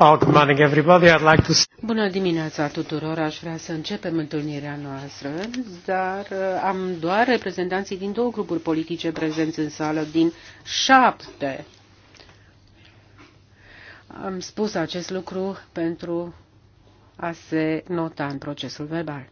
Oh, Bună dimineața tuturor, aș vrea să începem întâlnirea noastră, dar uh, am doar reprezentanții din două grupuri politice prezenți în sală, din șapte. Am spus acest lucru pentru a se nota în procesul verbal.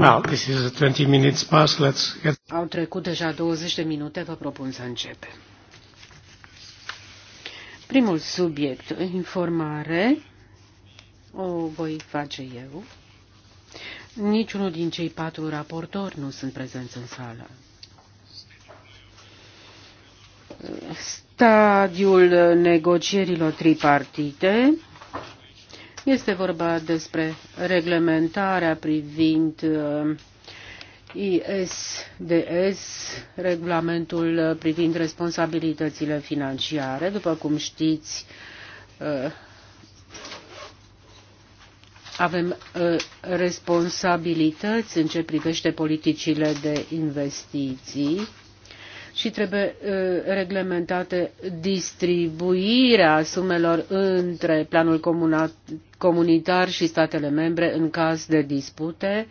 Well, this is 20 minutes Let's get... Au trecut deja 20 de minute, vă propun să începem. Primul subiect, informare, o voi face eu. Niciunul din cei patru raportori nu sunt prezenți în sală. Stadiul negocierilor tripartite este vorba despre reglementarea privind uh, ISDS, regulamentul privind responsabilitățile financiare. După cum știți, uh, avem uh, responsabilități în ce privește politicile de investiții și trebuie uh, reglementată distribuirea sumelor între planul comunitar și statele membre în caz de dispute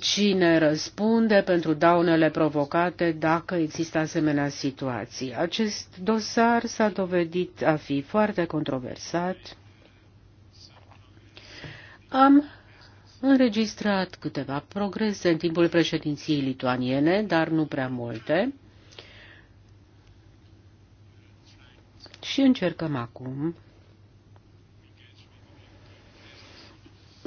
cine răspunde pentru daunele provocate dacă există asemenea situații. Acest dosar s-a dovedit a fi foarte controversat. Am înregistrat câteva progrese în timpul președinției lituaniene, dar nu prea multe. Și încercăm acum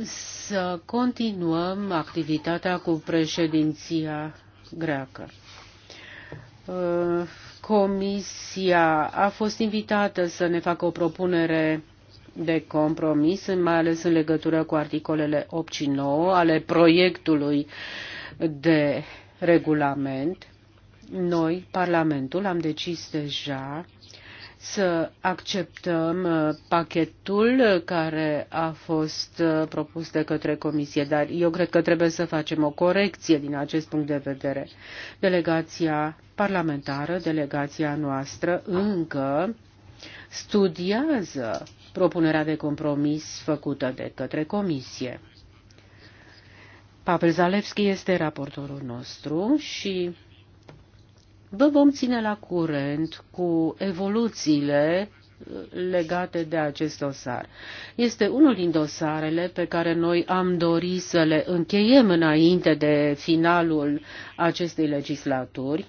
să continuăm activitatea cu președinția greacă. Uh, Comisia a fost invitată să ne facă o propunere de compromis, mai ales în legătură cu articolele 8 și 9 ale proiectului de regulament. Noi, Parlamentul, am decis deja să acceptăm uh, pachetul care a fost uh, propus de către Comisie, dar eu cred că trebuie să facem o corecție din acest punct de vedere. Delegația parlamentară, delegația noastră, încă studiază propunerea de compromis făcută de către Comisie. Pavel Zalewski este raportorul nostru și vă vom ține la curent cu evoluțiile legate de acest dosar. Este unul din dosarele pe care noi am dorit să le încheiem înainte de finalul acestei legislaturi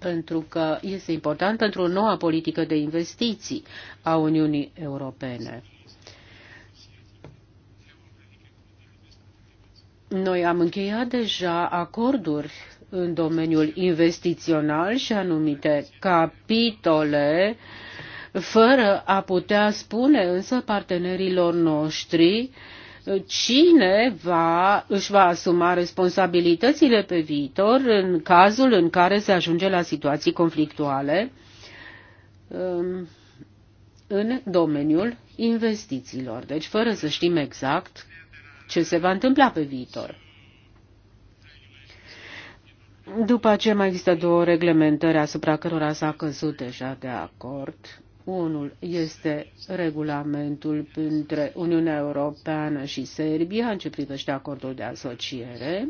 pentru că este important pentru noua politică de investiții a Uniunii Europene. Noi am încheiat deja acorduri în domeniul investițional și anumite capitole, fără a putea spune însă partenerilor noștri uh, cine va, își va asuma responsabilitățile pe viitor în cazul în care se ajunge la situații conflictuale um, în domeniul investițiilor. Deci fără să știm exact ce se va întâmpla pe viitor. După ce mai există două reglementări asupra cărora s-a căzut deja de acord unul este regulamentul între Uniunea Europeană și Serbia în ce privește acordul de asociere,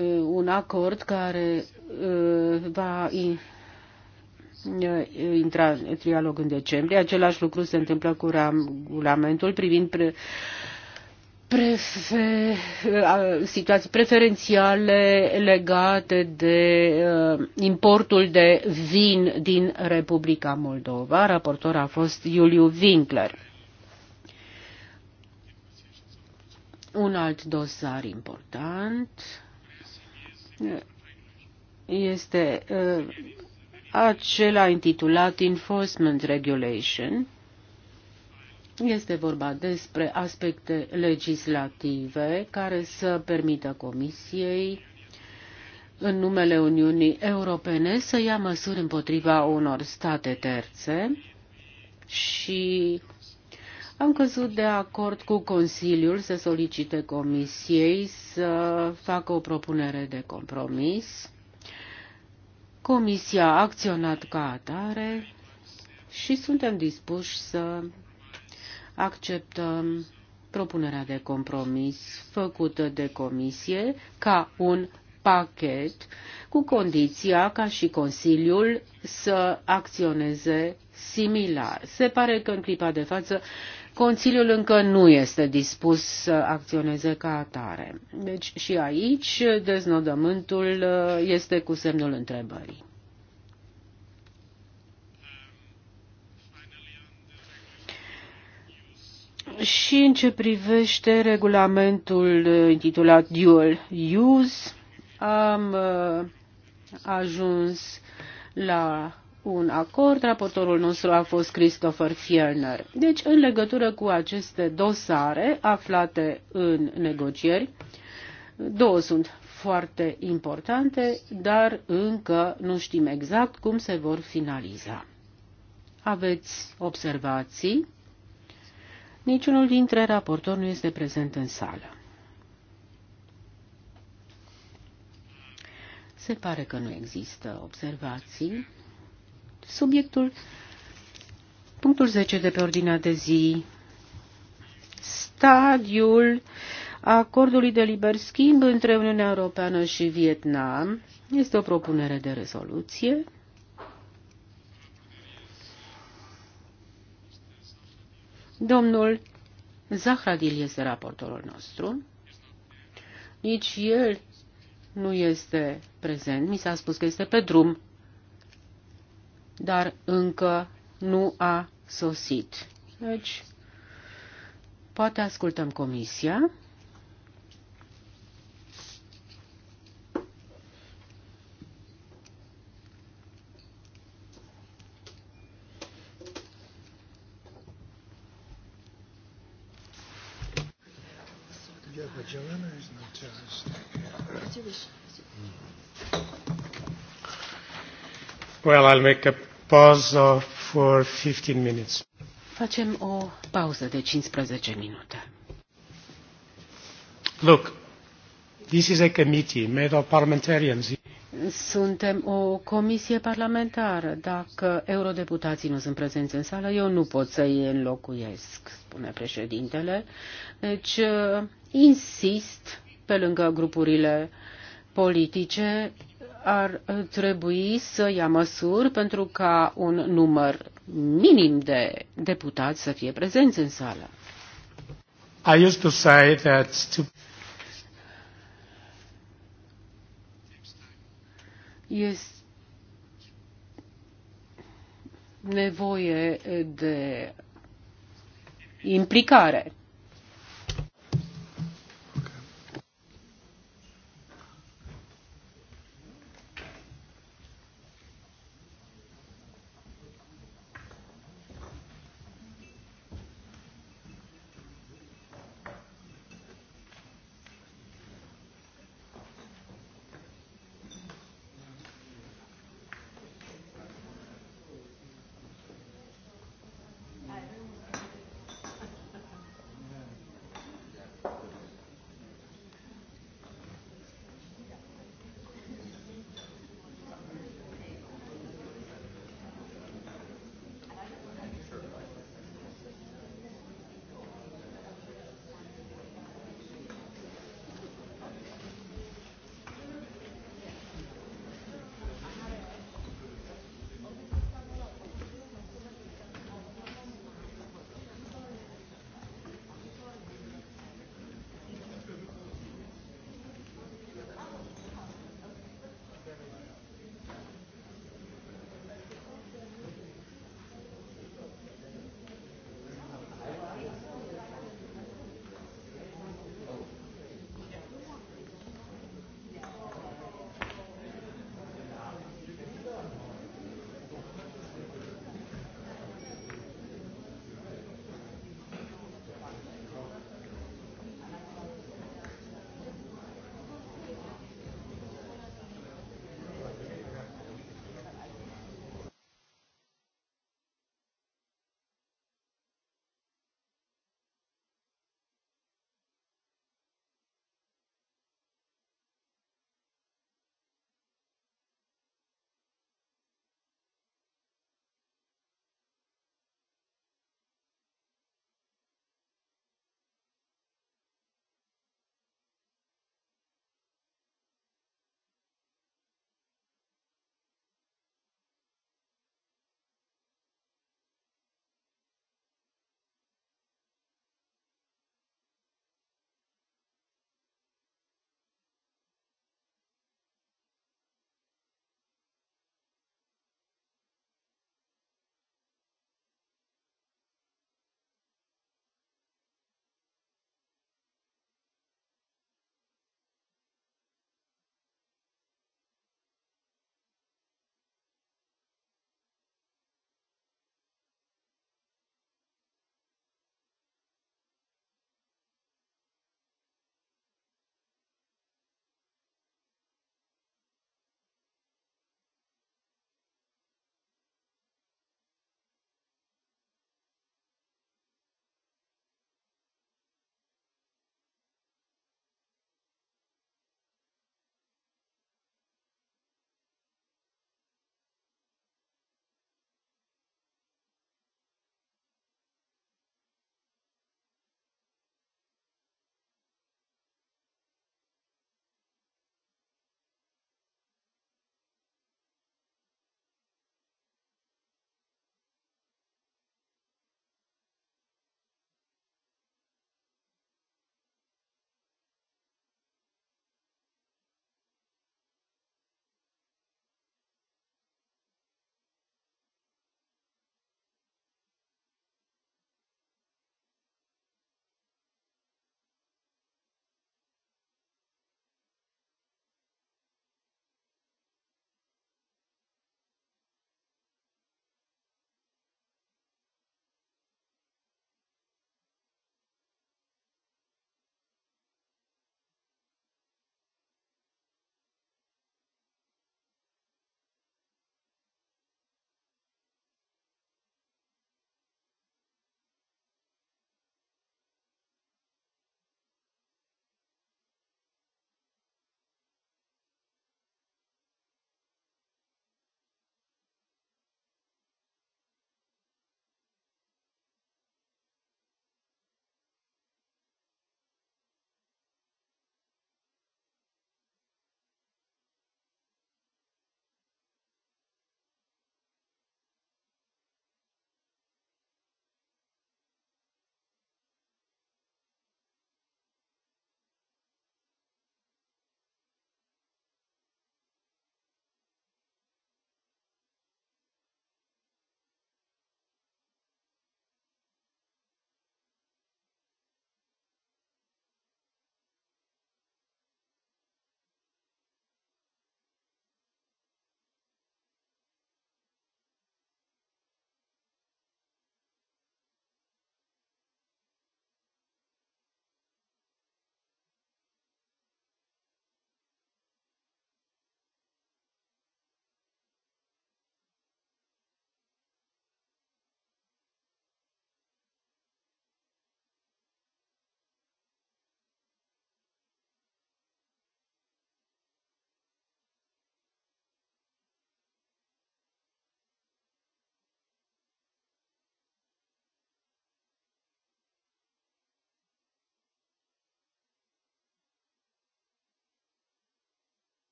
uh, un acord care uh, va uh, intra în trialog în decembrie. Același lucru se întâmplă cu regulamentul privind prefer, situații preferențiale legate de importul de vin din Republica Moldova. Raportor a fost Iuliu Winkler. Un alt dosar important este acela intitulat Enforcement Regulation este vorba despre aspecte legislative care să permită Comisiei în numele Uniunii Europene să ia măsuri împotriva unor state terțe și am căzut de acord cu Consiliul să solicite Comisiei să facă o propunere de compromis. Comisia a acționat ca atare și suntem dispuși să acceptăm propunerea de compromis făcută de comisie ca un pachet cu condiția ca și Consiliul să acționeze similar. Se pare că în clipa de față Consiliul încă nu este dispus să acționeze ca atare. Deci și aici deznodământul este cu semnul întrebării. Și în ce privește regulamentul uh, intitulat Dual Use, am uh, ajuns la un acord. Raportorul nostru a fost Christopher Fierner. Deci, în legătură cu aceste dosare aflate în negocieri, două sunt foarte importante, dar încă nu știm exact cum se vor finaliza. Aveți observații? Niciunul dintre raportori nu este prezent în sală. Se pare că nu există observații. Subiectul, punctul 10 de pe ordinea de zi, stadiul acordului de liber schimb între Uniunea Europeană și Vietnam, este o propunere de rezoluție Domnul Zahradil este raportorul nostru. Nici el nu este prezent. Mi s-a spus că este pe drum, dar încă nu a sosit. Deci, poate ascultăm comisia. Yeah, Well, I'll make a pause of for 15 minutes. Facem o pauză de 15 minute. Look, this is a committee made of parliamentarians suntem o comisie parlamentară. Dacă eurodeputații nu sunt prezenți în sală, eu nu pot să îi înlocuiesc, spune președintele. Deci, uh, insist, pe lângă grupurile politice, ar trebui să ia măsuri pentru ca un număr minim de deputați să fie prezenți în sală. I used to say that to... Este nevoie de implicare.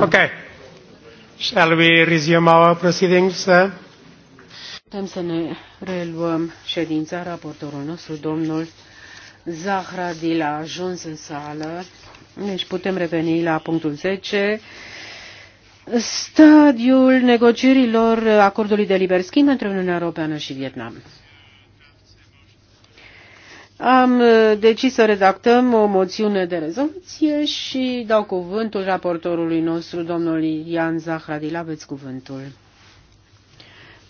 Okay. Shall we resume our proceedings? Putem să ne reluăm ședința. Raportorul nostru, domnul Zahradil, a ajuns în sală. Deci putem reveni la punctul 10. Stadiul negocierilor acordului de liber schimb între Uniunea Europeană și Vietnam. Am uh, decis să redactăm o moțiune de rezoluție și dau cuvântul raportorului nostru, domnul Ian Zahradil. Aveți cuvântul.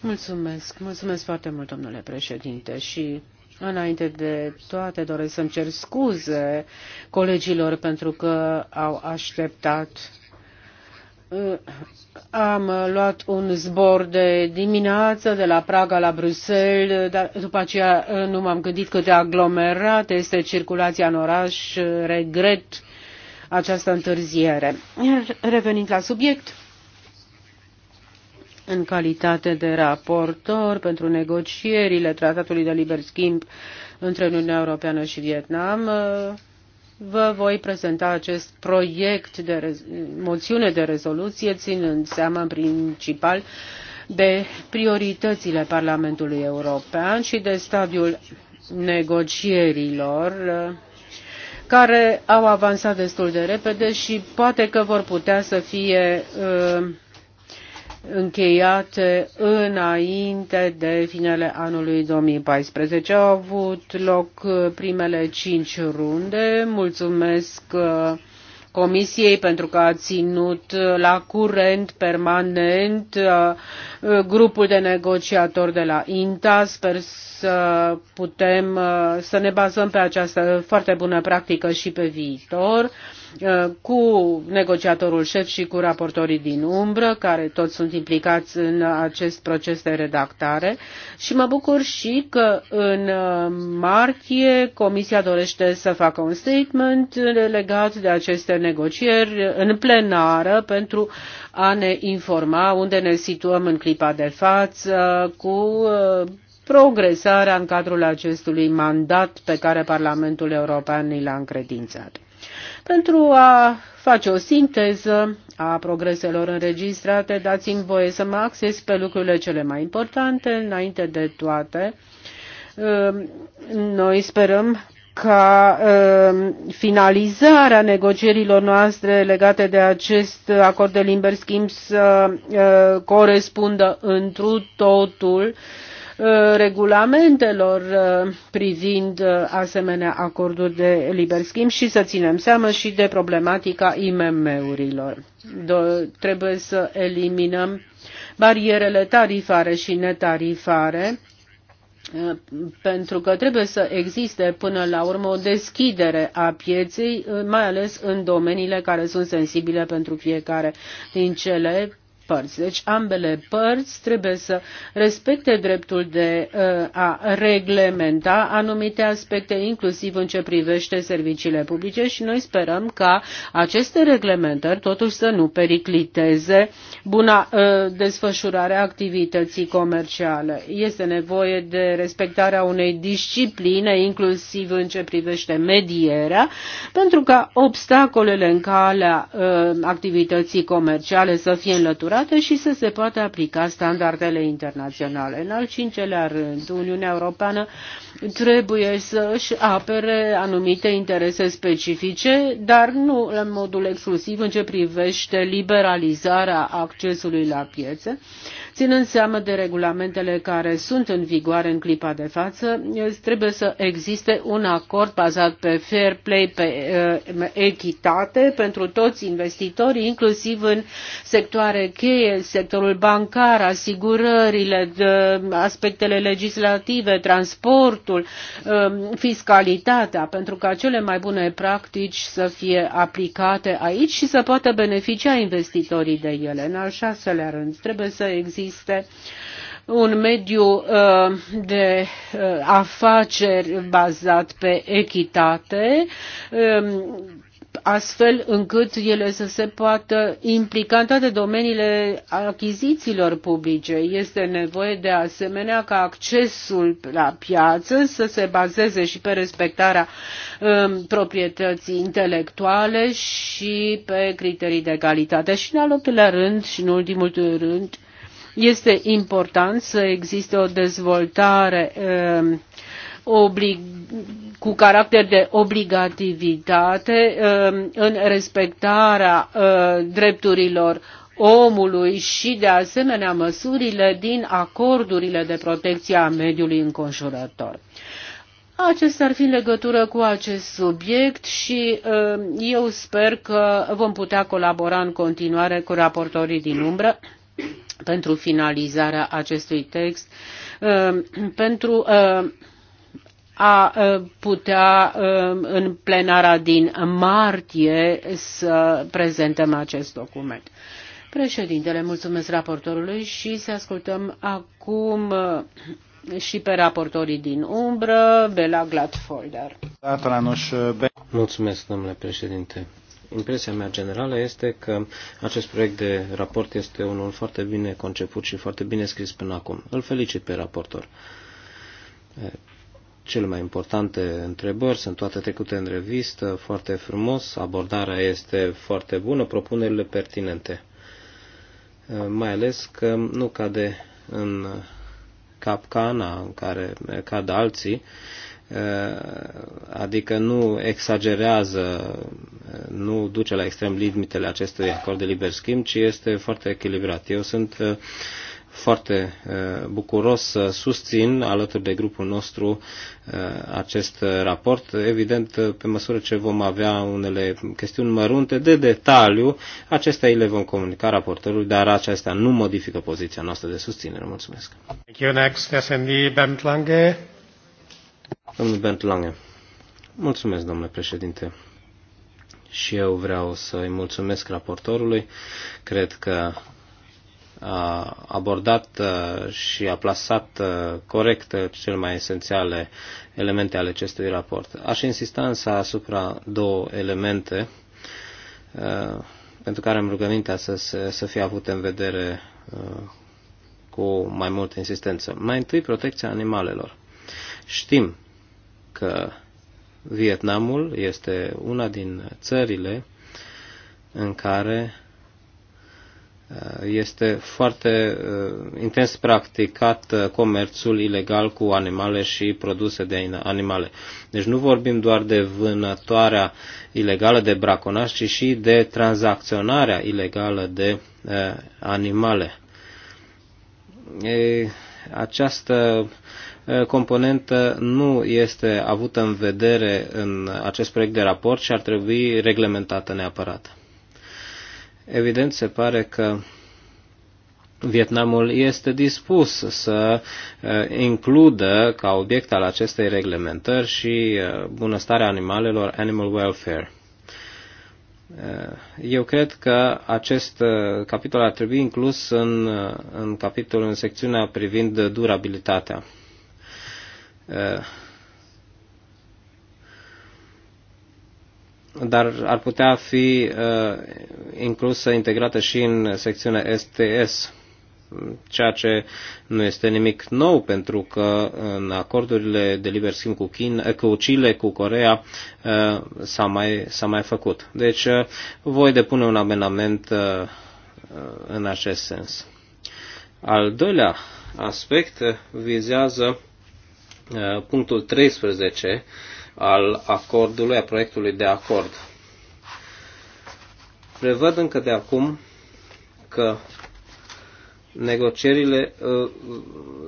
Mulțumesc, mulțumesc foarte mult, domnule președinte, și Înainte de toate doresc să-mi cer scuze colegilor pentru că au așteptat am uh, uh, luat un zbor de dimineață de la Praga la Bruxelles, uh, dar după aceea nu m-am gândit cât de aglomerat este circulația în oraș. Regret această întârziere. Revenind la subiect, în calitate de raportor pentru negocierile Tratatului de Liber Schimb între Uniunea Europeană și Vietnam, vă voi prezenta acest proiect de moțiune de rezoluție, ținând seama în principal de prioritățile Parlamentului European și de stadiul negocierilor care au avansat destul de repede și poate că vor putea să fie uh, încheiate înainte de finele anului 2014. Au avut loc uh, primele cinci runde. Mulțumesc uh, Comisiei pentru că a ținut uh, la curent permanent grupul de negociatori de la INTA. Sper să putem să ne bazăm pe această foarte bună practică și pe viitor. Eh, cu negociatorul șef și cu raportorii din umbră, care toți sunt implicați în acest proces de redactare și mă bucur și că în eh, martie Comisia dorește să facă un statement legat de aceste negocieri în plenară pentru a ne informa unde ne situăm în clipa de față cu eh, progresarea în cadrul acestui mandat pe care Parlamentul European ni l-a încredințat. Pentru a face o sinteză a progreselor înregistrate, dați-mi voie să mă acces pe lucrurile cele mai importante. Înainte de toate, um, noi sperăm ca um, finalizarea negocierilor noastre legate de acest acord de liber schimb să uh, corespundă întru totul uh, Uh, regulamentelor uh, privind uh, asemenea acorduri de liber schimb și să ținem seama și de problematica IMM-urilor. Trebuie să eliminăm barierele tarifare și netarifare pentru că trebuie să existe până la urmă o deschidere a pieței, mai ales în domeniile care sunt sensibile pentru fiecare din cele părți. Deci ambele părți trebuie să respecte dreptul de uh, a reglementa anumite aspecte, inclusiv în ce privește serviciile publice și noi sperăm ca aceste reglementări totuși să nu pericliteze buna uh, desfășurare a activității comerciale. Este nevoie de respectarea unei discipline, inclusiv în ce privește medierea, pentru ca obstacolele în calea uh, activității comerciale să fie înlăturate armonizate și să se poată aplica standardele internaționale. În al cincelea rând, Uniunea Europeană trebuie să își apere anumite interese specifice, dar nu în modul exclusiv în ce privește liberalizarea accesului la piețe, Ținând seama de regulamentele care sunt în vigoare în clipa de față, trebuie să existe un acord bazat pe fair play, pe eh, echitate pentru toți investitorii, inclusiv în sectoare cheie, sectorul bancar, asigurările, eh, aspectele legislative, transportul, eh, fiscalitatea, pentru ca cele mai bune practici să fie aplicate aici și să poată beneficia investitorii de ele. În al șaselea rând, trebuie să existe este un mediu uh, de uh, afaceri bazat pe echitate, um, astfel încât ele să se poată implica în toate domeniile achizițiilor publice. Este nevoie de asemenea ca accesul la piață să se bazeze și pe respectarea um, proprietății intelectuale și pe criterii de calitate. Și în al optulea rând și în ultimul rând, este important să existe o dezvoltare um, cu caracter de obligativitate um, în respectarea uh, drepturilor omului și, de asemenea, măsurile din acordurile de protecție a mediului înconjurător. Acestea ar fi în legătură cu acest subiect și um, eu sper că vom putea colabora în continuare cu raportorii din umbră pentru finalizarea acestui text, uh, pentru uh, a uh, putea în plenara din martie să prezentăm acest document. Președintele, mulțumesc raportorului și să ascultăm acum și pe raportorii din umbră, Bela Gladfolder. Mulțumesc, domnule președinte impresia mea generală este că acest proiect de raport este unul foarte bine conceput și foarte bine scris până acum. Îl felicit pe raportor. Cele mai importante întrebări sunt toate trecute în revistă, foarte frumos, abordarea este foarte bună, propunerile pertinente. Mai ales că nu cade în capcana în care cad alții, Eh, adică nu exagerează, eh, nu duce la extrem limitele acestui acord de liber schimb, ci este foarte echilibrat. Eu sunt eh, foarte bucuros să susțin alături de grupul nostru acest raport. Evident, pe măsură ce vom avea unele chestiuni mărunte de detaliu, acestea le vom comunica raportorului, dar acestea nu modifică poziția noastră de susținere. Mulțumesc. Thank you. Next, SND, Domnul Bent Lange. Mulțumesc, domnule președinte. Și eu vreau să-i mulțumesc raportorului. Cred că a abordat uh, și a plasat uh, corect uh, cele mai esențiale elemente ale acestui raport. Aș insista însă asupra două elemente pentru care am rugămintea să, să fie avut în vedere cu mai multă insistență. Mai întâi, protecția animalelor. Știm că Vietnamul este una din țările în care uh, este foarte uh, intens practicat uh, comerțul ilegal cu animale și produse de animale. Deci nu vorbim doar de vânătoarea ilegală de braconaj, ci și de tranzacționarea ilegală de animale. această componentă nu este avută în vedere în acest proiect de raport și ar trebui reglementată neapărat. Evident, se pare că Vietnamul este dispus să includă ca obiect al acestei reglementări și bunăstarea animalelor, animal welfare. Eu cred că acest capitol ar trebui inclus în, în capitolul, în secțiunea privind durabilitatea. Eh, dar ar putea fi eh, inclusă, integrată și în secțiunea STS, ceea ce nu este nimic nou, pentru că în acordurile de liber schimb cu, China, eh, cu Chile, cu Corea, s-a mai, s-a mai făcut. Deci voi depune un amendament în acest sens. Al doilea aspect vizează Eh, punctul 13 al acordului, a proiectului de acord. Prevăd încă de acum că negocierile uh,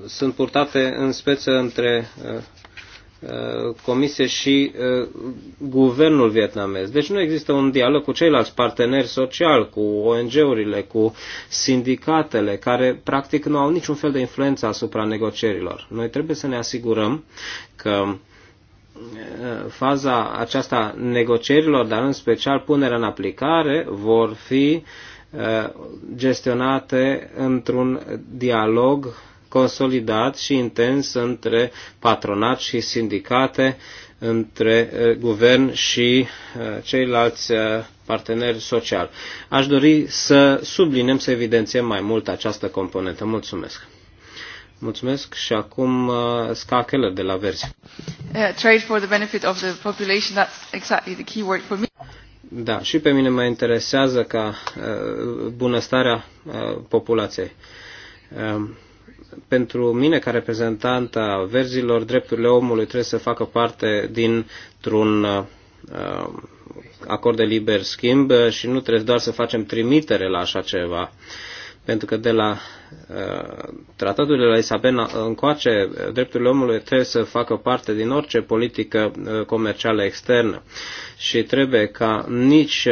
sunt purtate în speță între uh, Uh, comise și uh, guvernul vietnamez. Deci nu există un dialog cu ceilalți parteneri sociali, cu ONG-urile, cu sindicatele, care practic nu au niciun fel de influență asupra negocierilor. Noi trebuie să ne asigurăm că uh, faza aceasta negocierilor, dar în special punerea în aplicare, vor fi gestionate într-un dialog consolidat și intens între patronat și sindicate, între eh, guvern și eh, ceilalți eh, parteneri sociali. Aș dori să subliniem, să evidențiem mai mult această componentă. Mulțumesc! Mulțumesc și acum uh, Keller de la Verzi. Uh, trade for the benefit of the population, that's exactly the key word for me. Da, și pe mine mă interesează ca uh, bunăstarea uh, populației. Uh, pentru mine ca reprezentant a verzilor, drepturile omului trebuie să facă parte dintr-un uh, uh, acord de liber schimb și nu trebuie doar să facem trimitere la așa ceva. Pentru că de la uh, tratatul de la Isabena încoace, drepturile omului trebuie să facă parte din orice politică comercială externă și trebuie ca nici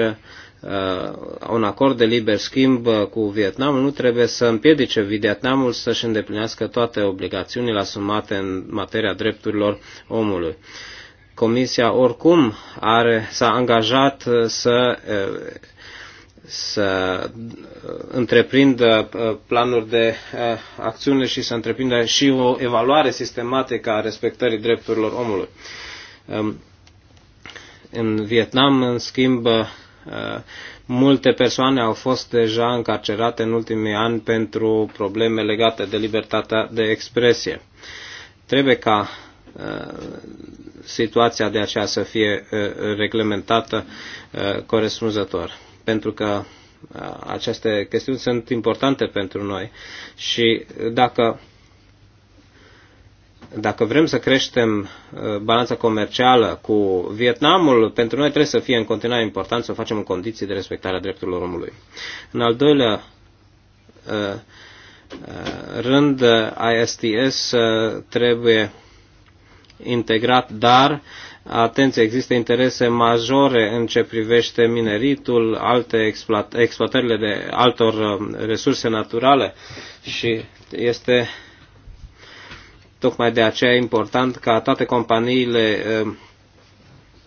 Uh, un acord de liber schimb uh, cu Vietnamul nu trebuie să împiedice Vietnamul să-și îndeplinească toate obligațiunile asumate în materia drepturilor omului. Comisia oricum are, s-a angajat uh, să, să întreprindă planuri de acțiune și să întreprindă și o evaluare sistematică a respectării drepturilor omului. Um, în Vietnam, în schimb, Eh, multe persoane au fost deja încarcerate în ultimii ani pentru probleme legate de libertatea de expresie. Trebuie ca eh, situația de aceea să fie eh, reglementată corespunzător, pentru că aceste chestiuni sunt importante pentru noi și dacă dacă vrem să creștem uh, balanța comercială cu Vietnamul, pentru noi trebuie să fie în continuare important să o facem în condiții de respectare a drepturilor omului. În al doilea uh, uh, rând, ISTS trebuie integrat, dar atenție, există interese majore în ce privește mineritul, alte exploatările de altor um, resurse naturale și este Tocmai de aceea e important ca toate companiile uh,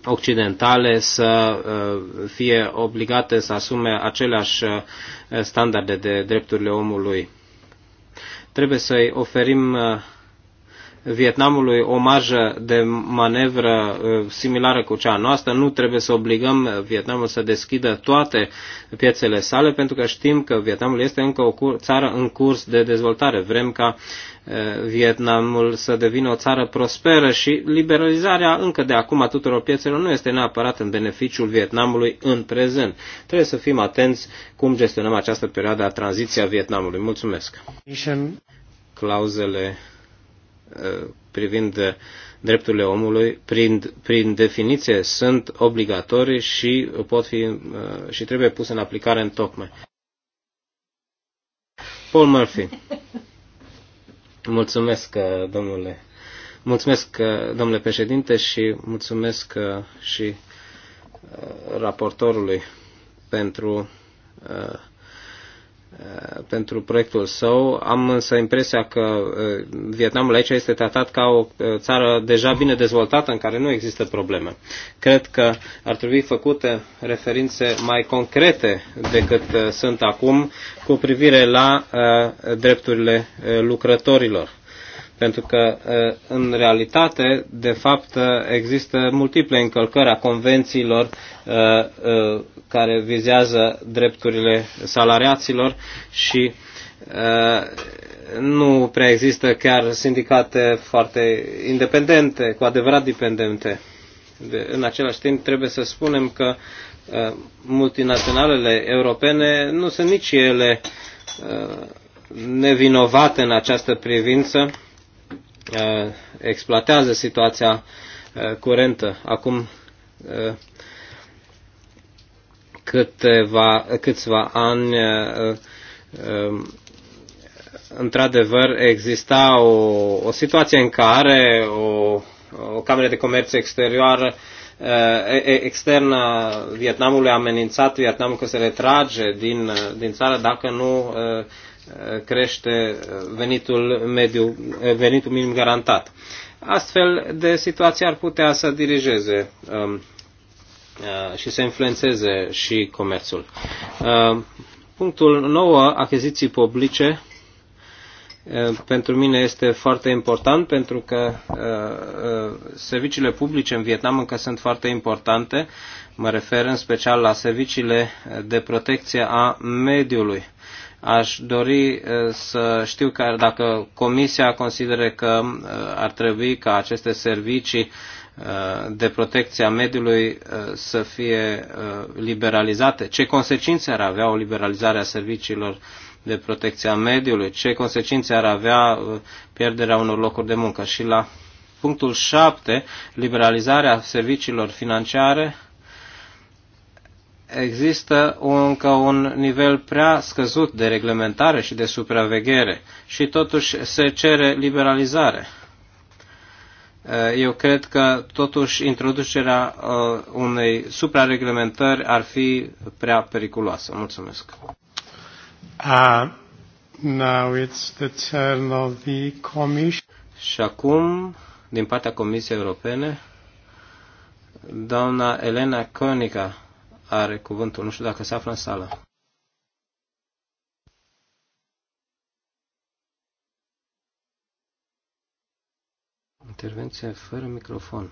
occidentale să uh, fie obligate să asume aceleași uh, standarde de drepturile omului. Trebuie să-i oferim Vietnamului o marjă de manevră similară cu cea noastră. Nu trebuie să obligăm Vietnamul să deschidă toate piețele sale, pentru că știm că Vietnamul este încă o țară în curs de dezvoltare. Vrem ca Vietnamul să devină o țară prosperă și liberalizarea încă de acum a tuturor piețelor nu este neapărat în beneficiul Vietnamului în prezent. Trebuie să fim atenți cum gestionăm această perioadă a tranziției a Vietnamului. Mulțumesc! Clauzele uh, privind uh, drepturile omului, prin, prin definiție, sunt obligatorii și, pot fi, uh, și trebuie puse în aplicare în tocmai. Paul Murphy. Mulțumesc, uh, domnule. Mulțumesc, uh, domnule președinte, și mulțumesc uh, și raportorului pentru Eh, pentru proiectul său. Am însă impresia că eh, Vietnamul aici este tratat ca o eh, țară deja bine dezvoltată în care nu există probleme. Cred că ar trebui făcute referințe mai concrete decât sunt acum cu privire la drepturile lucrătorilor pentru că, în realitate, de fapt, există multiple încălcări a convențiilor care vizează drepturile salariaților și nu prea există chiar sindicate foarte independente, cu adevărat dependente. De, în același timp, trebuie să spunem că multinaționalele europene nu sunt nici ele nevinovate în această privință Uh, exploatează situația uh, curentă. Acum uh, câteva, câțiva ani într-adevăr exista o, o situație în care o, o cameră de comerț exterioară externă Vietnamului a amenințat Vietnamul că se retrage din, din țară dacă nu crește venitul, mediu, venitul minim garantat. Astfel de situații ar putea să dirigeze um, uh, și să influențeze și comerțul. Uh, punctul 9, achiziții publice, uh, pentru mine este foarte important pentru că serviciile publice în Vietnam încă sunt foarte importante. Mă refer în special la serviciile de protecție a mediului Aș dori uh, să știu că dacă Comisia consideră că uh, ar trebui ca aceste servicii uh, de protecție a mediului să fie liberalizate. Ce consecințe ar avea o liberalizare a serviciilor de protecție a mediului? Ce consecințe ar avea pierderea unor locuri de muncă? Și la punctul 7, liberalizarea serviciilor financiare există încă un nivel prea scăzut de reglementare și de supraveghere și totuși se cere liberalizare. Eh, eu cred că totuși introducerea eh, unei suprareglementări ar fi prea periculoasă. Mulțumesc. Uh, now it's the turn of the commission. Și acum, din partea Comisiei Europene, doamna Elena Conica are cuvântul. Nu știu dacă se află în sală. Intervenție fără microfon.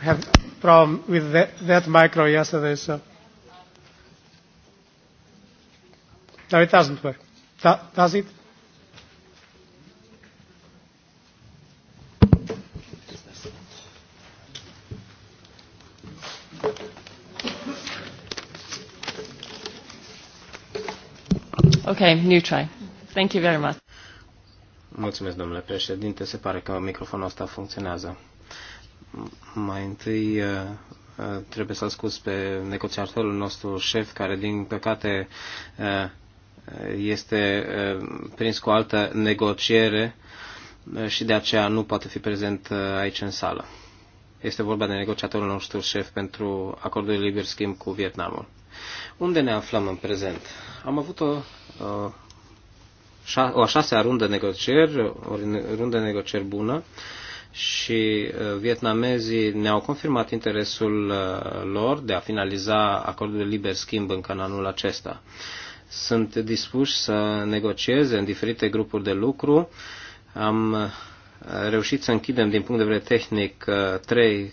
have problem with that, that micro yesterday, so. No, it doesn't work. Do, does it? Okay, new try. Thank you very much. Mulțumesc, domnule președinte. Se pare că microfonul ăsta funcționează. Mai întâi uh, uh, trebuie să-l scuz pe negociatorul nostru șef, care din păcate uh, este prins cu o altă negociere și de aceea nu poate fi prezent aici în sală. Este vorba de negociatorul nostru șef pentru acordul de liber schimb cu Vietnamul. Unde ne aflăm în prezent? Am avut o, uh, o a șasea rundă negocieri, o rundă negocieri bună și uh, vietnamezii ne-au confirmat interesul uh, lor de a finaliza acordul de liber schimb încă în anul acesta. Sunt dispuși să negocieze în diferite grupuri de lucru. Am reușit să închidem din punct de vedere tehnic trei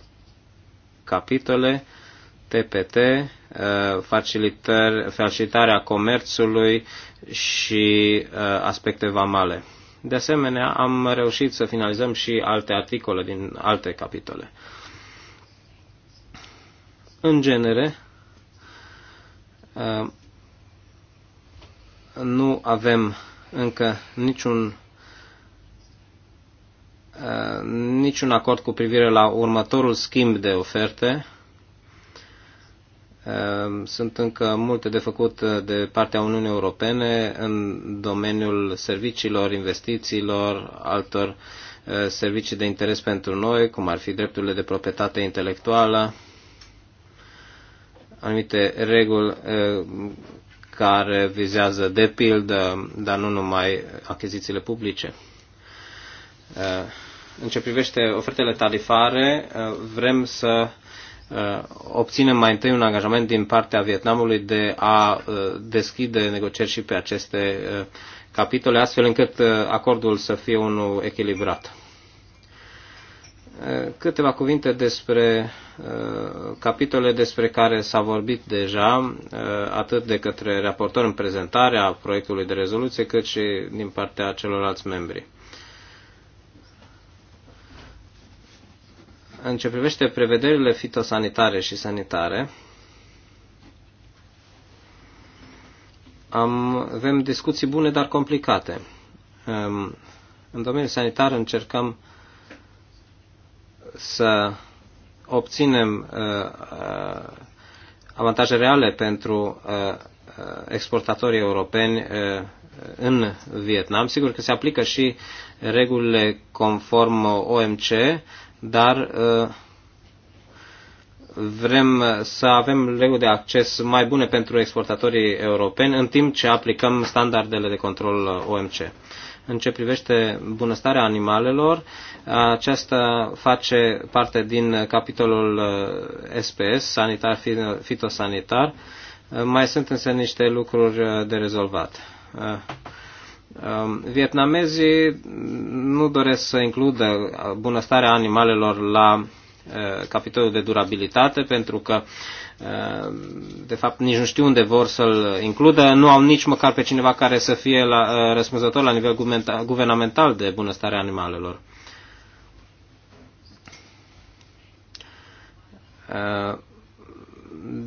capitole TPT, uh, facilitarea comerțului și uh, aspecte vamale. De asemenea, am reușit să finalizăm și alte articole din alte capitole. În genere, uh, nu avem încă niciun niciun acord cu privire la următorul schimb de oferte Ehm, sunt încă multe de făcut eh, de partea Uniunii Europene în domeniul serviciilor, investițiilor, altor eh, servicii de interes pentru noi, cum ar fi drepturile de proprietate intelectuală, anumite reguli eh, care vizează de pildă, dar nu numai achizițiile publice. În ce privește ofertele tarifare, vrem să Uh, obținem mai întâi un angajament din partea Vietnamului de a uh, deschide negocieri și pe aceste uh, capitole, astfel încât acordul să fie unul echilibrat. Câteva cuvinte despre capitole despre care s-a vorbit deja, atât de către raportor în prezentarea proiectului de rezoluție, cât și din partea celorlalți membri. în ce privește prevederile fitosanitare și sanitare, am, avem discuții bune, dar complicate. Ehm, în domeniul sanitar încercăm să obținem eh, eh, avantaje reale pentru eh, exportatorii europeni în Vietnam. Sigur că se aplică și regulile conform OMC, dar uh, vrem să avem reguli de acces mai bune pentru exportatorii europeni, în timp ce aplicăm standardele de control uh, OMC. În ce privește bunăstarea animalelor, aceasta face parte din capitolul SPS, uh, sanitar, fitosanitar. Mai sunt însă niște lucruri de rezolvat. Um, vietnamezii nu doresc să includă bunăstarea animalelor la uh, capitolul de durabilitate pentru că uh, de fapt nici nu știu unde vor să-l includă, nu au nici măcar pe cineva care să fie la, uh, răspunzător la nivel guvernamental de bunăstarea animalelor.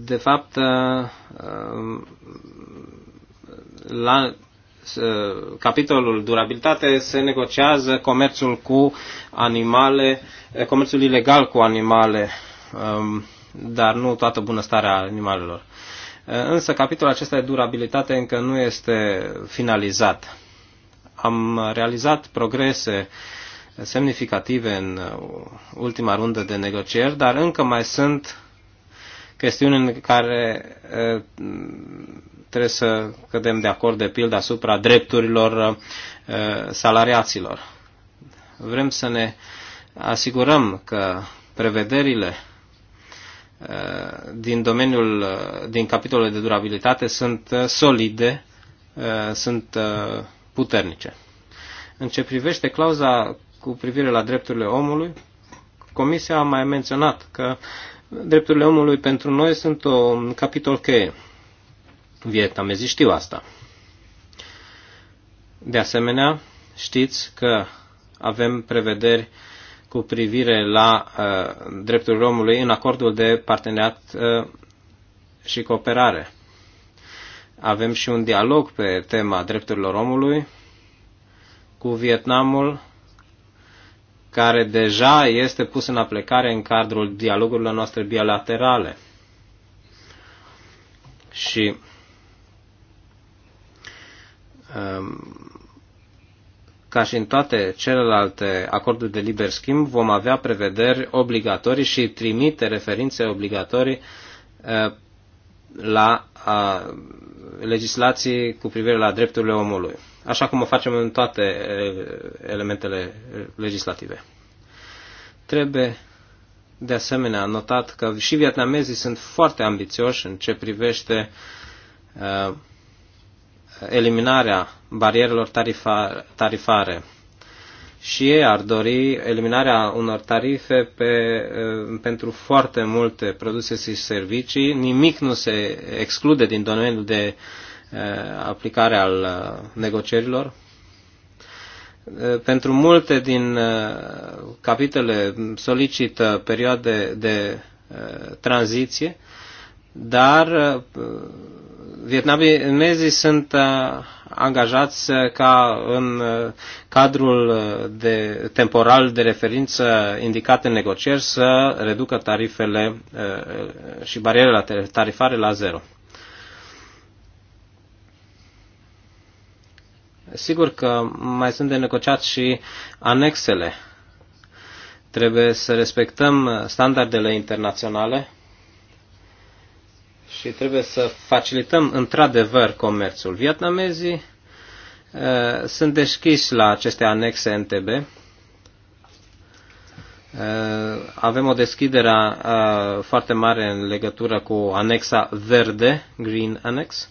De fapt, um, la capitolul durabilitate se negociază comerțul cu animale, comerțul ilegal cu animale, um, dar nu toată bunăstarea animalelor. Însă capitolul acesta de durabilitate încă nu este finalizat. Am realizat progrese semnificative în ultima rundă de negocieri, dar încă mai sunt chestiuni în care trebuie să cădem de acord de pildă asupra drepturilor salariaților. Vrem să ne asigurăm că prevederile din domeniul, din capitolul de durabilitate sunt solide, sunt puternice. În ce privește clauza cu privire la drepturile omului, Comisia a mai menționat că Drepturile omului pentru noi sunt un capitol cheie. Vietnamezii știu asta. De asemenea, știți că avem prevederi cu privire la uh, drepturile omului în acordul de parteneriat uh, și cooperare. Avem și un dialog pe tema drepturilor omului cu Vietnamul care deja este pus în aplicare în cadrul dialogurilor noastre bilaterale. Și um, ca și în toate celelalte acorduri de liber schimb, vom avea prevederi obligatorii și trimite referințe obligatorii uh, la uh, legislații cu privire la drepturile omului așa cum o facem în toate elementele legislative. Trebuie de asemenea notat că și vietnamezii sunt foarte ambițioși în ce privește uh, eliminarea barierelor tarifa, tarifare. Și ei ar dori eliminarea unor tarife pe, pentru foarte multe produse și servicii. Nimic nu se exclude din domeniul de uh, Uh, aplicare al uh, negocierilor. Uh, pentru multe din capitole solicită perioade de tranziție, dar vietnamezii sunt angajați ca în cadrul de, temporal de referință indicat în negocieri să reducă tarifele și barierele tarifare la zero. Sigur că mai sunt de negociat și anexele. Trebuie să respectăm standardele internaționale și trebuie să facilităm într-adevăr comerțul. Vietnamezii uh, sunt deschiși la aceste anexe NTB. Uh, avem o deschidere uh, foarte mare în legătură cu anexa verde, Green Annex,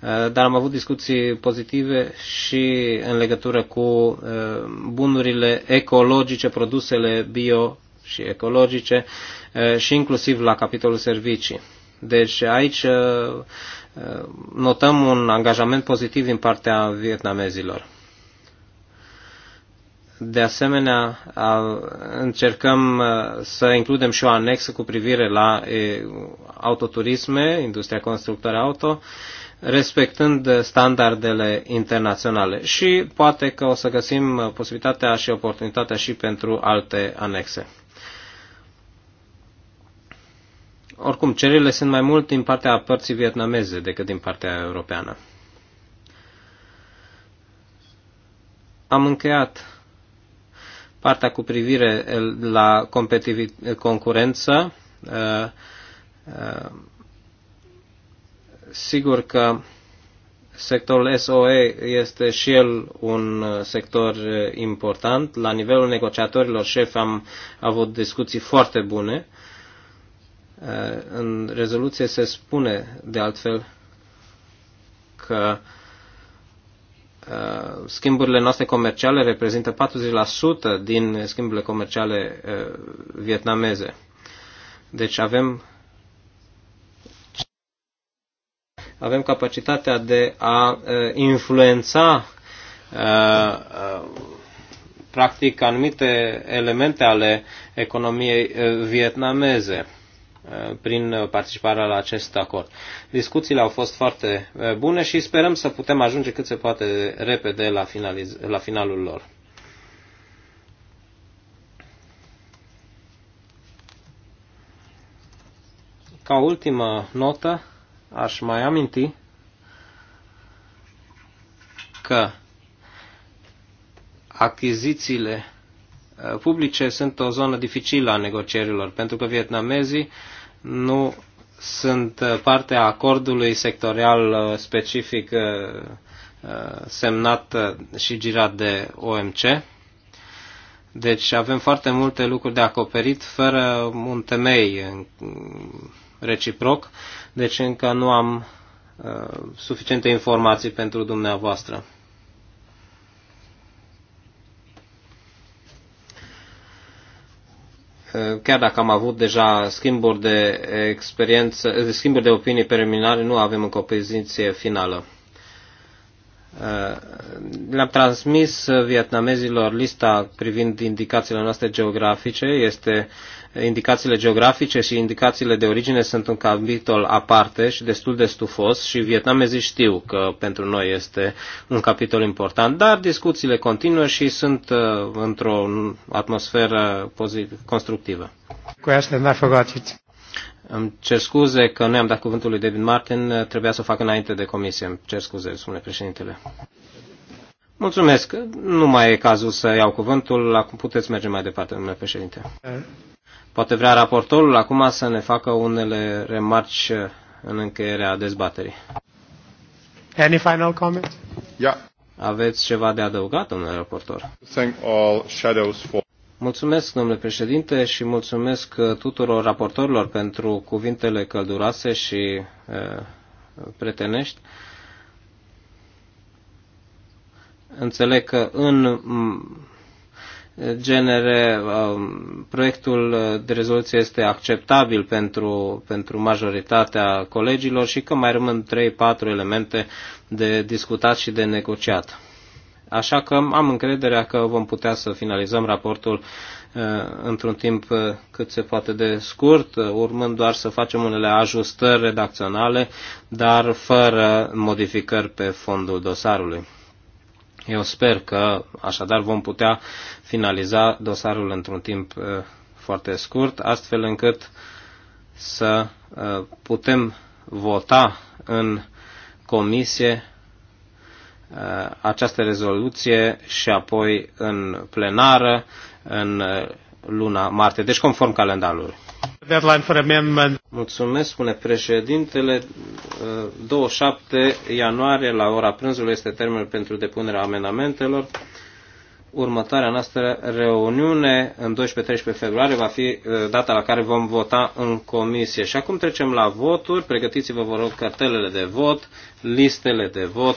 Eh, dar am avut discuții pozitive și în legătură cu eh, bunurile ecologice, produsele bio și ecologice eh, și inclusiv la capitolul servicii. Deci aici notăm un angajament pozitiv din partea vietnamezilor. De asemenea, încercăm să includem și o anexă cu privire la autoturisme, industria constructoare auto respectând standardele internaționale. Și poate că o să găsim posibilitatea și oportunitatea și pentru alte anexe. Oricum, cererile sunt mai mult din partea părții vietnameze decât din partea europeană. Am încheiat partea cu privire la competitiv- concurență. Uh, uh, Sigur că sectorul SOE este și el un uh, sector uh, important. La nivelul negociatorilor șef am avut discuții foarte bune. Uh, în rezoluție se spune, de altfel, că schimburile noastre comerciale reprezintă 40% din schimburile comerciale vietnameze. Deci avem avem capacitatea de a influența practic anumite elemente ale economiei vietnameze prin participarea la acest acord. Discuțiile au fost foarte bune și sperăm să putem ajunge cât se poate repede la, finaliz- la finalul lor. Ca ultimă notă, aș mai aminti că achizițiile uh, publice sunt o zonă dificilă a negocierilor, pentru că vietnamezii nu sunt uh, parte a acordului sectorial uh, specific semnat și girat de OMC. Deci avem foarte multe lucruri de acoperit fără un temei reciproc, deci încă nu am uh, suficiente informații pentru dumneavoastră. Uh, chiar dacă am avut deja schimburi de experiență, schimburi de opinii preliminare, nu avem încă o poziție finală. Uh, le-am transmis vietnamezilor lista privind indicațiile noastre geografice. Este indicațiile geografice și indicațiile de origine sunt un capitol aparte și destul de stufos și vietnamezii știu că pentru noi este un capitol important, dar discuțiile continuă și sunt uh, într-o atmosferă constructivă. Cu asta n-a făcut îmi cer scuze că nu am dat cuvântul lui David Martin, trebuia să o fac înainte de comisie. Îmi cer scuze, spune președintele. Mulțumesc. Nu mai e cazul să iau cuvântul. Acum puteți merge mai departe, domnule președinte. Poate vrea raportorul acum să ne facă unele remarci în încheierea dezbaterii. Any final comment? Yeah. Aveți ceva de adăugat, domnule raportor? Thank all shadows for... Mulțumesc, domnule președinte, și mulțumesc uh, tuturor raportorilor pentru cuvintele călduroase și uh, pretenești. Înțeleg că în genere um, proiectul de rezoluție este acceptabil pentru, pentru majoritatea colegilor și că mai rămân 3-4 elemente de discutat și de negociat. Așa că am încrederea că vom putea să finalizăm raportul uh, într-un timp uh, cât se poate de scurt, uh, urmând doar să facem unele ajustări redacționale, dar fără modificări pe fondul dosarului. Eu sper că așadar vom putea finaliza dosarul într-un timp foarte scurt, astfel încât să putem vota în comisie Uh, această rezoluție și apoi în plenară în uh, luna martie, deci conform calendarului. Deadline for amendment. Mulțumesc, spune președintele. 27 uh, ianuarie la ora prânzului este termenul pentru depunerea amendamentelor. Următoarea noastră reuniune în 12-13 februarie va fi data la care vom vota în comisie. Și acum trecem la voturi. Pregătiți-vă, vă rog, cartelele de vot, listele de vot.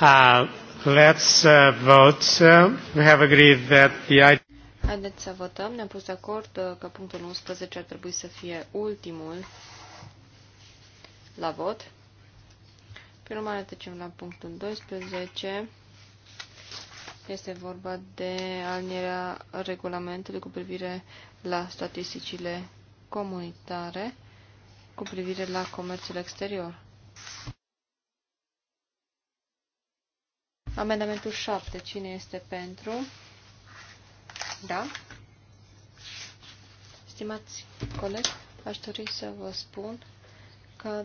Uh, let's uh, vote. Uh, we have agreed that the Haideți să votăm. Ne-am pus de acord uh, că punctul 11 ar trebui să fie ultimul la vot. Prin urmare, trecem la punctul 12. Este vorba de alinierea regulamentului cu privire la statisticile comunitare cu privire la comerțul exterior. Amendamentul 7. Cine este pentru? Da? Stimați colegi, aș dori să vă spun că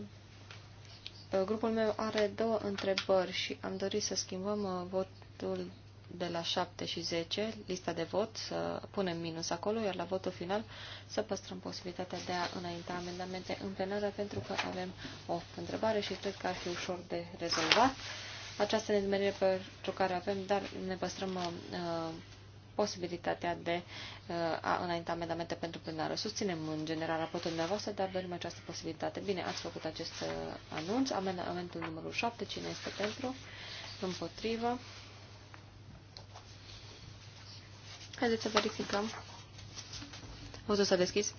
uh, grupul meu are două întrebări și am dorit să schimbăm uh, votul de la 7 și 10, lista de vot, să punem minus acolo, iar la votul final să păstrăm posibilitatea de a înainta amendamente în plenară, pentru că avem o întrebare și cred că ar fi ușor de rezolvat această nedumerire pentru care avem, dar ne păstrăm uh, posibilitatea de uh, a înainta amendamente pentru plenară. Susținem în general raportul dumneavoastră, dar dorim această posibilitate. Bine, ați făcut acest uh, anunț. Amendamentul numărul 7, cine este pentru? Împotrivă. Haideți să verificăm. Votul s-a deschis.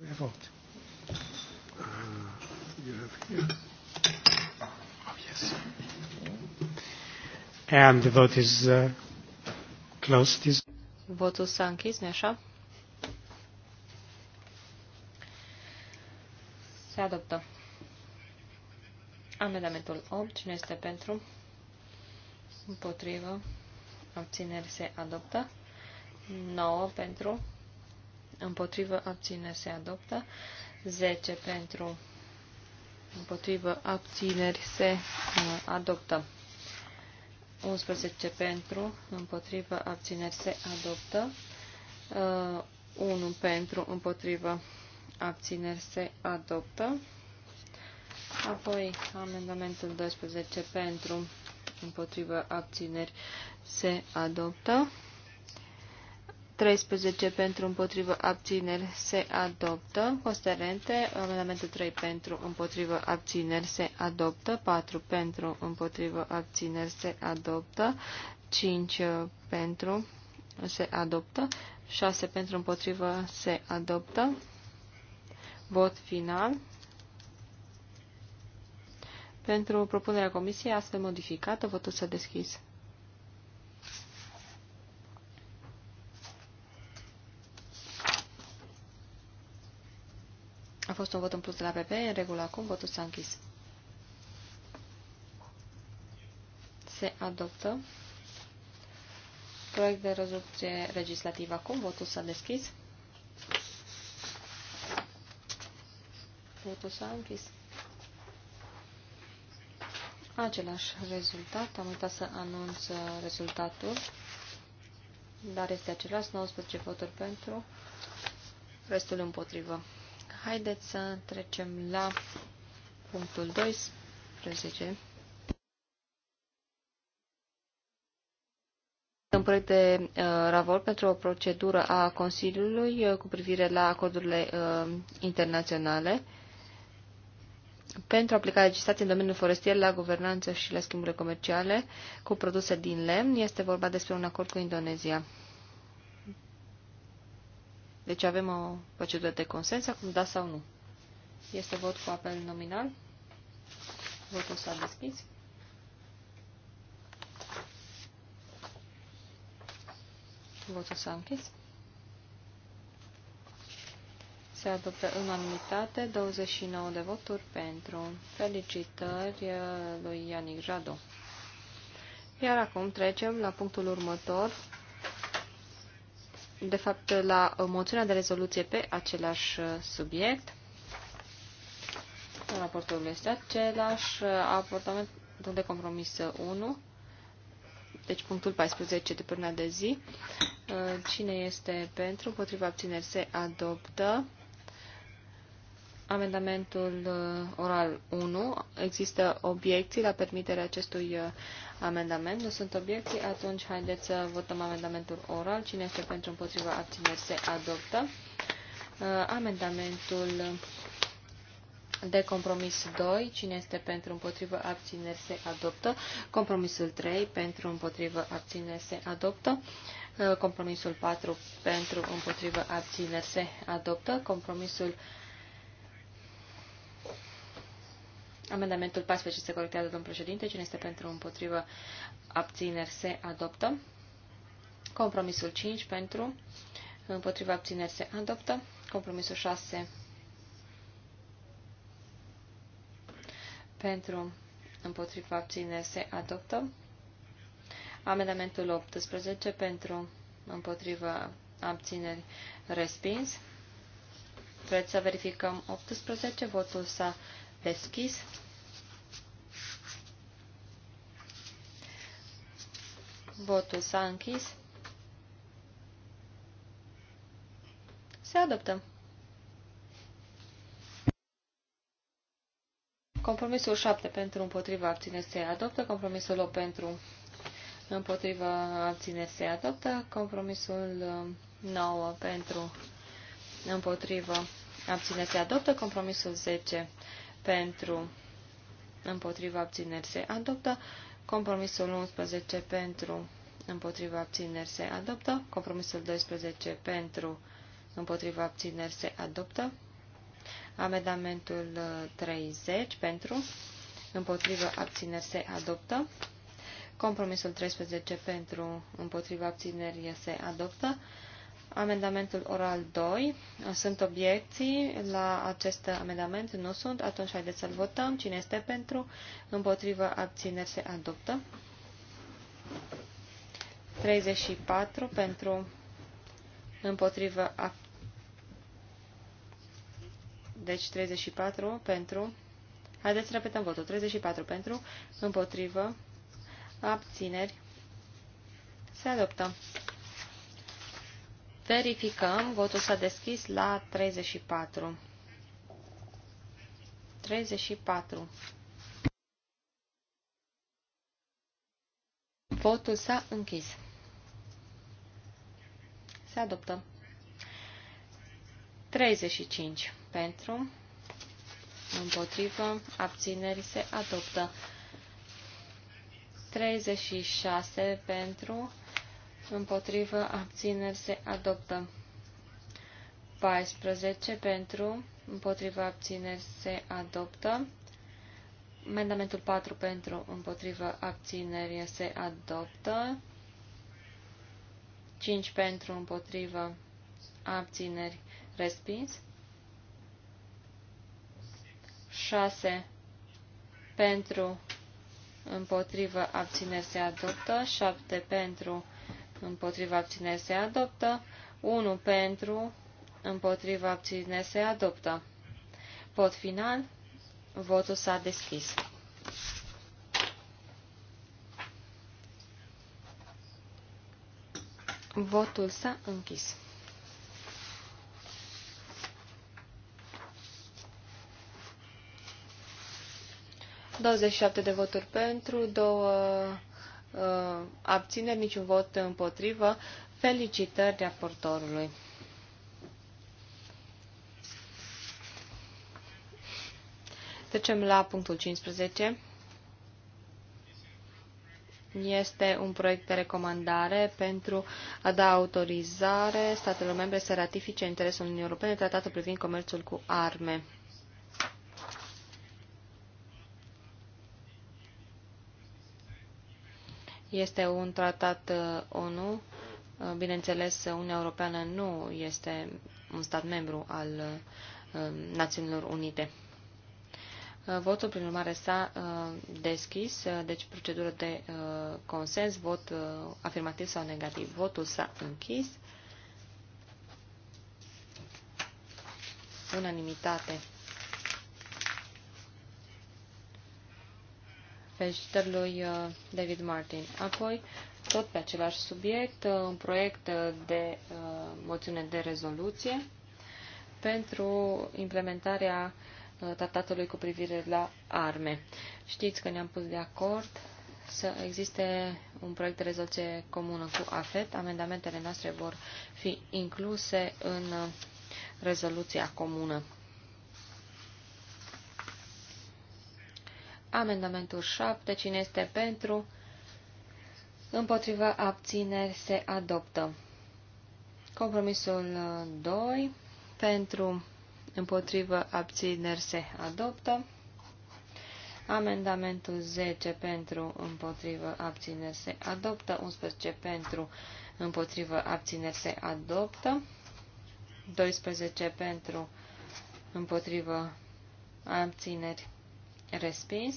Vot. And the vote is uh, closed. Is... Votul s-a închis, nu așa? Se adoptă. Amendamentul 8. Cine este pentru? Împotrivă. Abțineri se adoptă. 9 pentru împotrivă, abține se adoptă. 10 uh, pentru, împotrivă, abțineri se adoptă. 11 uh, pentru, împotrivă, abțineri se adoptă. 1 pentru, împotrivă, abțineri se adoptă. Apoi amendamentul 12 pentru, împotrivă, abțineri se adoptă. 13 pentru împotrivă abțineri se adoptă. Posterente, amendamentul 3 pentru împotrivă abțineri se adoptă. 4 pentru împotrivă abțineri se adoptă. 5 pentru se adoptă. 6 pentru împotrivă se adoptă. Vot final. Pentru propunerea comisiei astfel modificată, votul s-a deschis. fost un vot în plus de la PP, în regulă acum votul s-a închis. Se adoptă. Proiect de rezoluție legislativă acum, votul s-a deschis. Votul s-a închis. Același rezultat, am uitat să anunț uh, rezultatul, dar este același, 19 voturi pentru, restul împotrivă. Haideți să trecem la punctul 12. un proiect de uh, ravor pentru o procedură a Consiliului uh, cu privire la acordurile uh, internaționale pentru aplicarea legislației în domeniul forestier la guvernanță și la schimburile comerciale cu produse din lemn. Este vorba despre un acord cu Indonezia. Deci avem o procedură de consens, acum da sau nu. Este vot cu apel nominal. Votul s-a deschis. Votul s-a închis. Se adoptă în anumitate 29 de voturi pentru. Felicitări uh, lui Ianic Jado. Iar acum trecem la punctul următor, de fapt, la moțiunea de rezoluție pe același uh, subiect. Raportul este același, uh, aportamentul de compromis 1, uh, deci punctul 14 de până de zi. Cine este pentru, Potriva abțineri se adoptă amendamentul uh, oral 1. Există obiecții la permiterea acestui uh, amendament? Nu sunt obiecții? Atunci haideți să votăm amendamentul oral. Cine este pentru împotriva abțineri se adoptă. Uh, amendamentul de compromis 2, cine este pentru împotrivă abțineri se adoptă. Compromisul 3, pentru împotrivă abțineri se adoptă. Compromisul 4, pentru împotrivă abțineri se adoptă. Compromisul Amendamentul 14 se corectează, domnul președinte. Cine este pentru, împotrivă, abțineri, se adoptă. Compromisul 5 pentru, împotriva abțineri, se adoptă. Compromisul 6 pentru, împotriva abțineri, se adoptă. Amendamentul 18 pentru, împotriva abțineri, respins. Vreți să verificăm 18? Votul s-a deschis. Votul s-a închis. Se adoptă. Compromisul 7 pentru împotriva abține se adoptă. Compromisul 8 pentru împotriva abține se adoptă. Compromisul 9 uh, pentru împotriva abține se adoptă. Compromisul 10 pentru împotriva abțineri se adoptă, compromisul 11 pentru împotriva abțineri se adoptă, compromisul 12 pentru împotriva abțineri se adoptă, amendamentul 30 uh, pentru împotriva abțineri se adoptă, compromisul 13 pentru împotriva abțineri se adoptă, Amendamentul oral 2. Sunt obiecții la acest amendament? Nu sunt. Atunci haideți să-l votăm. Cine este pentru? Împotrivă abțineri se adoptă. 34 pentru împotrivă ab... deci 34 pentru haideți să repetăm votul 34 pentru împotrivă abțineri se adoptă Verificăm. Votul s-a deschis la 34. 34. Votul s-a închis. Se adoptă. 35 pentru, împotrivă, abțineri se adoptă. 36 pentru, împotrivă, abțineri, se adoptă. 14 pentru, împotrivă, abțineri, se adoptă. Amendamentul 4 pentru, împotrivă, abțineri, se adoptă. 5 pentru, împotrivă, abțineri, respins. 6 pentru, împotrivă, abțineri, se adoptă. 7 pentru, împotrivă, împotriva cine se adoptă, 1 pentru, împotriva cine se adoptă. Vot final, votul s-a deschis. Votul s-a închis. Douăzeci de voturi pentru, două Uh, Abține niciun vot împotrivă. Felicitări raportorului. Trecem la punctul 15. Este un proiect de recomandare pentru a da autorizare statelor membre să ratifice interesul Uniunii Europene tratatul privind comerțul cu arme. Este un tratat uh, ONU. Uh, bineînțeles, Uniunea Europeană nu este un stat membru al uh, um, Națiunilor Unite. Votul, prin urmare, s-a deschis, deci procedură de consens, vot afirmativ sau negativ. Votul s-a închis. Unanimitate. lui uh, David Martin. Apoi, tot pe același subiect, uh, un proiect de uh, moțiune de rezoluție pentru implementarea tratatului cu privire la arme. Știți că ne-am pus de acord să existe un proiect de rezoluție comună cu AFET. Amendamentele noastre vor fi incluse în rezoluția comună. Amendamentul 7. Cine este pentru? Împotriva abțineri se adoptă. Compromisul 2. Uh, pentru împotrivă abțineri se adoptă. Amendamentul 10 pentru împotrivă abțineri se adoptă. 11 pentru împotrivă abțineri se adoptă. 12 pentru împotrivă abțineri Respins.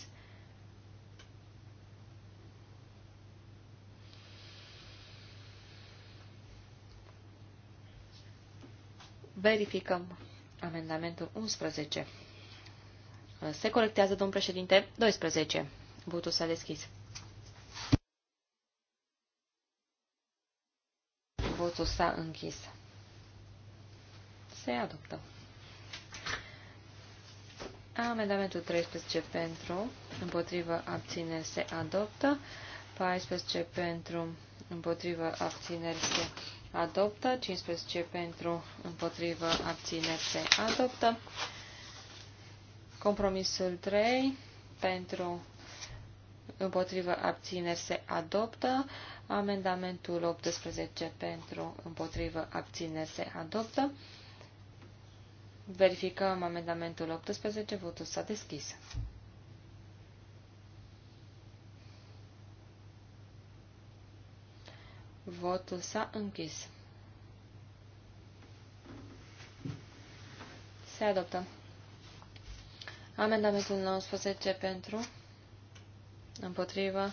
Verificăm amendamentul 11. Se corectează, domn președinte, 12. Votul s-a deschis. Votul s-a închis. Se adoptă. Amendamentul 13 pentru, împotrivă, abțineri se adoptă. 14 pentru, împotrivă, abțineri se adoptă. 15 pentru, împotrivă, abțineri se adoptă. Compromisul 3 pentru, împotrivă, abțineri se adoptă. Amendamentul 18 pentru, împotrivă, abțineri se adoptă. Verificăm amendamentul 18. Votul s-a deschis. Votul s-a închis. Se adoptă. Amendamentul 19 pentru, împotriva,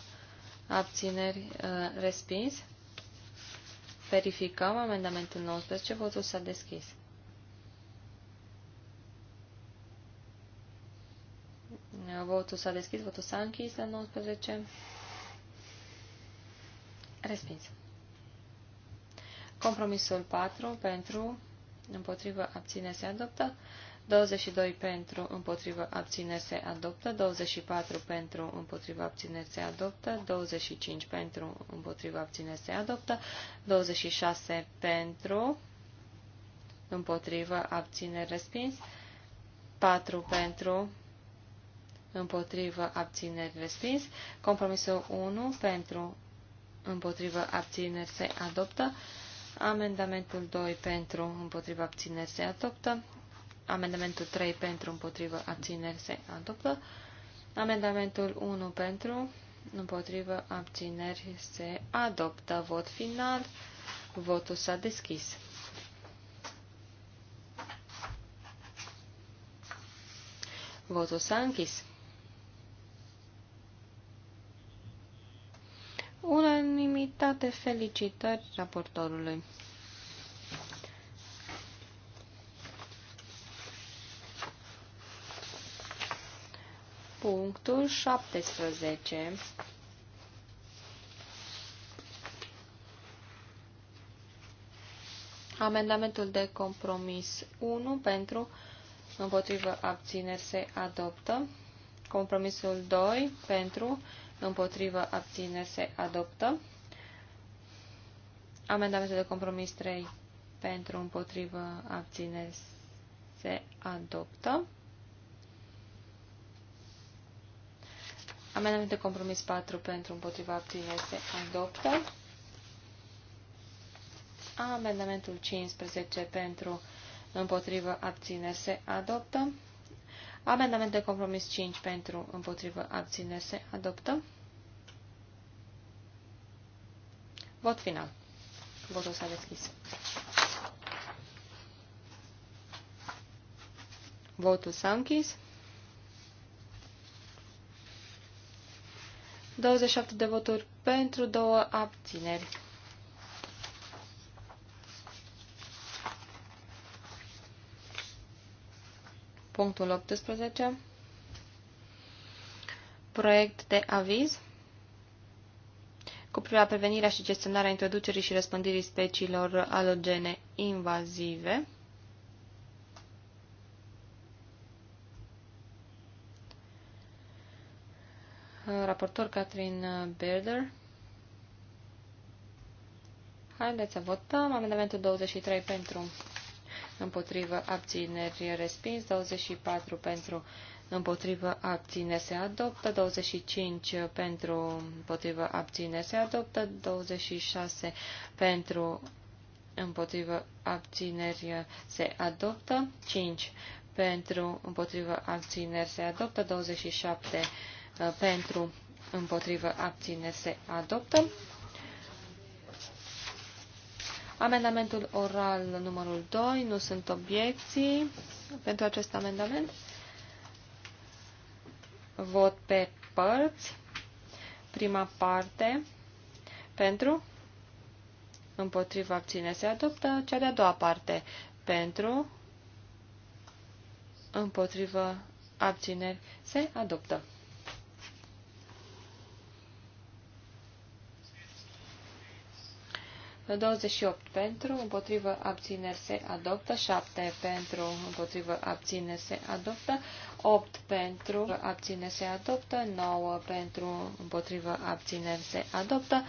abțineri, uh, respins. Verificăm amendamentul 19. Votul s-a deschis. Votul s-a deschis, votul s-a închis la 19. Respins. Compromisul 4 pentru, împotrivă, abține, se adoptă. 22 pentru, împotrivă, abține, se adoptă. 24 pentru, împotrivă, abține, se adoptă. 25 pentru, împotrivă, abține, se adoptă. 26 pentru, împotrivă, abține, respins. 4 pentru, împotrivă, abțineri, respins. Compromisul 1 pentru, împotrivă, abțineri, se adoptă. Amendamentul 2 pentru, împotrivă, abțineri, se adoptă. Amendamentul 3 pentru, împotrivă, abțineri, se adoptă. Amendamentul 1 pentru, împotrivă, abțineri, se adoptă. Vot final. Votul s-a deschis. Votul s-a închis. Unanimitate, felicitări raportorului. Punctul 17. Amendamentul de compromis 1 pentru împotrivă abțineri se adoptă. Compromisul 2 pentru împotrivă, abține se adoptă. Amendamentul de compromis 3 pentru, împotrivă, abține se adoptă. Amendamentul de compromis 4 pentru, împotrivă abține se adoptă. Amendamentul 15 pentru, împotrivă, abține se adoptă. Amendament de compromis 5 pentru împotrivă abține se adoptă. Vot final. Votul s-a deschis. Votul s-a închis. 27 de voturi pentru, două abțineri. punctul 18, proiect de aviz cu privire la prevenirea și gestionarea introducerii și răspândirii speciilor alogene invazive. Raportor Catrin Berder. Haideți să votăm amendamentul 23 pentru împotrivă abțineri respins, 24 pentru împotrivă abține se adoptă, 25 pentru împotrivă abține se adoptă, 26 pentru împotrivă abțineri se adoptă, 5 pentru împotrivă abțineri se adoptă, 27 pentru împotrivă abțineri se adoptă. Amendamentul oral numărul 2, nu sunt obiecții pentru acest amendament. Vot pe părți. Prima parte pentru, împotriva abține se adoptă. Cea de-a doua parte pentru, împotriva abțineri se adoptă. 28 pentru, împotrivă abțineri se adoptă, 7 pentru, împotrivă abțineri se adoptă, 8 pentru, abțineri se adoptă, 9 pentru, împotrivă abțineri se adoptă,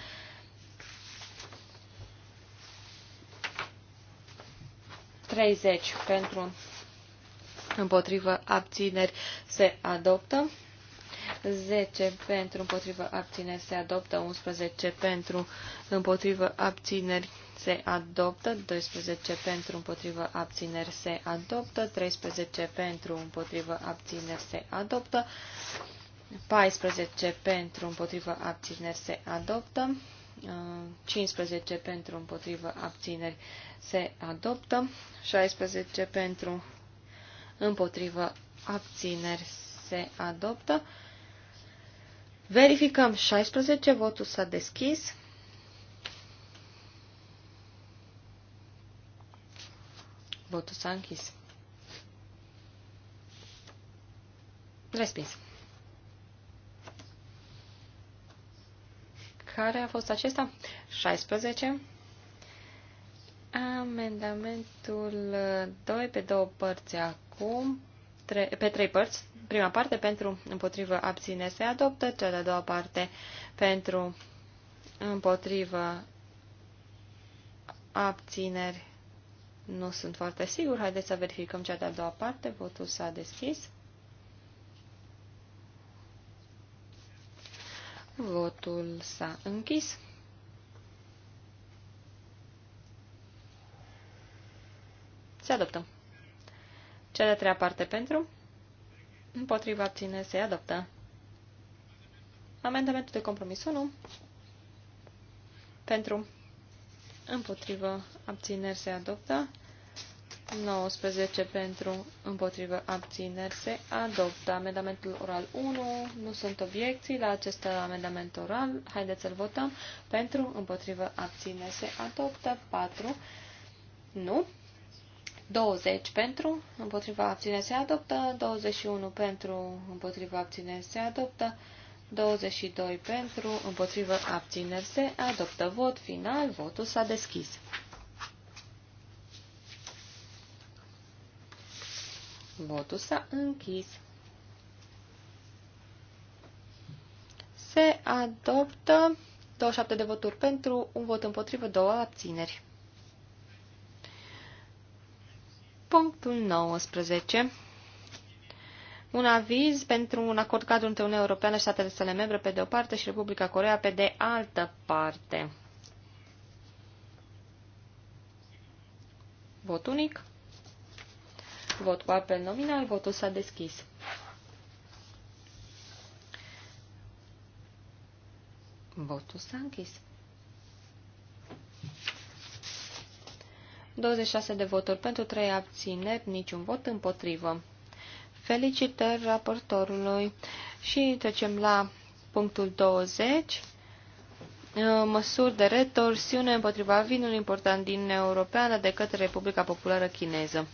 treizeci pentru împotrivă abțineri se adoptă. 10 pentru împotrivă abțineri se adoptă, 11 pentru împotrivă abțineri se adoptă, 12 pentru împotrivă abțineri se adoptă, 13 pentru împotrivă abțineri se adoptă, 14 pentru împotrivă abțineri se adoptă, 15 pentru împotrivă abțineri se adoptă, 16 pentru împotrivă abțineri se adoptă, Verificăm 16, votul s-a deschis. Votul s-a închis. Respins. Care a fost acesta? 16. Amendamentul 2 pe două părți acum tre pe trei părți. Prima parte pentru împotrivă abține se adoptă, cea de-a doua parte pentru împotrivă abțineri nu sunt foarte sigur. Haideți să verificăm cea de-a doua parte. Votul s-a deschis. Votul s-a închis. Se adoptă. Cea de-a treia parte pentru. Împotriva abține se adoptă. Amendamentul de compromis 1. Pentru. Împotrivă abțineri se adoptă. 19 pentru împotrivă abțineri se adoptă. Amendamentul oral 1. Nu sunt obiecții la acest amendament oral. Haideți să-l votăm. Pentru împotrivă abțineri se adoptă. 4. Nu. 20 pentru, împotriva abține se adoptă, 21 pentru, împotriva abține se adoptă, 22 pentru, împotriva abține se adoptă. Vot final, votul s-a deschis. Votul s-a închis. Se adoptă 27 de voturi pentru, un vot împotrivă, două abțineri. Punctul 19. Un aviz pentru un acord cadru între Uniunea Europeană și statele sale membre pe de o parte și Republica Corea pe de altă parte. Vot unic. Vot cu apel nominal. Votul s-a deschis. Votul s-a închis. 26 de voturi pentru 3 abțineri, niciun vot împotrivă. Felicitări raportorului și trecem la punctul 20 măsuri de retorsiune împotriva vinului important din Europeană de către Republica Populară Chineză.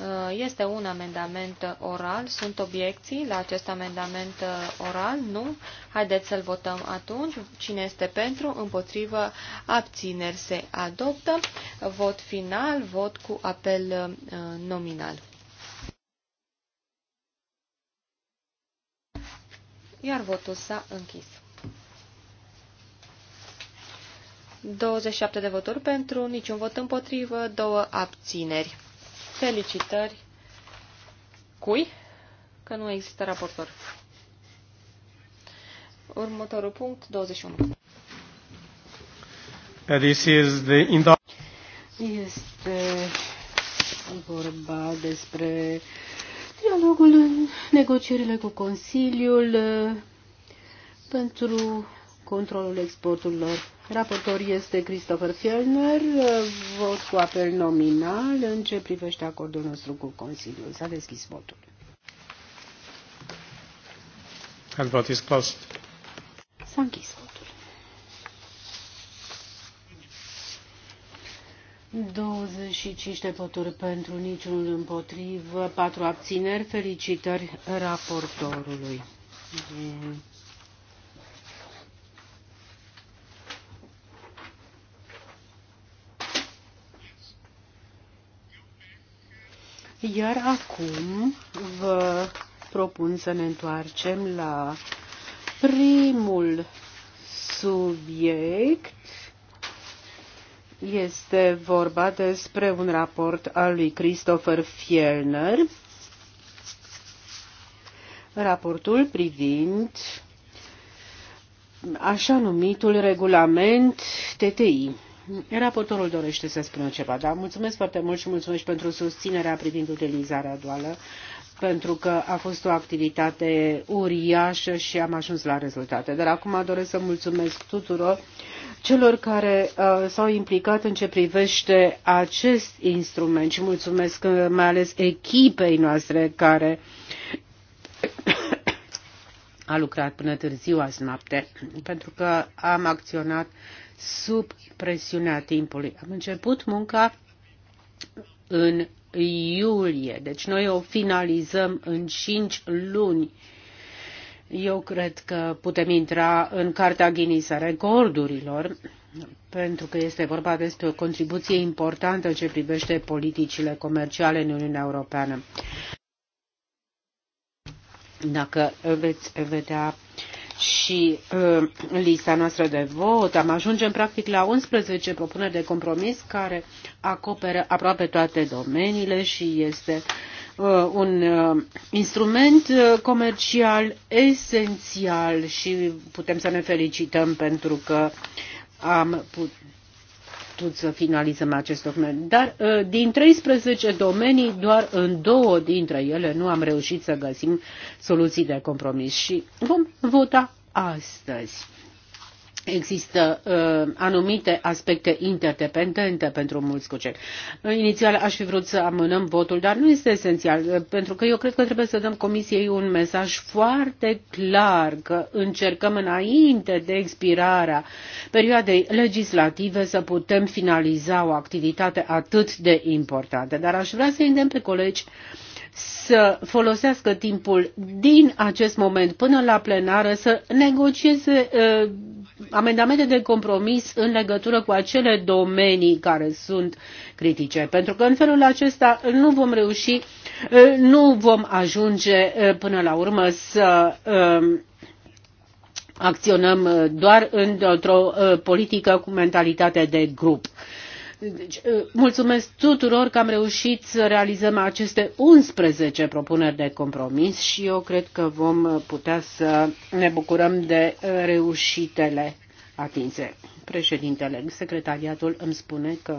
Uh, este un amendament oral. Sunt obiecții la acest amendament uh, oral? Nu. Haideți să-l votăm atunci. Cine este pentru? Împotrivă. Abțineri se adoptă. Vot final, vot cu apel uh, nominal. Iar votul s-a închis. 27 de voturi pentru, niciun vot împotrivă, două abțineri. Felicitări. Cui? Că nu există raportor. Următorul punct, 21. este vorba despre dialogul în negocierile cu Consiliul uh, pentru controlul exporturilor Raportor este Christopher Fjellner. Vot cu apel nominal în ce privește acordul nostru cu Consiliul. S-a deschis votul. And vote is closed. S-a închis votul. 25 de voturi pentru, niciunul împotrivă, 4 abțineri. Felicitări raportorului. E Iar acum vă propun să ne întoarcem la primul subiect. Este vorba despre un raport al lui Christopher Fielner, raportul privind așa numitul regulament TTI. Raportorul dorește să spună ceva, dar mulțumesc foarte mult și mulțumesc pentru susținerea privind utilizarea duală, pentru că a fost o activitate uriașă și am ajuns la rezultate. Dar acum doresc să mulțumesc tuturor celor care uh, s-au implicat în ce privește acest instrument și mulțumesc uh, mai ales echipei noastre care a lucrat până târziu azi noapte, pentru că am acționat sub presiunea timpului. Am început munca în iulie, deci noi o finalizăm în 5 luni. Eu cred că putem intra în Cartea Guinness a recordurilor, pentru că este vorba despre o contribuție importantă ce privește politicile comerciale în Uniunea Europeană. Dacă veți vedea uh, și uh, lista noastră de vot, am în practic la 11 propuneri de compromis care acoperă aproape toate domeniile și este uh, un uh, instrument uh, comercial esențial și putem să ne felicităm pentru că am putut putut să finalizăm acest document. Dar uh, din 13 domenii, doar în două dintre ele nu am reușit să găsim soluții de compromis și vom vota astăzi. Există uh, anumite aspecte interdependente pentru mulți cuceri. Inițial aș fi vrut să amânăm votul, dar nu este esențial, uh, pentru că eu cred că trebuie să dăm Comisiei un mesaj foarte clar că încercăm înainte de expirarea perioadei legislative să putem finaliza o activitate atât de importantă. Dar aș vrea să îndemn pe colegi să folosească timpul din acest moment până la plenară să negocieze uh, amendamente de compromis în legătură cu acele domenii care sunt critice, pentru că în felul acesta nu vom reuși, eh, nu vom ajunge eh, până la urmă să eh, acționăm doar într-o politică cu mentalitate de grup. Deci, uh, mulțumesc tuturor că am reușit să realizăm aceste 11 propuneri de compromis și eu cred că vom putea să ne bucurăm de uh, reușitele atinse. Președintele, secretariatul îmi spune că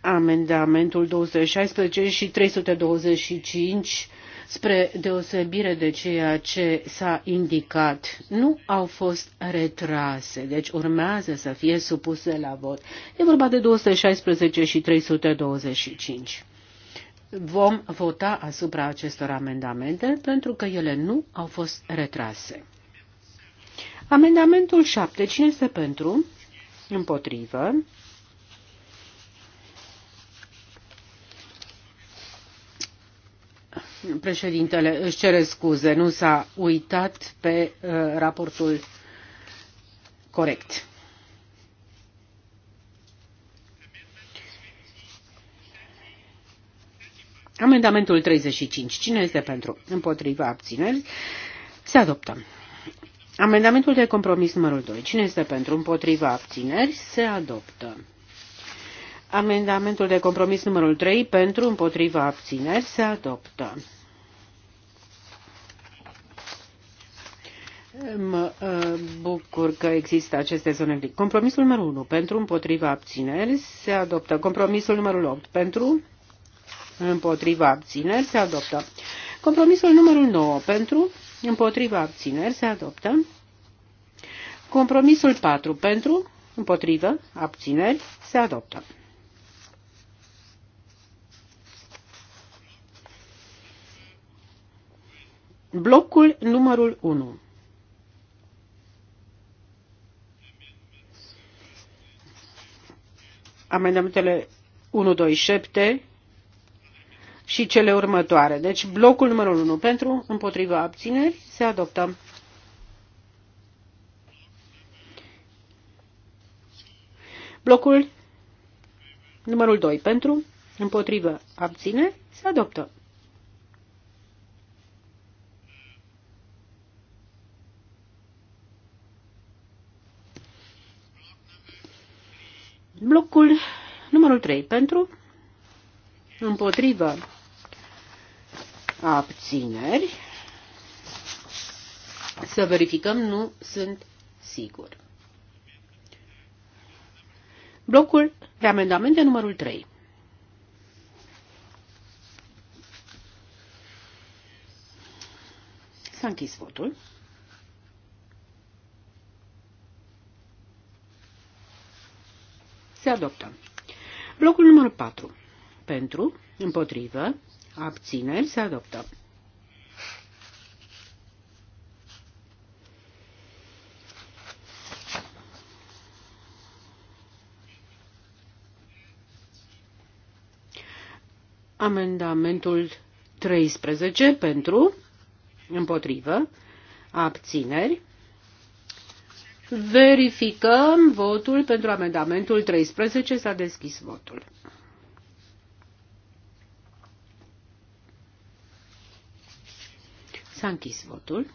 amendamentul 216 și 325 spre deosebire de ceea ce s-a indicat, nu au fost retrase, deci urmează să fie supuse la vot. E vorba de 216 și 325. Vom vota asupra acestor amendamente pentru că ele nu au fost retrase. Amendamentul 7. Cine este pentru? Împotrivă. Președintele își cere scuze, nu s-a uitat pe uh, raportul corect. Amendamentul 35. Cine este pentru? Împotriva abțineri. Se adoptă. Amendamentul de compromis numărul 2. Cine este pentru? Împotriva abțineri. Se adoptă. Amendamentul de compromis numărul 3. Pentru? Împotriva abțineri. Se adoptă. Mă ă, bucur că există aceste zone de Compromisul numărul 1 pentru împotriva abțineri se adoptă. Compromisul numărul 8 pentru împotriva abțineri se adoptă. Compromisul numărul 9 pentru împotriva abțineri se adoptă. Compromisul 4 pentru împotriva abțineri se adoptă. Blocul numărul 1 amendamentele 1, 2, 7 și cele următoare. Deci blocul numărul 1 pentru, împotriva abțineri, se adoptă. Blocul numărul 2 pentru, împotriva abțineri, se adoptă. Blocul numărul 3 pentru, împotrivă, abțineri. Să verificăm, nu sunt sigur. Blocul de amendamente numărul 3. S-a închis votul. Se adoptă. Blocul numărul 4. Pentru, împotrivă, abțineri, se adoptă. Amendamentul 13 pentru, împotrivă, abțineri, Verificăm votul pentru amendamentul 13. S-a deschis votul. S-a închis votul.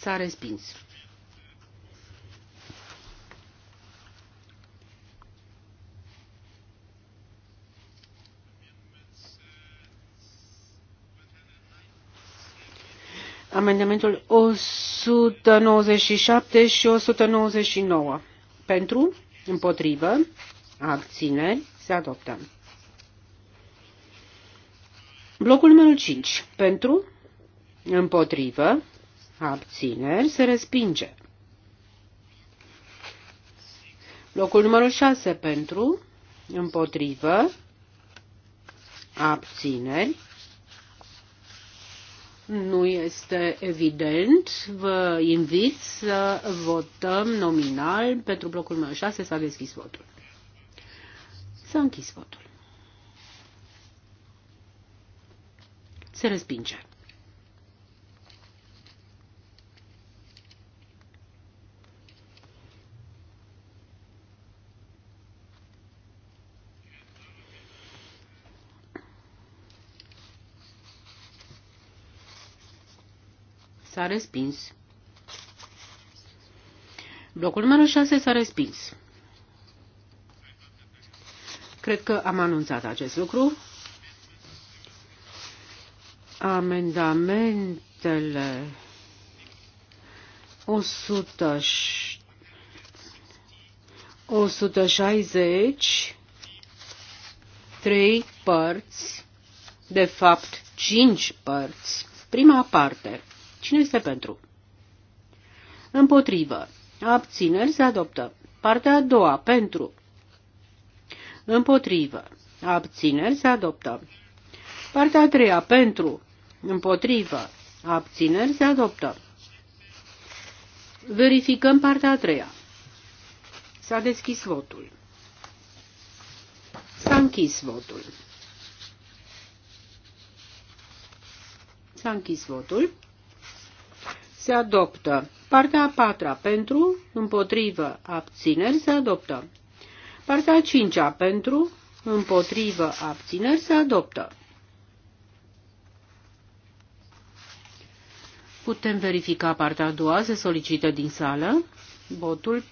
S-a respins. Amendamentul 197 și 199. Pentru, împotrivă, abțineri, se adoptă. Blocul numărul 5. Pentru, împotrivă, abțineri, se respinge. Blocul numărul 6. Pentru, împotrivă, abțineri, nu este evident, vă invit să votăm nominal pentru blocul meu 6 să aveți deschis votul. S-a închis votul. Se respinge. S-a respins. Blocul numărul 6 s-a respins. Cred că am anunțat acest lucru. Amendamentele 100, 160, 3 părți, de fapt 5 părți. Prima parte Cine este pentru? Împotrivă. Abțineri se adoptă. Partea a doua. Pentru. Împotrivă. Abțineri se adoptă. Partea a treia. Pentru. Împotrivă. Abțineri se adoptă. Verificăm partea a treia. S-a deschis votul. S-a închis votul. S-a închis votul se adoptă. Partea a patra pentru, împotrivă, abțineri se adoptă. Partea a cincea pentru, împotrivă, abțineri se adoptă. Putem verifica partea a doua, se solicită din sală votul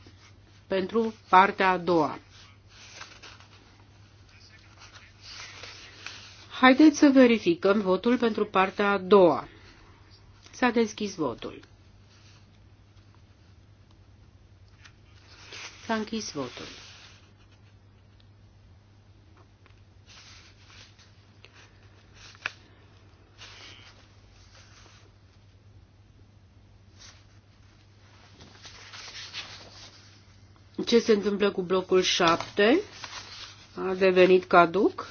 pentru partea a doua. Haideți să verificăm votul pentru partea a doua. S-a deschis votul. S-a închis votul. Ce se întâmplă cu blocul 7? A devenit caduc?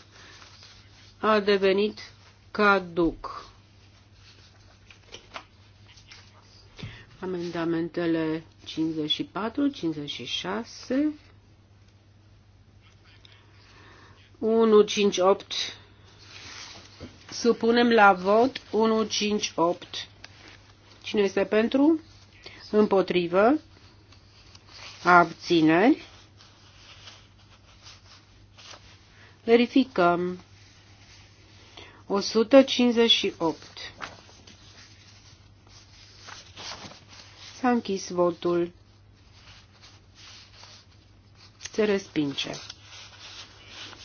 A devenit caduc. Amendamentele 54, 56, 158. Supunem la vot 158. Cine este pentru? Împotrivă. Abțineri. Verificăm. 158. S-a închis votul. Se respinge.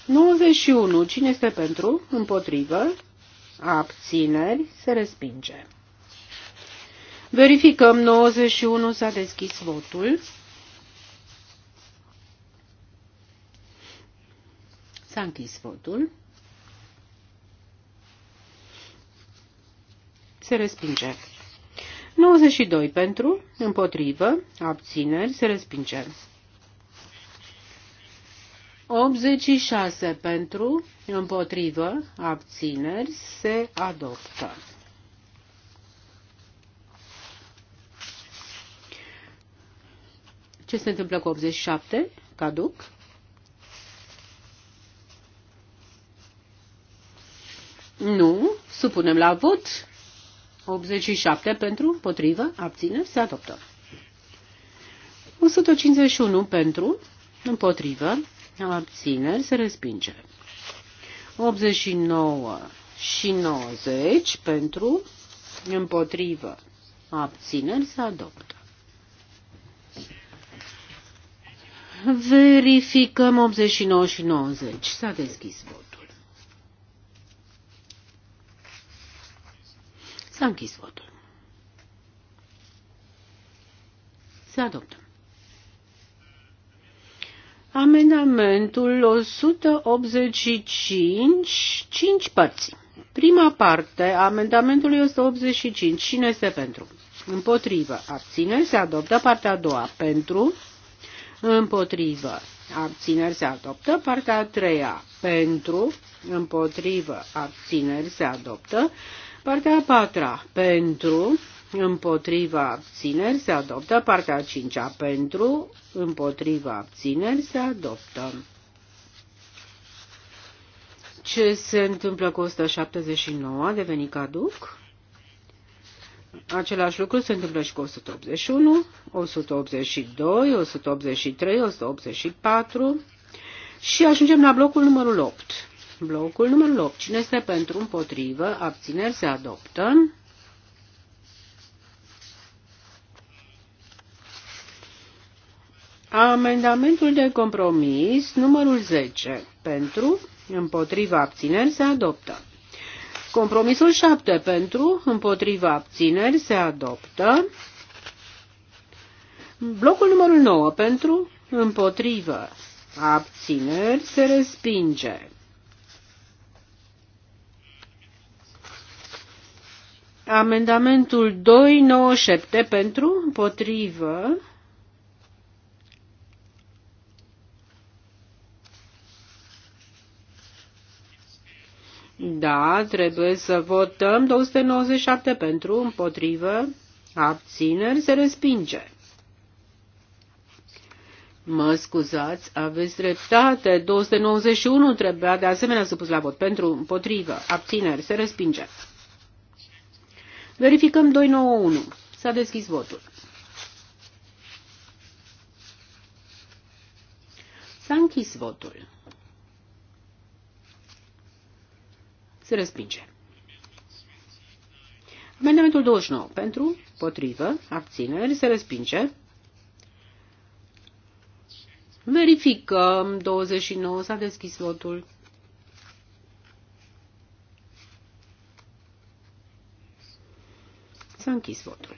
91. Cine este pentru? Împotrivă. Abțineri. Se respinge. Verificăm. 91. S-a deschis votul. S-a închis votul. Se respinge. 92 pentru, împotrivă, abțineri, se respinge. 86 pentru, împotrivă, abțineri, se adoptă. Ce se întâmplă cu 87? Caduc. Nu. Supunem la vot 87 pentru, împotrivă, abține, se adoptă. 151 pentru, împotrivă, abține, se respinge. 89 și 90 pentru, împotrivă, abțineri, se adoptă. Verificăm 89 și 90. S-a deschis votul. S-a închis votul. Se adoptă. Amendamentul 185, 5 părți. Prima parte a amendamentului 185. Cine este pentru? Împotrivă. Abțineri se adoptă. Partea a doua. Pentru. Împotrivă. Abțineri se adoptă. Partea a treia. Pentru. Împotrivă. Abțineri se adoptă. Partea a patra pentru, împotriva abțineri se adoptă. Partea a cincea pentru, împotriva abțineri se adoptă. Ce se întâmplă cu 179 a devenit caduc? Același lucru se întâmplă și cu 181, 182, 183, 184 și ajungem la blocul numărul 8 blocul numărul 8. Cine este pentru, împotrivă, abțineri, se adoptă. Amendamentul de compromis numărul 10 pentru, împotriva abțineri se adoptă. Compromisul 7 pentru, împotriva abțineri se adoptă. Blocul numărul 9 pentru, împotrivă abțineri se respinge. Amendamentul 297 pentru, împotrivă. Da, trebuie să votăm 297 pentru, împotrivă, abțineri, se respinge. Mă scuzați, aveți dreptate, 291 trebuia de asemenea supus la vot pentru, împotrivă, abțineri, se respinge. Verificăm 291. S-a deschis votul. S-a închis votul. Se respinge. Amendamentul 29. Pentru, potrivă, abțineri, se respinge. Verificăm. 29. S-a deschis votul. S-a închis votul.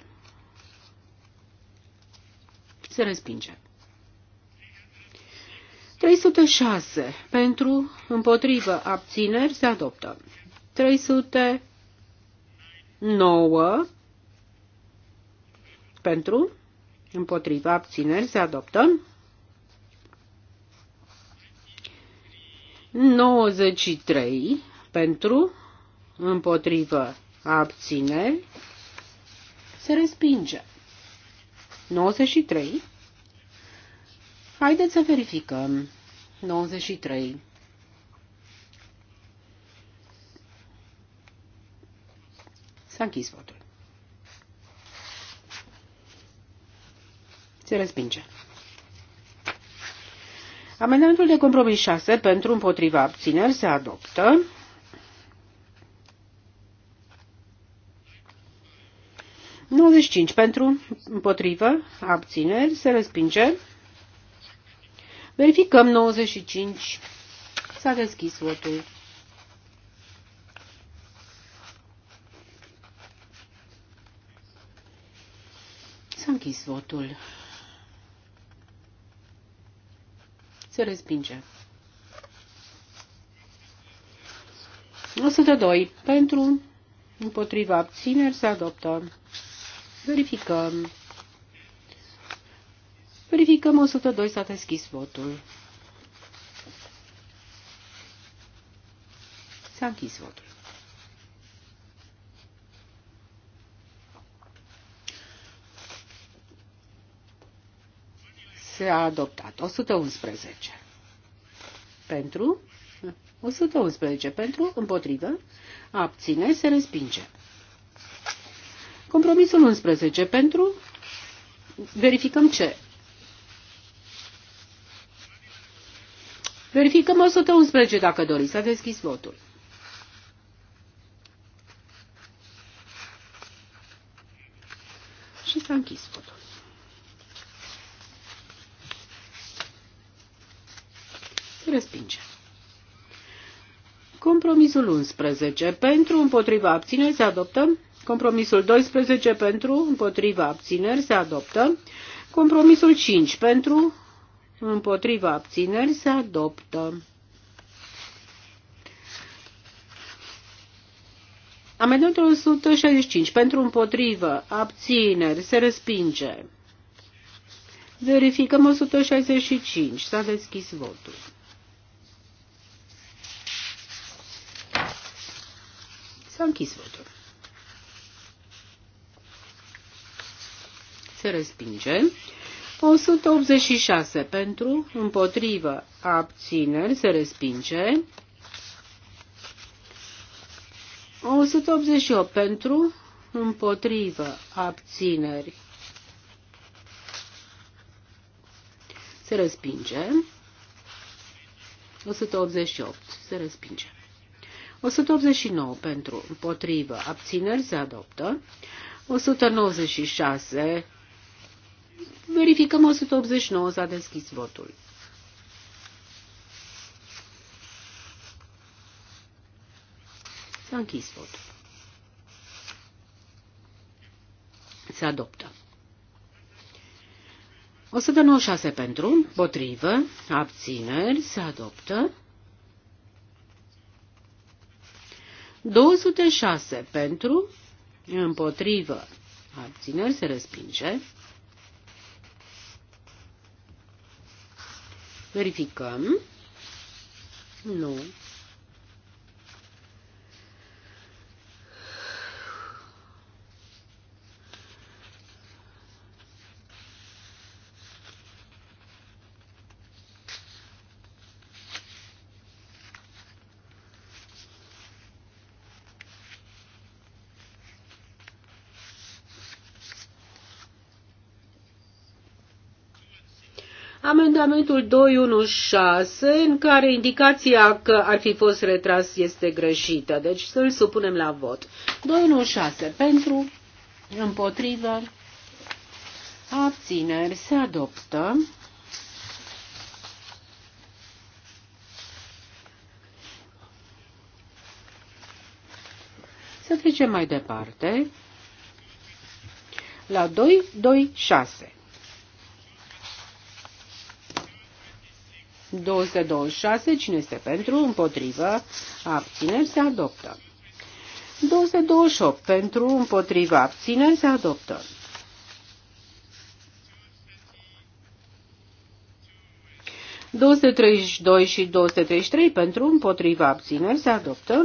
Se respinge. 306. Pentru, împotrivă, abțineri, se adoptă. 309. Pentru, împotrivă, abțineri, se adoptă. 93. Pentru, împotrivă, abțineri, se respinge. 93. Haideți să verificăm. 93. S-a închis votul. Se respinge. Amendamentul de compromis 6 pentru împotriva abțineri se adoptă. 25 pentru, împotrivă, abțineri, se respinge. Verificăm 95. S-a deschis votul. S-a închis votul. Se respinge. 102. Pentru, împotriva abțineri, se adoptă. Verificăm. Verificăm 102, s-a deschis votul. S-a închis votul. Se a adoptat 111. Pentru 111 pentru, împotrivă, abține, se respinge. Compromisul 11 pentru. Verificăm ce? Verificăm 111 dacă doriți. să deschis votul. Și s-a închis votul. Se respinge. Compromisul 11. Pentru împotriva abțineri adoptăm. Compromisul 12 pentru, împotriva abțineri se adoptă. Compromisul 5 pentru, împotriva abțineri se adoptă. Amendamentul 165 pentru împotrivă, abțineri, se respinge. Verificăm 165. S-a deschis votul. S-a închis votul. se respinge. 186 pentru, împotrivă, abțineri, se respinge. 188 pentru, împotrivă, abțineri, se respinge. 188 se respinge. 189 pentru, împotrivă, abțineri, se adoptă. 196 Verificăm 189, s-a deschis votul. S-a închis votul. Se adoptă. 196 pentru, potrivă, abțineri, se adoptă. 206 pentru, împotrivă, abțineri, se respinge. Verificăm. Nu. regulamentul 216, în care indicația că ar fi fost retras este greșită. Deci să-l supunem la vot. 216 pentru, împotrivă, abțineri, se adoptă. Să trecem mai departe la 226. 226. Cine este pentru? Împotrivă. Abțineri se adoptă. 228. Pentru, împotrivă, abțineri se adoptă. 232 și 233 pentru împotrivă, abțineri se adoptă.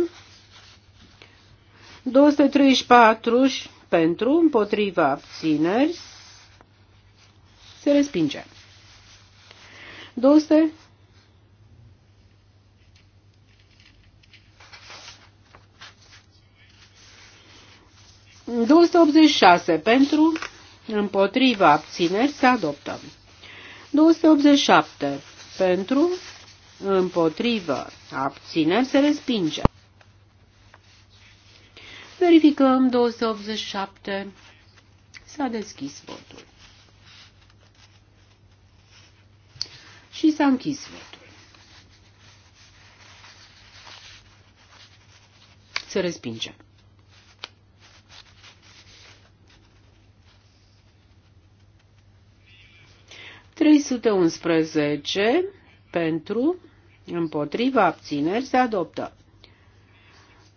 234 pentru împotrivă, abțineri se respinge. 200 286 pentru, împotriva abțineri se adoptă. 287 pentru, împotriva abțineri se respinge. Verificăm 287. S-a deschis votul. Și s-a închis votul. Se respinge. 311 pentru, împotriva abțineri se adoptă.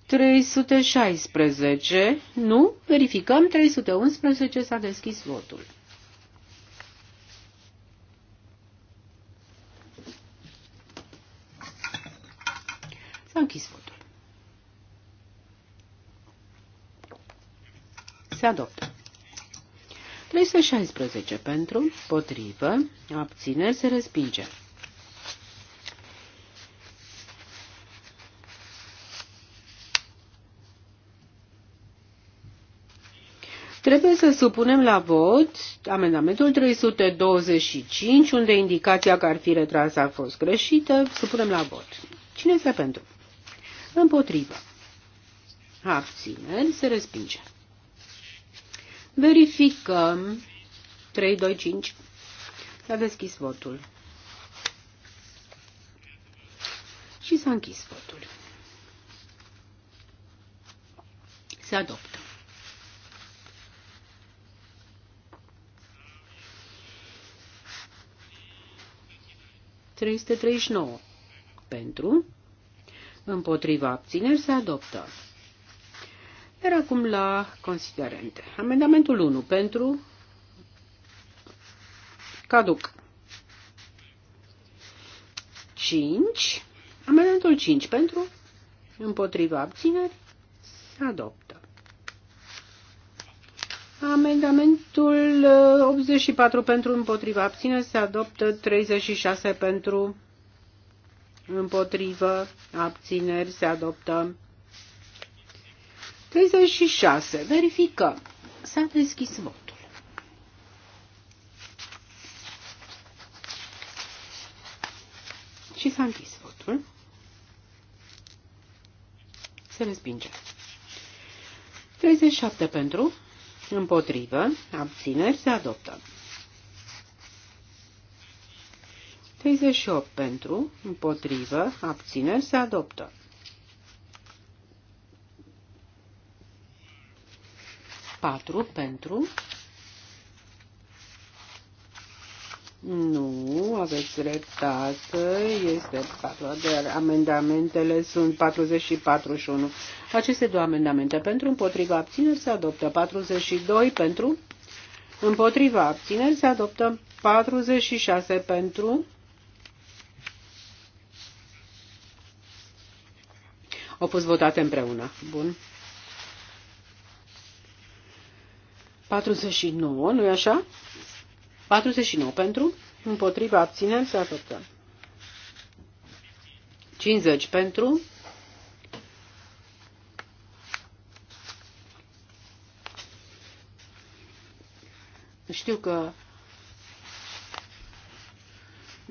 316, nu, verificăm, 311 s-a deschis votul. S-a închis votul. Se adoptă. 316 pentru, potrivă, abțineri se respinge. Trebuie să supunem la vot amendamentul 325, unde indicația că ar fi retrasă a fost greșită. Supunem la vot. Cine este pentru? Împotrivă. Abțineri se respinge. Verificăm. 5 S-a deschis votul. Și s-a închis votul. Se adoptă. Trei pentru, împotriva abțineri se adoptă. Iar acum la considerente. Amendamentul 1 pentru caduc. 5. Amendamentul 5 pentru împotriva abțineri se adoptă. Amendamentul 84 uh, pentru împotriva abțineri se adoptă, 36 pentru împotriva abțineri se adoptă. 36. Verificăm. S-a deschis votul. Și s-a închis votul. Se respinge. 37 pentru, împotrivă, abțineri, se adoptă. 38 pentru, împotrivă, abțineri, se adoptă. 4 pentru. Nu, aveți dreptate, este 4, dar amendamentele sunt 44 și 1. Aceste două amendamente pentru împotriva abțineri se adoptă 42 pentru împotriva abțineri se adoptă 46 pentru au fost votate împreună. Bun. 49, nu-i așa? 49 pentru, împotriva abțineri se adoptă. 50 pentru, știu că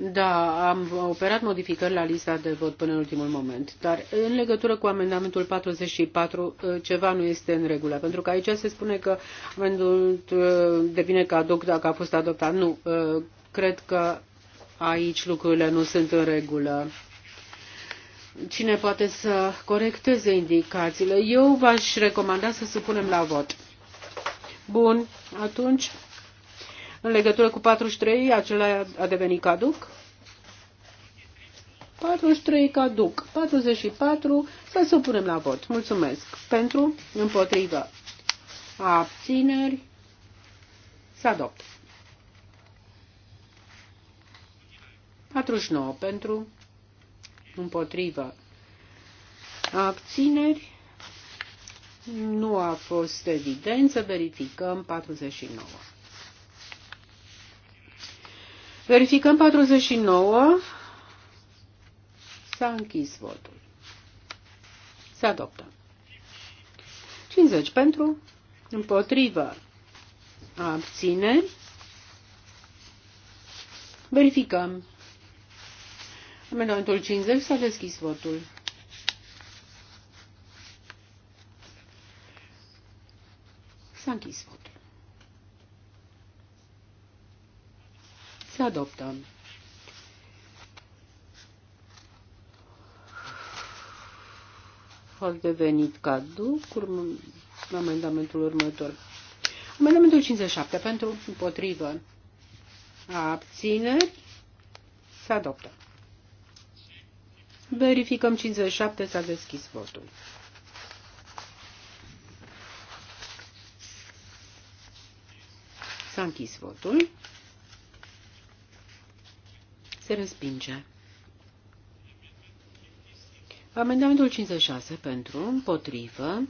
da, am operat modificări la lista de vot până în ultimul moment, dar în legătură cu amendamentul 44 uh, ceva nu este în regulă, pentru că aici se spune că amendamentul uh, devine caduc dacă a fost adoptat. Nu, uh, cred că aici lucrurile nu sunt în regulă. Cine poate să corecteze indicațiile? Eu v-aș recomanda să supunem la vot. Bun, atunci în legătură cu 43, acela a devenit caduc. 43 caduc. 44 să supunem la vot. Mulțumesc. Pentru, împotrivă. Abțineri. Să adopt. 49 pentru, împotrivă. Abțineri. Nu a fost evident să verificăm 49. Verificăm 49. S-a închis votul. Se adoptă. 50 pentru, împotrivă, abține. Verificăm. Amendamentul 50 s-a deschis votul. S-a închis votul. Se adoptă. A devenit caduc urm amendamentul următor. Amendamentul 57 pentru împotrivă. Abțineri. Se adoptă. Verificăm 57, s-a deschis votul. S-a închis votul. Se respinge. Amendamentul 56 pentru, împotrivă,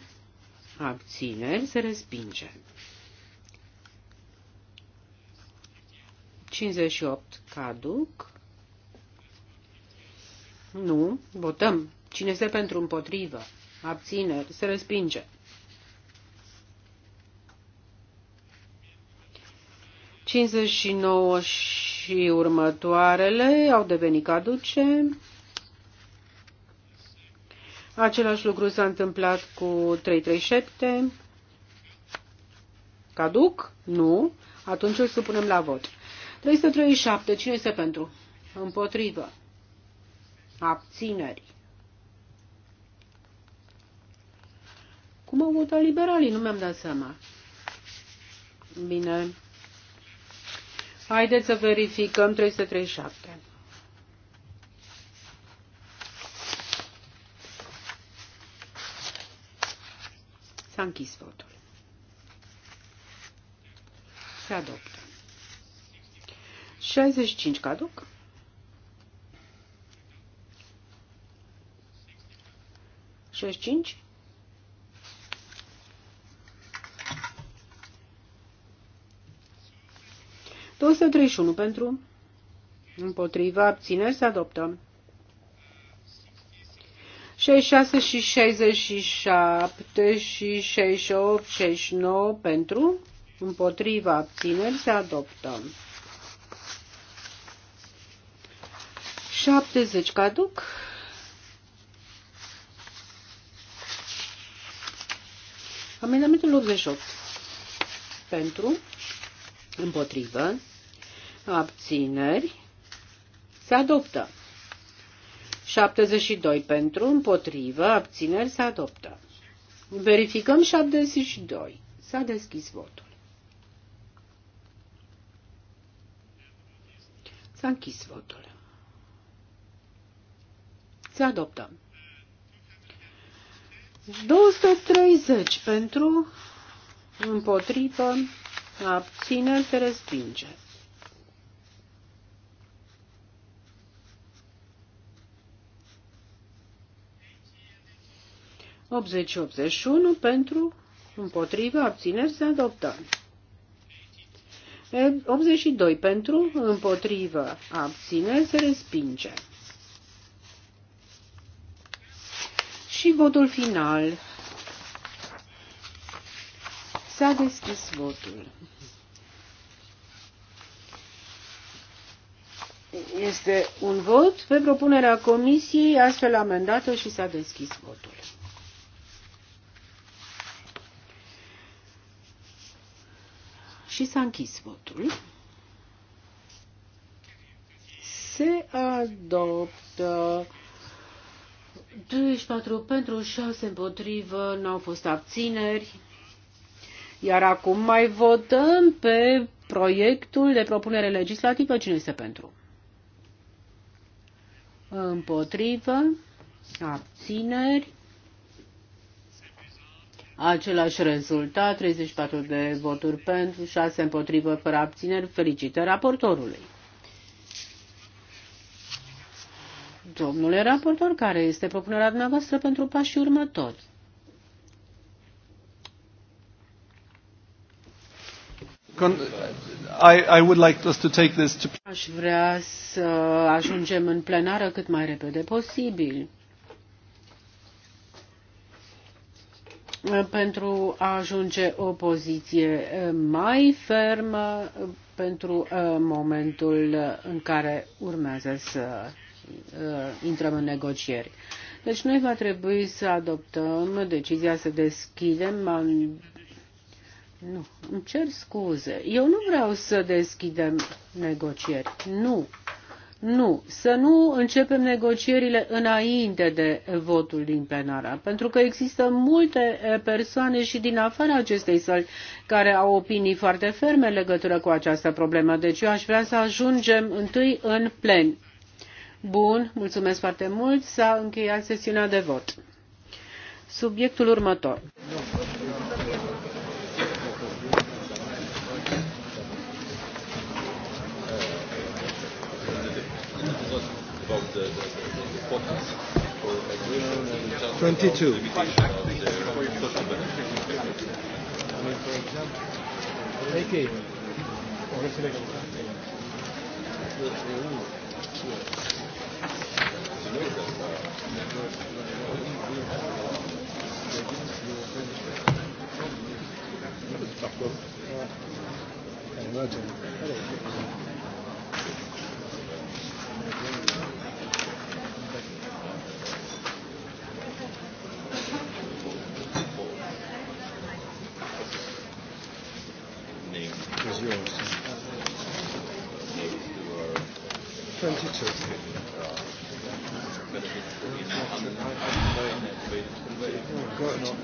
abțineri, se respinge. 58 caduc. Nu, votăm. Cine este pentru împotrivă? Abțineri, se respinge. 59 și și următoarele au devenit caduce. Același lucru s-a întâmplat cu 337. Caduc? Nu. Atunci îl supunem la vot. 337. Cine este pentru? Împotrivă. Abțineri. Cum au votat liberalii? Nu mi-am dat seama. Bine. Haideți să verificăm 337. S-a închis votul. Se adoptă. 65 caduc. 65 231 pentru, împotriva, abțineri, se adoptă. 66 și 67 și 68, 69 pentru, împotriva, abțineri, se adoptă. 70 caduc. 88. Pentru, împotrivă, abțineri, se adoptă. 72 pentru, împotrivă, abțineri, se adoptă. Verificăm 72. S-a deschis votul. S-a închis votul. Se adoptă. 230 pentru, împotrivă, abțineri, se respinge. 80-81 pentru, împotriva, abțineri se adoptă. 82 pentru, împotrivă, abțineri se respinge. Și votul final. S-a deschis votul. Este un vot pe propunerea comisiei astfel amendată și s-a deschis votul. Și s-a închis votul. Se adoptă 34 pentru 6 împotrivă, n-au fost abțineri. Iar acum mai votăm pe proiectul de propunere legislativă. Cine este pentru? Împotrivă, abțineri, același rezultat, 34 de voturi pentru, 6 împotrivă, fără abțineri. Felicitări raportorului. Domnule raportor, care este propunerea dumneavoastră pentru pașii următori? I, I would like us to take this to... Aș vrea să ajungem în plenară cât mai repede posibil. pentru a ajunge o poziție eh, mai fermă pentru eh, momentul în care urmează să eh, intrăm în negocieri. Deci noi va trebui să adoptăm decizia să deschidem man... Nu, îmi cer scuze. Eu nu vreau să deschidem negocieri. Nu. Nu, să nu începem negocierile înainte de votul din plenară, pentru că există multe eh, persoane și din afara acestei săli care au opinii foarte ferme în legătură cu această problemă. Deci eu aș vrea să ajungem întâi în plen. Bun, mulțumesc foarte mult. S-a încheiat sesiunea de vot. Subiectul următor. the, the, the, the quotas for agreement and just 22. I mean, for example, AK. Thank you.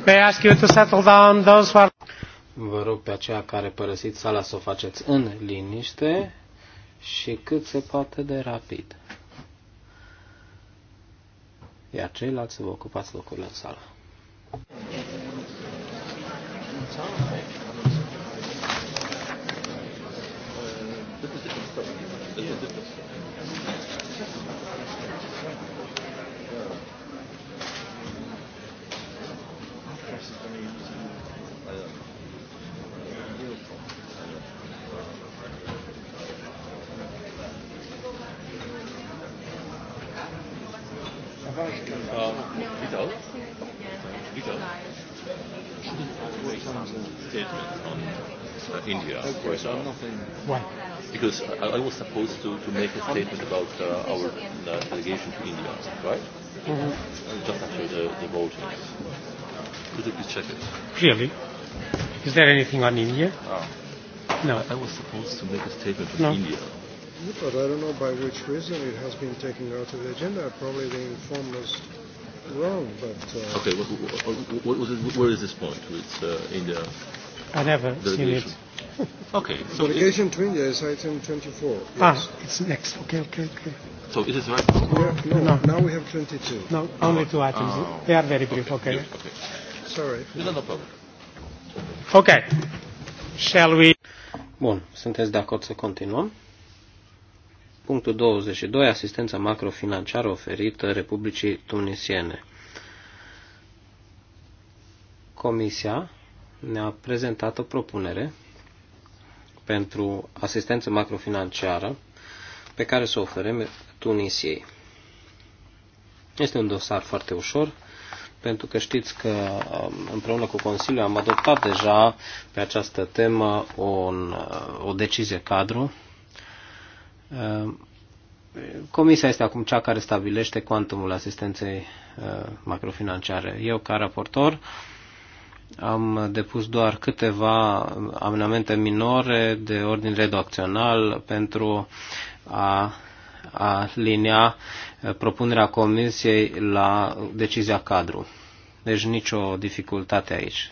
May I ask you to settle down those who are... Vă rog pe aceia care părăsiți sala să o faceți în liniște și cât se poate de rapid. Iar ceilalți vă ocupați locurile în sală. În sală? Uh, India, for Why? Because I, I was supposed to, to make a statement about uh, our uh, delegation to India, right? Mm-hmm. Just after the, the voting. Would you please check it? Really? Is there anything on India? Ah. No. no. I, I was supposed to make a statement on no. India. But I don't know by which reason it has been taken out of the agenda. Probably the informed was wrong, but... Uh, okay, what, what, what, what, what, where is this point? It's uh, India... I never seen it. okay. So delegation to India is item 24. Yes. Ah, it's next. Okay, okay, okay. So it is right Yeah, no, no, now we have 22. No, only oh. two items. Oh. They are very brief. Okay. okay. Yeah, okay. Sorry. No, no problem. Ok. Shall we... Bun, sunteți de acord să continuăm? Punctul 22. Asistența macrofinanciară oferită Republicii Tunisiene. Comisia ne-a prezentat o propunere pentru asistență macrofinanciară pe care să o oferim Tunisiei. Este un dosar foarte ușor, pentru că știți că um, împreună cu Consiliul am adoptat deja pe această temă o uh, o decizie cadru. Uh, Comisia este acum cea care stabilește cuantumul asistenței uh, macrofinanciare. Eu, ca raportor, am depus doar câteva amendamente minore de ordin redacțional pentru a a linia eh, propunerea Comisiei la decizia cadru. Deci nicio dificultate aici.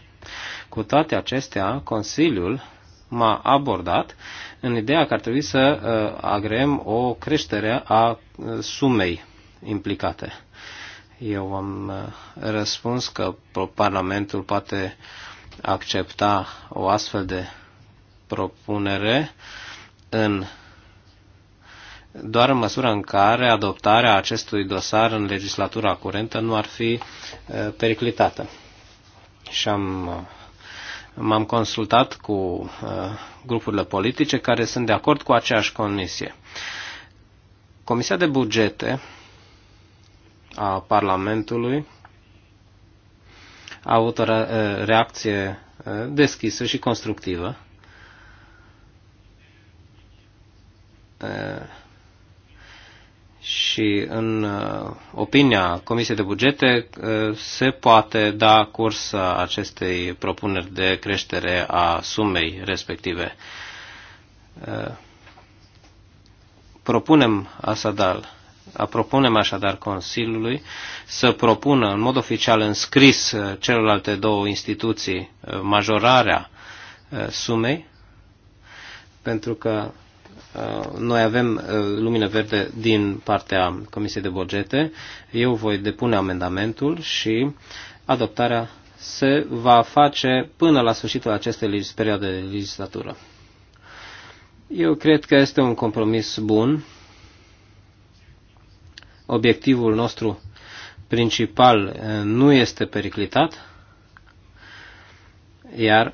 Cu toate acestea, Consiliul m-a abordat în ideea că ar trebui să eh, agreem o creștere a eh, sumei implicate. Eu am răspuns că Parlamentul poate accepta o astfel de propunere în doar în măsura în care adoptarea acestui dosar în legislatura curentă nu ar fi periclitată. Și am, m-am consultat cu grupurile politice care sunt de acord cu aceeași comisie. Comisia de bugete a Parlamentului a avut o reacție deschisă și constructivă și în uh, opinia Comisiei de Bugete uh, se poate da curs acestei propuneri de creștere a sumei respective. Uh, propunem așadar, propunem așadar Consiliului să propună în mod oficial înscris celelalte două instituții majorarea sumei, pentru că Uh, noi avem uh, lumină verde din partea Comisiei de Bugete. Eu voi depune amendamentul și adoptarea se va face până la sfârșitul acestei perioade de legislatură. Eu cred că este un compromis bun. Obiectivul nostru principal uh, nu este periclitat, iar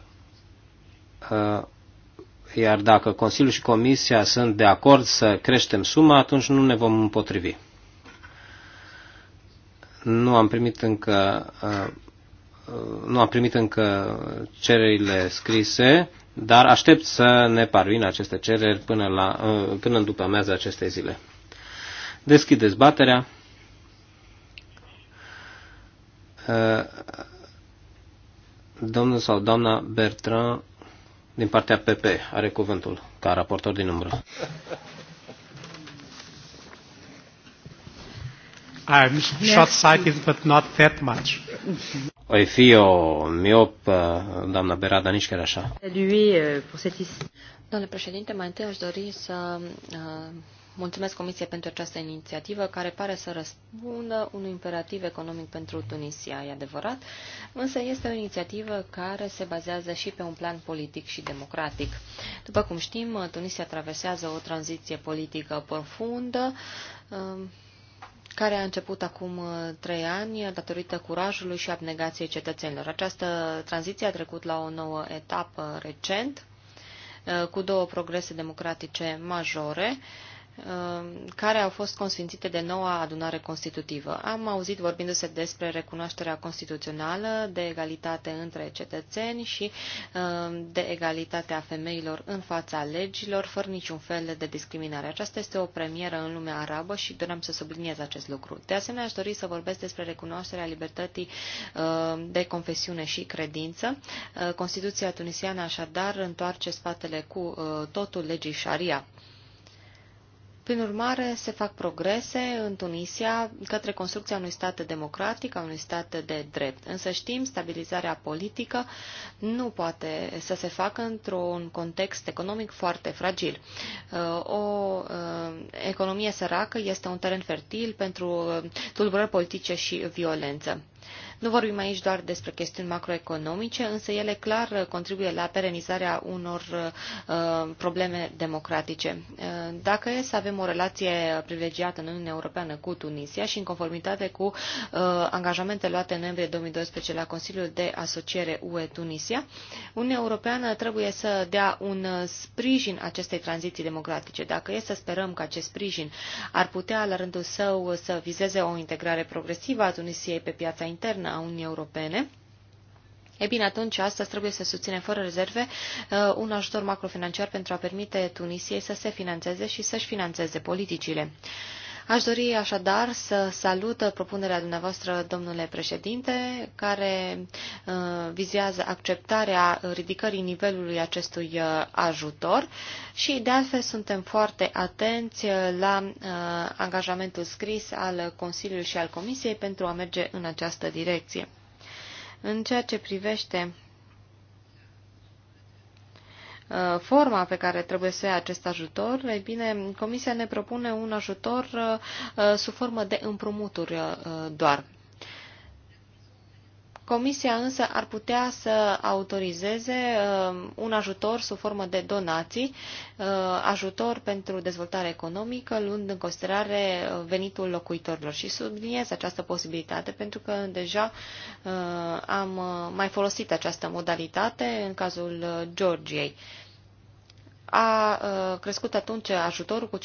iar dacă Consiliul și Comisia sunt de acord să creștem suma, atunci nu ne vom împotrivi. Nu am primit încă, uh, nu am primit încă cererile scrise, dar aștept să ne parvină aceste cereri până, la, uh, până în după amează aceste zile. Deschid dezbaterea. Uh, domnul sau doamna Bertrand din partea PP are cuvântul ca raportor din umbră. I'm short-sighted, but not that much. Oi fi o miop, doamna Berada, nici chiar așa. Euh, doamne președinte, mai întâi aș dori să uh, Mulțumesc Comisiei pentru această inițiativă, care pare să răspundă unui imperativ economic pentru Tunisia, e adevărat, însă este o inițiativă care se bazează și pe un plan politic și democratic. După cum știm, Tunisia traversează o tranziție politică profundă, um, care a început acum uh, trei ani datorită curajului și abnegației cetățenilor. Această tranziție a trecut la o nouă etapă recent, uh, cu două progrese democratice majore, Um, care au fost consfințite de noua adunare constitutivă. Am auzit vorbindu-se despre recunoașterea constituțională, de egalitate între cetățeni și um, de egalitatea femeilor în fața legilor, fără niciun fel de discriminare. Aceasta este o premieră în lumea arabă și doream să subliniez acest lucru. De asemenea, aș dori să vorbesc despre recunoașterea libertății um, de confesiune și credință. Uh, Constituția tunisiană așadar întoarce spatele cu uh, totul legii șaria. Prin urmare, se fac progrese în Tunisia către construcția unui stat democratic, a unui stat de drept. Însă știm, stabilizarea politică nu poate să se facă într-un context economic foarte fragil. Uh, o uh, economie săracă este un teren fertil pentru tulburări politice și violență. Nu vorbim aici doar despre chestiuni macroeconomice, însă ele clar contribuie la perenizarea unor uh, probleme democratice. Uh, dacă e să avem o relație privilegiată în Uniunea Europeană cu Tunisia și în conformitate cu uh, angajamentele luate în noiembrie 2012 la Consiliul de Asociere UE-Tunisia, Uniunea Europeană trebuie să dea un sprijin acestei tranziții democratice. Dacă e să sperăm că acest sprijin ar putea, la rândul său, să vizeze o integrare progresivă a Tunisiei pe piața internă, a Uniunii Europene, E bine, atunci astăzi trebuie să susținem fără rezerve uh, un ajutor macrofinanciar pentru a permite Tunisiei să se financeze și să-și financeze politicile. Uh, Aș dori așadar să salut propunerea dumneavoastră, domnule președinte, care uh, vizează acceptarea ridicării nivelului acestui uh, ajutor și de altfel suntem foarte atenți uh, la angajamentul scris al Consiliului și al Comisiei pentru a merge în această direcție. În ceea ce privește Uh, forma pe care trebuie să ia acest ajutor, e bine, Comisia ne propune un ajutor uh, uh, sub formă de împrumuturi doar. Comisia însă ar putea să autorizeze un ajutor sub formă de donații, ajutor pentru dezvoltare economică, luând în considerare venitul locuitorilor. Și subliniez această posibilitate pentru că deja am mai folosit această modalitate în cazul Georgiei a uh, crescut atunci ajutorul cu 50%,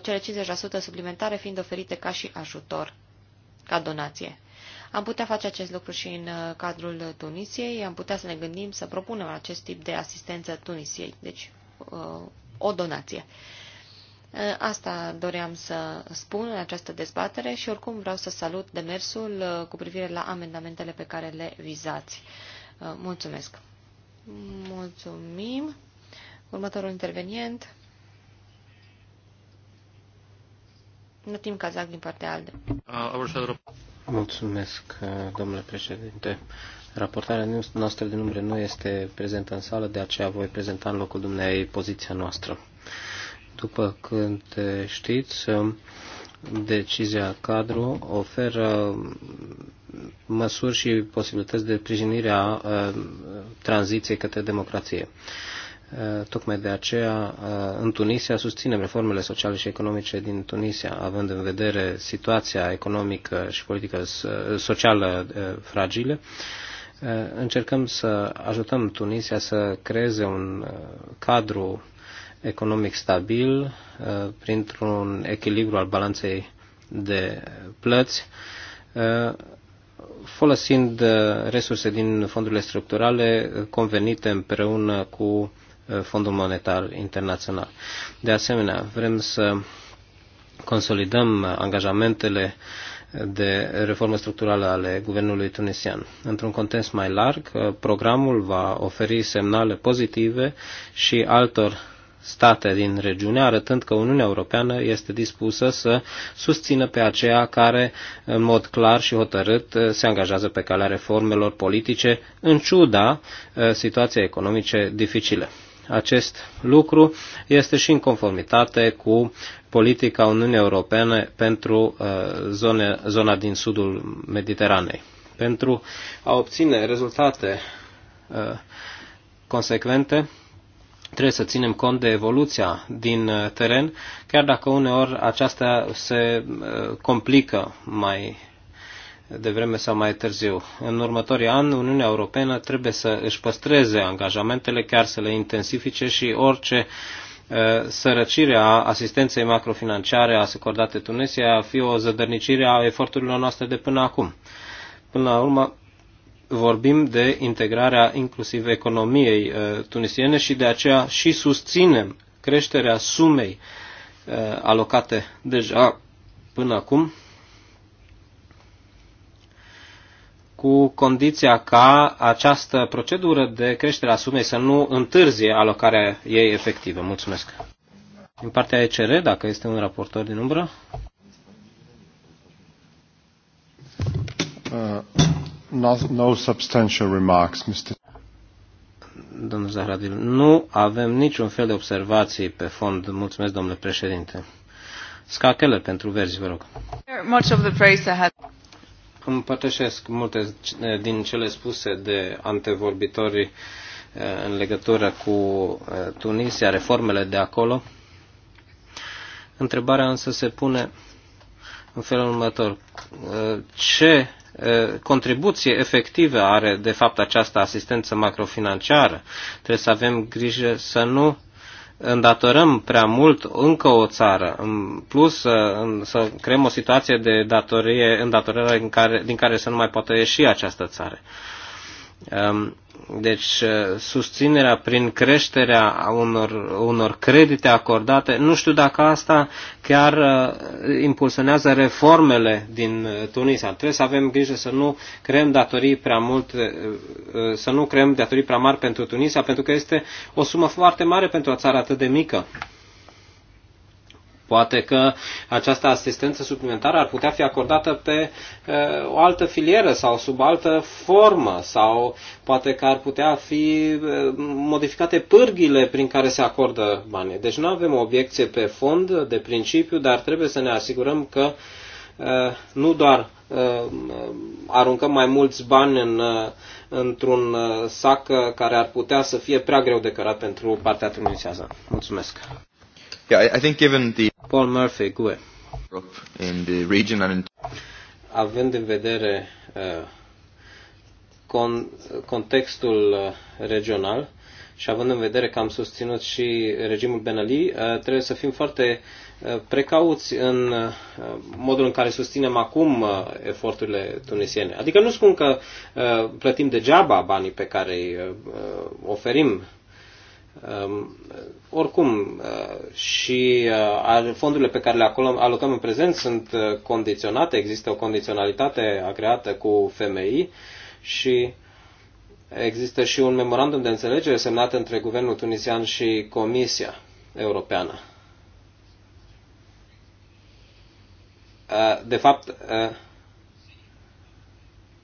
cele 50% suplimentare fiind oferite ca și ajutor, ca donație. Am putea face acest lucru și în uh, cadrul Tunisiei, am putea să ne gândim să propunem acest tip de asistență Tunisiei, deci uh, o donație. Asta doream să spun în această dezbatere și oricum vreau să salut demersul cu privire la amendamentele pe care le vizați. Mulțumesc! Mulțumim! Următorul intervenient. Notim Cazac din partea ALDE. Mulțumesc, domnule președinte. Raportarea noastră de numere nu este prezentă în sală, de aceea voi prezenta în locul dumneavoastră poziția noastră. După când știți, decizia cadru oferă măsuri și posibilități de sprijinire a tranziției către democrație. Eh, tocmai de aceea, eh, în Tunisia, susținem reformele sociale și economice din Tunisia, având în vedere situația economică și politică eh, socială fragilă. Încercăm să ajutăm Tunisia să creeze un cadru economic stabil printr-un echilibru al balanței de plăți, folosind resurse din fondurile structurale convenite împreună cu Uh, Fondul Monetar Internațional. De asemenea, vrem să consolidăm angajamentele de reformă structurală ale guvernului tunisian. Într-un context mai larg, uh, programul va oferi semnale pozitive și altor state din regiune, arătând că Uniunea Europeană este dispusă să susțină pe aceea care, în mod clar și hotărât, uh, se angajează pe calea reformelor politice, în ciuda situației economice dificile acest lucru este și în conformitate cu politica Uniunii Europene pentru uh, zone, zona din sudul Mediteranei. Pentru a obține rezultate uh, consecvente, trebuie să ținem cont de evoluția din uh, teren, chiar dacă uneori aceasta se complică mai devreme sau mai târziu. În următorii ani, Uniunea Europeană trebuie să își păstreze angajamentele, chiar să le intensifice și orice uh, sărăcire a asistenței macrofinanciare acordate Tunisia a fi o zădărnicire a eforturilor noastre de până acum. Până la urmă, vorbim de integrarea inclusiv economiei uh, tunisiene și de aceea și susținem creșterea sumei uh, alocate deja până acum cu condiția ca această procedură de creștere a sumei să nu întârzie alocarea ei efectivă. Mulțumesc. Din partea ECR, dacă este un raportor din umbră. Uh, no, no substantial remarks, Mr. Domnul Zahradil, nu avem niciun fel de observații pe fond. Mulțumesc, domnule președinte. Scachele pentru verzi, vă rog împărtășesc multe din cele spuse de antevorbitorii eh, în legătură cu eh, Tunisia, reformele de acolo. Întrebarea însă se pune în felul următor. Eh, ce contribuție efectivă are de fapt această asistență macrofinanciară? Trebuie să avem grijă să nu îndatorăm prea mult încă o țară, în plus să creăm o situație de datorie, îndatorare în care, din care să nu mai poată ieși această țară. Uh, deci uh, susținerea prin creșterea unor, unor credite acordate, nu știu dacă asta chiar uh, impulsionează reformele din uh, Tunisia. Trebuie să avem grijă să nu creăm datorii prea mult, să nu creăm datorii prea mari pentru Tunisia, pentru că este o sumă foarte mare pentru o țară atât de mică. Poate că această asistență suplimentară ar putea fi acordată pe eh, o altă filieră sau sub altă formă sau poate că ar putea fi eh, modificate pârghile prin care se acordă banii. Deci nu avem obiecție pe fond de principiu, dar trebuie să ne asigurăm că eh, nu doar aruncăm mai mulți bani în, într-un sac care ar putea să fie prea greu de cărat pentru partea tunisiază. Mulțumesc! Yeah, I, I think given the Paul Murphy, GUE. In the region and in... Având în vedere uh, con, contextul uh, regional și având în vedere că am susținut și regimul Ben Ali, uh, trebuie să fim foarte uh, precauți în uh, modul în care susținem acum uh, eforturile tunisiene. Adică nu spun că uh, plătim degeaba banii pe care îi uh, uh, oferim Um, oricum, uh, și uh, fondurile pe care le alocăm în prezent sunt uh, condiționate, există o condiționalitate agreată cu FMI și există și un memorandum de înțelegere semnat între guvernul tunisian și Comisia Europeană. De fapt,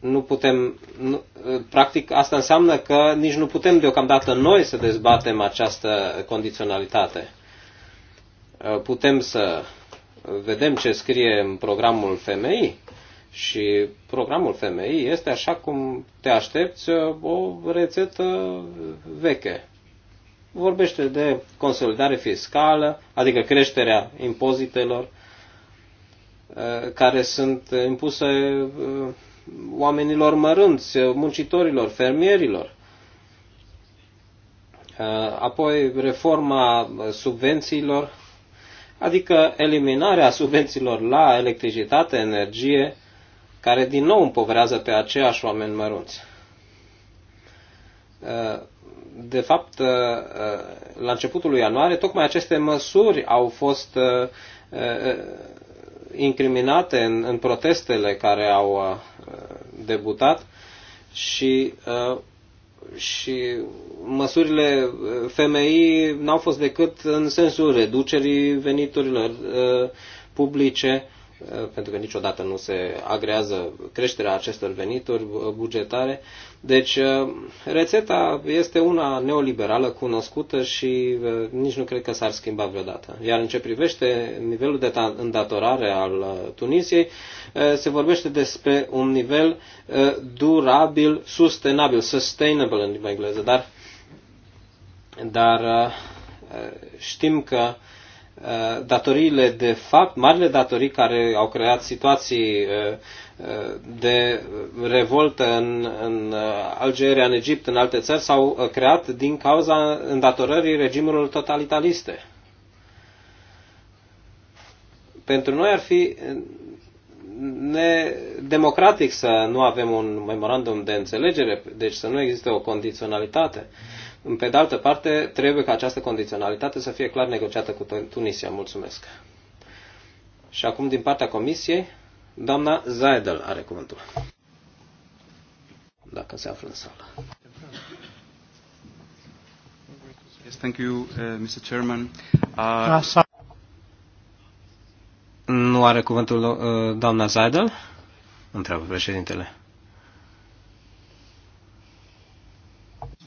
nu putem, nu, ă, practic asta înseamnă că nici nu putem deocamdată noi să dezbatem această condiționalitate. Ă, putem să vedem ce scrie în programul FMI și programul FMI este așa cum te aștepți ă, o rețetă veche. Vorbește de consolidare fiscală, adică creșterea impozitelor care sunt impuse oamenilor mărunți, muncitorilor, fermierilor. Uh, apoi reforma subvențiilor, adică eliminarea subvențiilor la electricitate, energie, care din nou împovrează pe aceiași oameni mărunți. Uh, de fapt, uh, la începutul lui ianuarie, tocmai aceste măsuri au fost incriminate în, în protestele care au uh, debutat și, uh, și măsurile uh, FMI n-au fost decât în sensul reducerii veniturilor publice, pentru că niciodată nu se agrează creșterea acestor venituri bugetare. Deci uh, rețeta este una neoliberală, cunoscută și uh, nici nu cred că s-ar schimba vreodată. Iar în ce privește nivelul de îndatorare al uh, Tunisiei, se vorbește despre un nivel durabil, sustenabil, sustainable în limba engleză, dar, dar știm că Uh, datoriile de fapt, marile datorii care au creat situații uh, uh, de revoltă în, în Algeria, în Egipt, în alte țări, s-au creat din cauza îndatorării regimurilor totalitariste. Pentru noi ar fi democratic să nu avem un memorandum de înțelegere, deci să nu existe o condiționalitate. Pe de altă parte, trebuie ca această condiționalitate să fie clar negociată cu Tunisia. Mulțumesc. Și acum, din partea Comisiei, doamna Zaidel are cuvântul. Dacă se află în sală. Yes, thank you, uh, Mr. Chairman. Uh... Nu are cuvântul uh, doamna Zaidel? Întreabă președintele.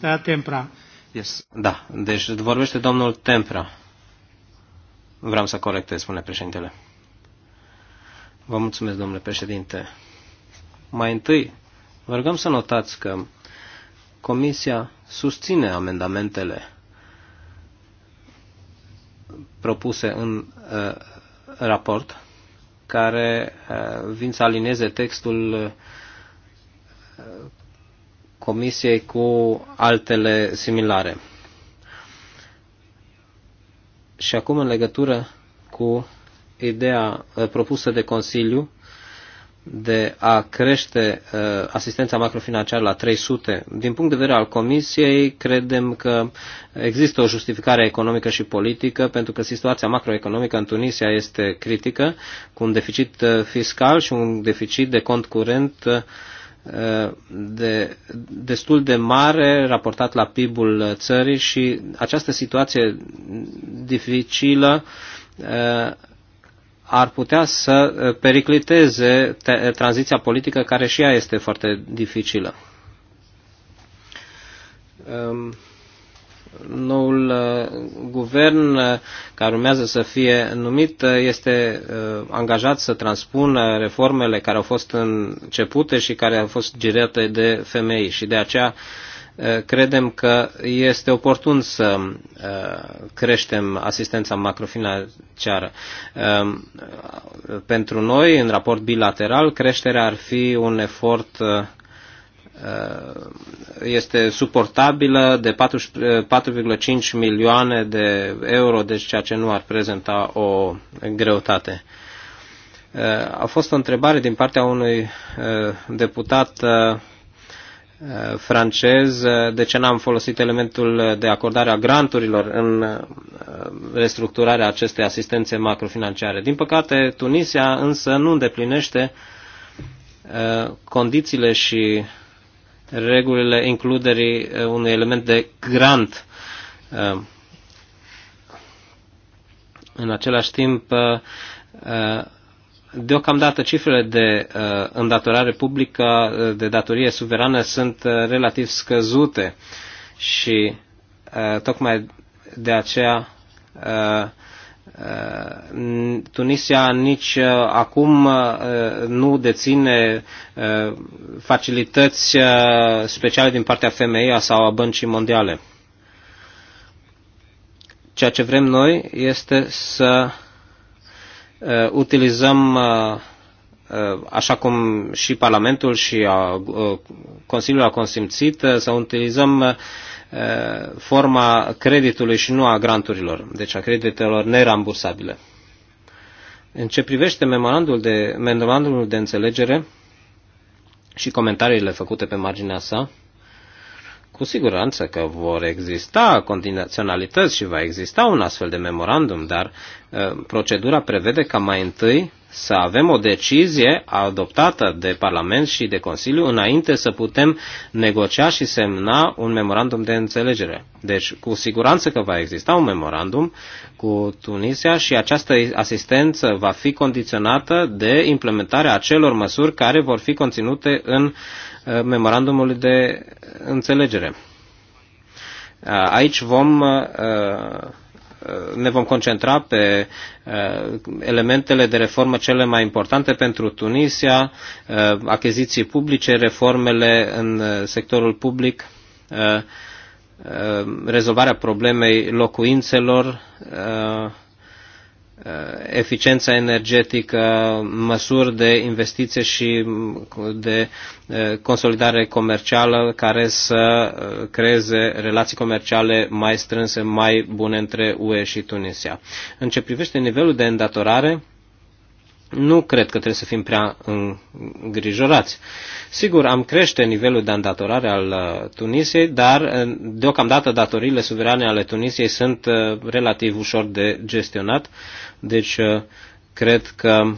Da, Tempra. Yes. Da, deci vorbește domnul Tempra. Vreau să corectez, spune președintele. Vă mulțumesc, domnule președinte. Mai întâi, vă rugăm să notați că Comisia susține amendamentele propuse în uh, raport, care uh, vin să alineze textul uh, Comisiei cu altele similare. Și acum în legătură cu ideea uh, propusă de Consiliu de a crește uh, asistența macrofinanciară la 300. Din punct de vedere al Comisiei, credem că există o justificare economică și politică, pentru că situația macroeconomică în Tunisia este critică, cu un deficit uh, fiscal și un deficit de cont curent uh, de, destul de mare raportat la PIB-ul țării și această situație dificilă uh, ar putea să pericliteze tranziția politică care și ea este foarte dificilă. Um, noul uh, guvern uh, care urmează să fie numit uh, este angajat să transpună reformele care au fost începute și care au fost girate de femei și de aceea credem că este oportun să creștem asistența macrofinanciară. Um, pentru noi, în raport bilateral, creșterea ar fi un efort Uh, este suportabilă de 4,5 uh, milioane de euro, deci ceea ce nu ar prezenta o greutate. Uh, a fost o întrebare din partea unui deputat francez de ce n-am folosit elementul de acordare a granturilor în restructurarea acestei asistențe macrofinanciare. Din păcate, Tunisia însă nu îndeplinește condițiile și regulile includerii uh, unui element de grant. Uh, în același timp, uh, deocamdată cifrele de îndatorare publică, de datorie suverană sunt relativ scăzute și tocmai de aceea Uh, Tunisia nici uh, acum uh, nu deține facilități speciale din partea FMI sau a băncii mondiale. Ceea ce vrem noi este să utilizăm, așa cum și Parlamentul și Consiliul a consimțit, să utilizăm Eh, forma creditului și nu a granturilor, deci a creditelor nerambursabile. În ce privește memorandul de, memorandul de înțelegere și comentariile făcute pe marginea sa, cu siguranță că vor exista condiționalități și va exista un astfel de memorandum, dar uh, procedura prevede ca mai întâi să avem o decizie adoptată de Parlament și de Consiliu înainte să putem negocia și semna un memorandum de înțelegere. Deci, cu siguranță că va exista un memorandum cu Tunisia și această asistență va fi condiționată de implementarea acelor măsuri care vor fi conținute în uh, memorandumul de înțelegere. Uh, aici vom, uh, ne vom concentra pe elementele de reformă cele mai importante pentru Tunisia, achiziții publice, reformele în sectorul public, Uh, rezolvarea problemei locuințelor, uh, uh, eficiența energetică, măsuri de investiție și mm, de consolidare comercială care să creeze relații comerciale mai strânse, mai bune între UE și Tunisia. În ce privește nivelul de îndatorare, nu cred că trebuie să fim prea îngrijorați. Sigur, am crește nivelul de îndatorare al uh, Tunisiei, dar uh, deocamdată datoriile suverane ale Tunisiei sunt uh, relativ ușor de gestionat, deci cred că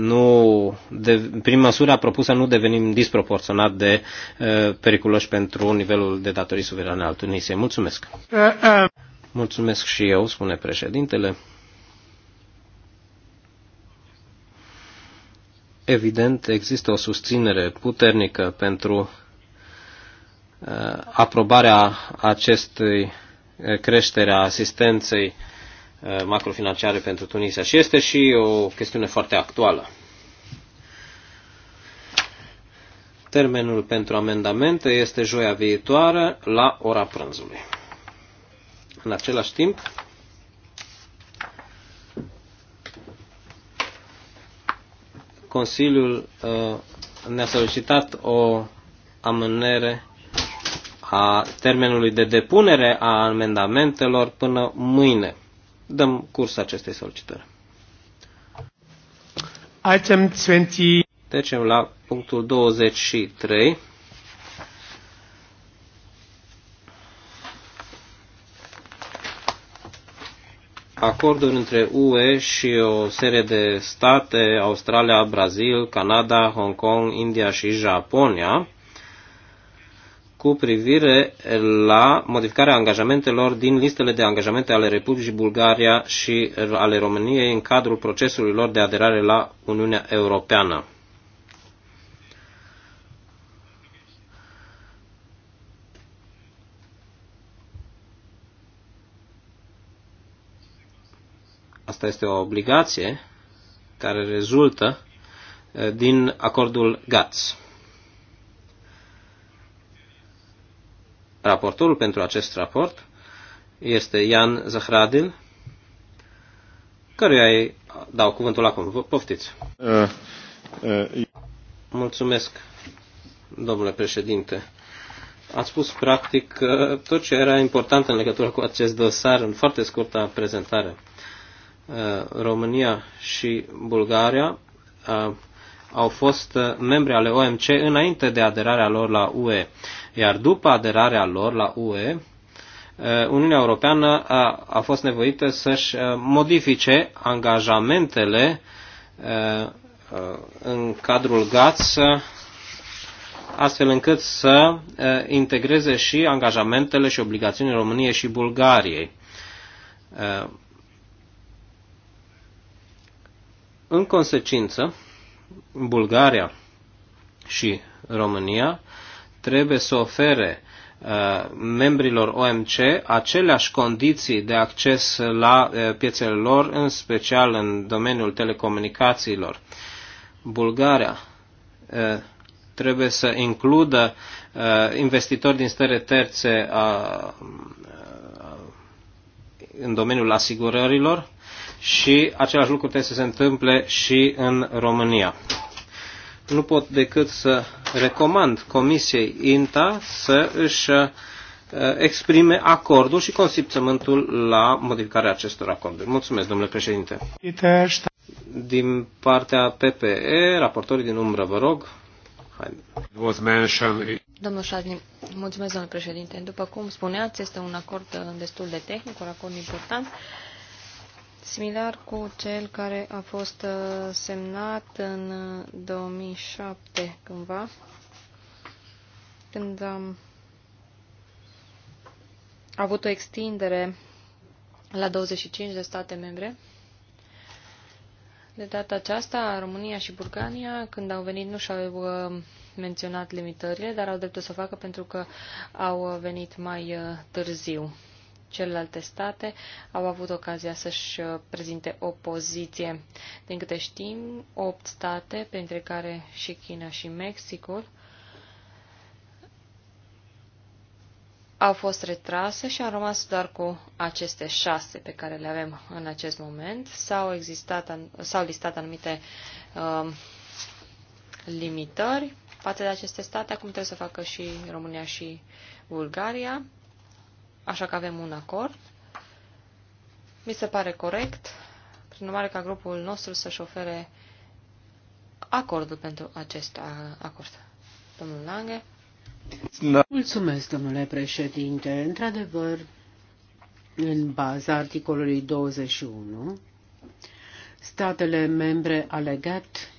nu, de, prin măsura propusă nu devenim disproporționat de periculoși pentru nivelul de datorii suverane al Tunisiei. Mulțumesc! Mulțumesc și eu, spune președintele. evident, există o susținere puternică pentru uh, aprobarea acestei uh, creșteri a asistenței uh, macrofinanciare pentru Tunisia și este și o chestiune foarte actuală. Termenul pentru amendamente este joia viitoare la ora prânzului. În același timp, Consiliul uh, ne-a solicitat o amânere a termenului de depunere a amendamentelor până mâine. Dăm curs acestei solicitări. Item 20. Trecem la punctul 23. acorduri între UE și o serie de state, Australia, Brazil, Canada, Hong Kong, India și Japonia, cu privire la modificarea angajamentelor din listele de angajamente ale Republicii Bulgaria și ale României în cadrul procesului lor de aderare la Uniunea Europeană. Asta este o obligație care rezultă din acordul GATS. Raportorul pentru acest raport este Ian Zahradil, căruia îi dau cuvântul acum. Vă poftiți. Uh, uh, Mulțumesc, domnule președinte. Ați spus practic tot ce era important în legătură cu acest dosar în foarte scurtă prezentare. Uh, România și Bulgaria uh, au fost uh, membre ale OMC înainte de aderarea lor la UE, iar după aderarea lor la UE, Uniunea Europeană a, a fost nevoită să-și modifice angajamentele în cadrul GATS, astfel încât să integreze și angajamentele și obligațiunile României și Bulgariei. În consecință, Bulgaria și România trebuie să ofere uh, membrilor OMC aceleași condiții de acces la uh, piețele lor, în special în domeniul telecomunicațiilor. Bulgaria uh, trebuie să includă investitori din stări terțe în domeniul asigurărilor, și același lucru trebuie să se întâmple și în România. Nu pot decât să recomand Comisiei INTA să își uh, exprime acordul și consimțământul la modificarea acestor acorduri. Mulțumesc, domnule președinte. Din partea PPE, raportorii din umbră, vă rog. Domnul Șazni, mulțumesc, domnule președinte. După cum spuneați, este un acord uh, destul de tehnic, un acord important. Uh, similar cu cel care a fost uh, semnat în 2007 uh, cândva, când am avut o extindere la 25 de state membre. De data aceasta, România și Bulgaria, când au venit, nu și-au uh, menționat limitările, dar au dreptul să o facă pentru că au venit mai târziu celelalte state au avut ocazia să-și uh, prezinte o poziție. Din câte știm, opt state, printre care și China și Mexicul, au fost retrase și au rămas doar cu aceste șase pe care le avem în acest moment. S-au, existat, s-au listat anumite uh, limitări față de aceste state. Acum trebuie să facă și România și Bulgaria. Așa că avem un acord. Mi se pare corect, prin urmare, ca grupul nostru să-și ofere acordul pentru acest acord. Domnul Lange. Da. Mulțumesc, domnule președinte. Într-adevăr, în baza articolului 21, statele membre alegat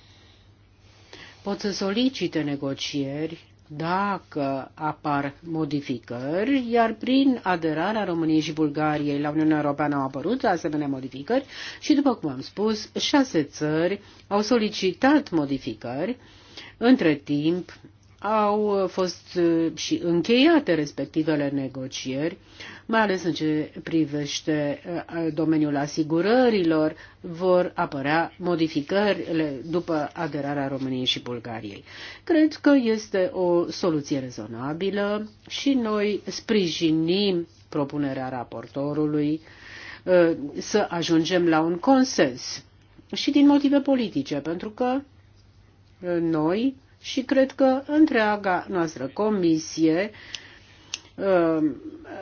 pot să solicite negocieri dacă apar modificări, iar prin aderarea României și Bulgariei la Uniunea Europeană au apărut asemenea modificări și, după cum am spus, șase țări au solicitat modificări. Între timp, au fost și încheiate respectivele negocieri mai ales în ce privește uh, domeniul asigurărilor, vor apărea modificări după aderarea României și Bulgariei. Cred că este o soluție rezonabilă și noi sprijinim propunerea raportorului uh, să ajungem la un consens și din motive politice, pentru că uh, noi și cred că întreaga noastră comisie Um,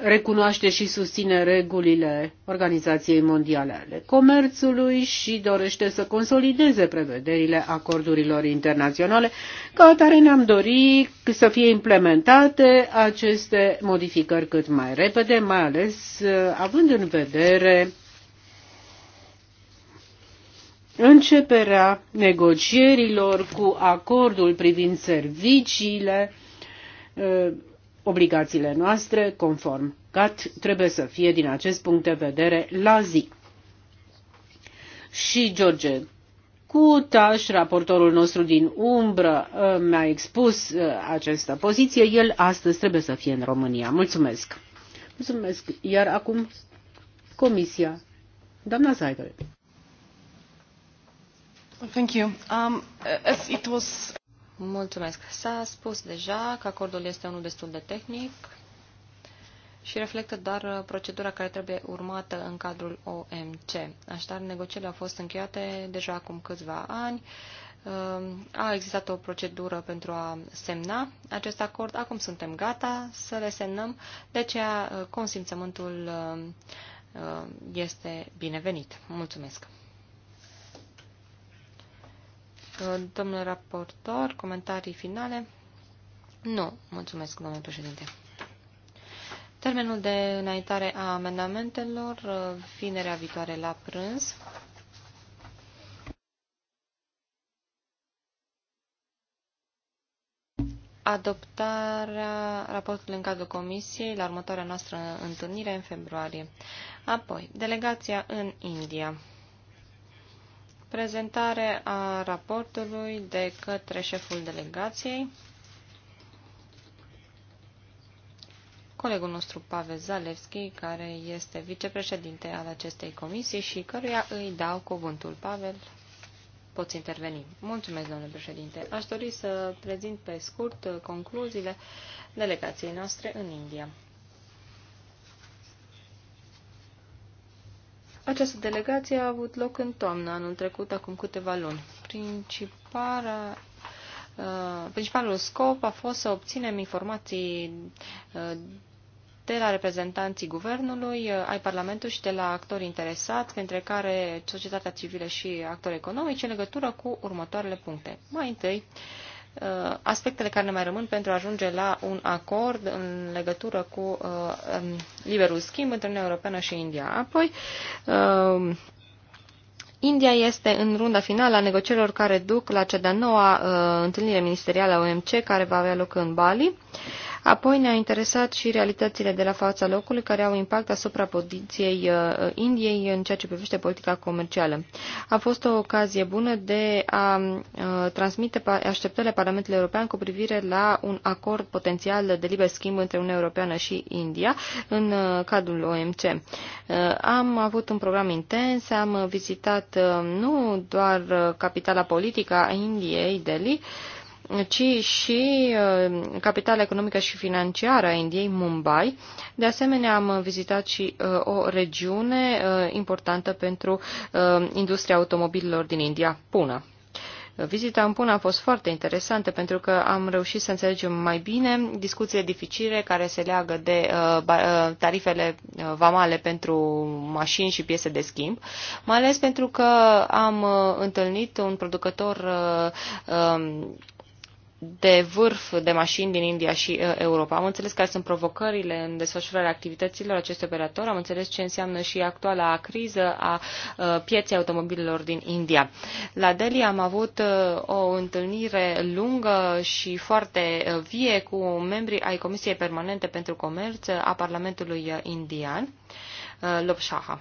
recunoaște și susține regulile Organizației Mondiale ale Comerțului și dorește să consolideze prevederile acordurilor internaționale. Ca atare ne-am dorit să fie implementate aceste modificări cât mai repede, mai ales uh, având în vedere începerea negocierilor cu acordul privind serviciile uh, Obligațiile noastre, conform CAT, trebuie să fie din acest punct de vedere la zi. Și George Cutaș, raportorul nostru din umbră, uh, mi-a expus uh, această poziție. El astăzi trebuie să fie în România. Mulțumesc! Mulțumesc! Iar acum Comisia. Doamna Seigel. Thank you. Um, as it was Mulțumesc. S-a spus deja că acordul este unul destul de tehnic și reflectă doar uh, procedura care trebuie urmată în cadrul OMC. Așadar, negocierile au fost încheiate deja acum câțiva ani. Uh, a existat o procedură pentru a semna acest acord. Acum suntem gata să le semnăm, de aceea uh, consimțământul este binevenit. Mulțumesc! Uh, Domnul raportor, comentarii finale? Nu, mulțumesc, domnule președinte. Termenul de înaintare a amendamentelor, uh, vinerea viitoare la prânz. adoptarea raportului în cadrul comisiei la următoarea noastră întâlnire în februarie. Apoi, delegația în India prezentare a raportului de către șeful delegației, colegul nostru Pavel Zalewski, care este vicepreședinte al acestei comisii și căruia îi dau cuvântul. Pavel, poți interveni. Mulțumesc, domnule președinte. Aș dori să prezint pe scurt concluziile delegației noastre în India. Această delegație a avut loc în toamnă, anul trecut, acum câteva luni. Principala uh, principalul scop a fost să obținem informații uh, de la reprezentanții guvernului, uh, ai Parlamentului și de la actori interesați, printre care societatea civilă și actori economici, în legătură cu următoarele puncte. Mai întâi, uh, Uh, aspectele care ne mai rămân pentru a ajunge la un acord în legătură cu uh, um, liberul schimb între Uniunea Europeană și India. Apoi, uh, India este în runda finală a negocierilor care duc la cea de-a noua uh, întâlnire ministerială a OMC, care va avea loc în Bali. Apoi ne-a interesat și realitățile de la fața locului care au impact asupra poziției uh, Indiei în ceea ce privește politica comercială. A fost o ocazie bună de a uh, transmite așteptările Parlamentului European cu privire la un acord potențial de liber schimb între Uniunea Europeană și India în uh, cadrul OMC. Am avut un program intens, am vizitat nu doar capitala politică a Indiei, Delhi, ci și uh, capitala economică și financiară a Indiei, Mumbai. De asemenea, am vizitat și uh, o regiune uh, importantă pentru industria automobililor din India, Pune. Vizita în Pune a fost foarte interesantă pentru că am reușit să înțelegem mai bine discuțiile dificile care se leagă de uh, tarifele vamale pentru mașini și piese de schimb, mai ales pentru că am întâlnit un producător uh, uh, de vârf de mașini din India și uh, Europa. Am înțeles care sunt provocările în desfășurarea activităților acestui operator, am înțeles ce înseamnă și actuala criză a uh, pieței automobililor din India. La Delhi am avut uh, o întâlnire lungă și foarte vie cu membrii ai Comisiei Permanente pentru Comerț a Parlamentului Indian, Lopshaha.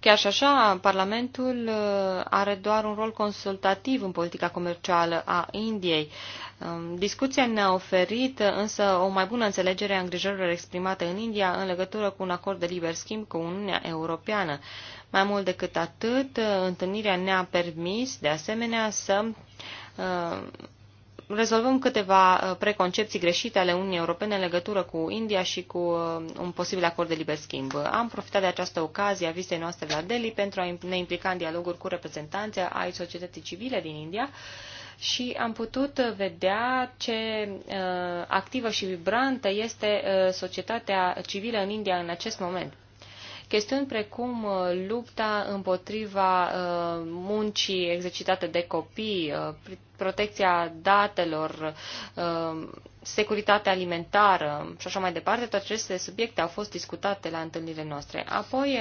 Chiar și așa, Parlamentul uh, are doar un rol consultativ în politica comercială a Indiei. Um, discuția ne-a oferit uh, însă o mai bună înțelegere a îngrijorărilor exprimate în India în legătură cu un acord de liber schimb cu Uniunea Europeană. Mai mult decât atât, uh, întâlnirea ne-a permis, de asemenea, să rezolvăm câteva uh, preconcepții greșite ale Uniunii Europene în legătură cu India și cu uh, un posibil acord de liber schimb. Am profitat de această ocazie a vizitei noastre la Delhi pentru a ne implica în dialoguri cu reprezentanții ai societății civile din India și am putut vedea ce uh, activă și vibrantă este societatea civilă în India în acest moment. Chestiuni precum uh, lupta împotriva uh, muncii exercitate de copii, uh, protecția datelor, securitatea alimentară și așa mai departe, toate aceste subiecte au fost discutate la întâlnirile noastre. Apoi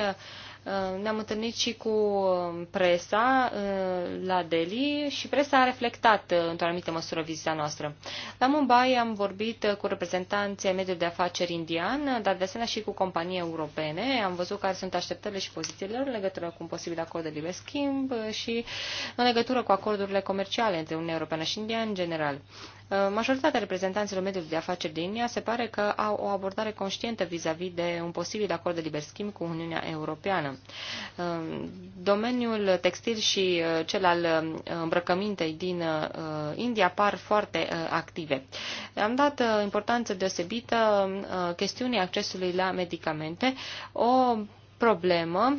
Uh, ne-am întâlnit și cu uh, presa uh, la Delhi și presa a reflectat într-o anumită măsură vizita noastră. La Mumbai am vorbit cu reprezentanții mediului de afaceri indian, dar de asemenea și cu companii europene. Am văzut care sunt așteptările și pozițiile lor în legătură cu un posibil acord de liber schimb și în legătură cu acordurile comerciale între Uniunea Europeană și India în general. Uh, majoritatea reprezentanților mediului de afaceri din India se pare că au o abordare conștientă vis-a-vis -vis de un posibil acord de liber schimb cu Uniunea Europeană. Uh, domeniul textil și uh, cel al îmbrăcămintei din India par foarte active. Am dat importanță deosebită chestiunii accesului la medicamente, o problemă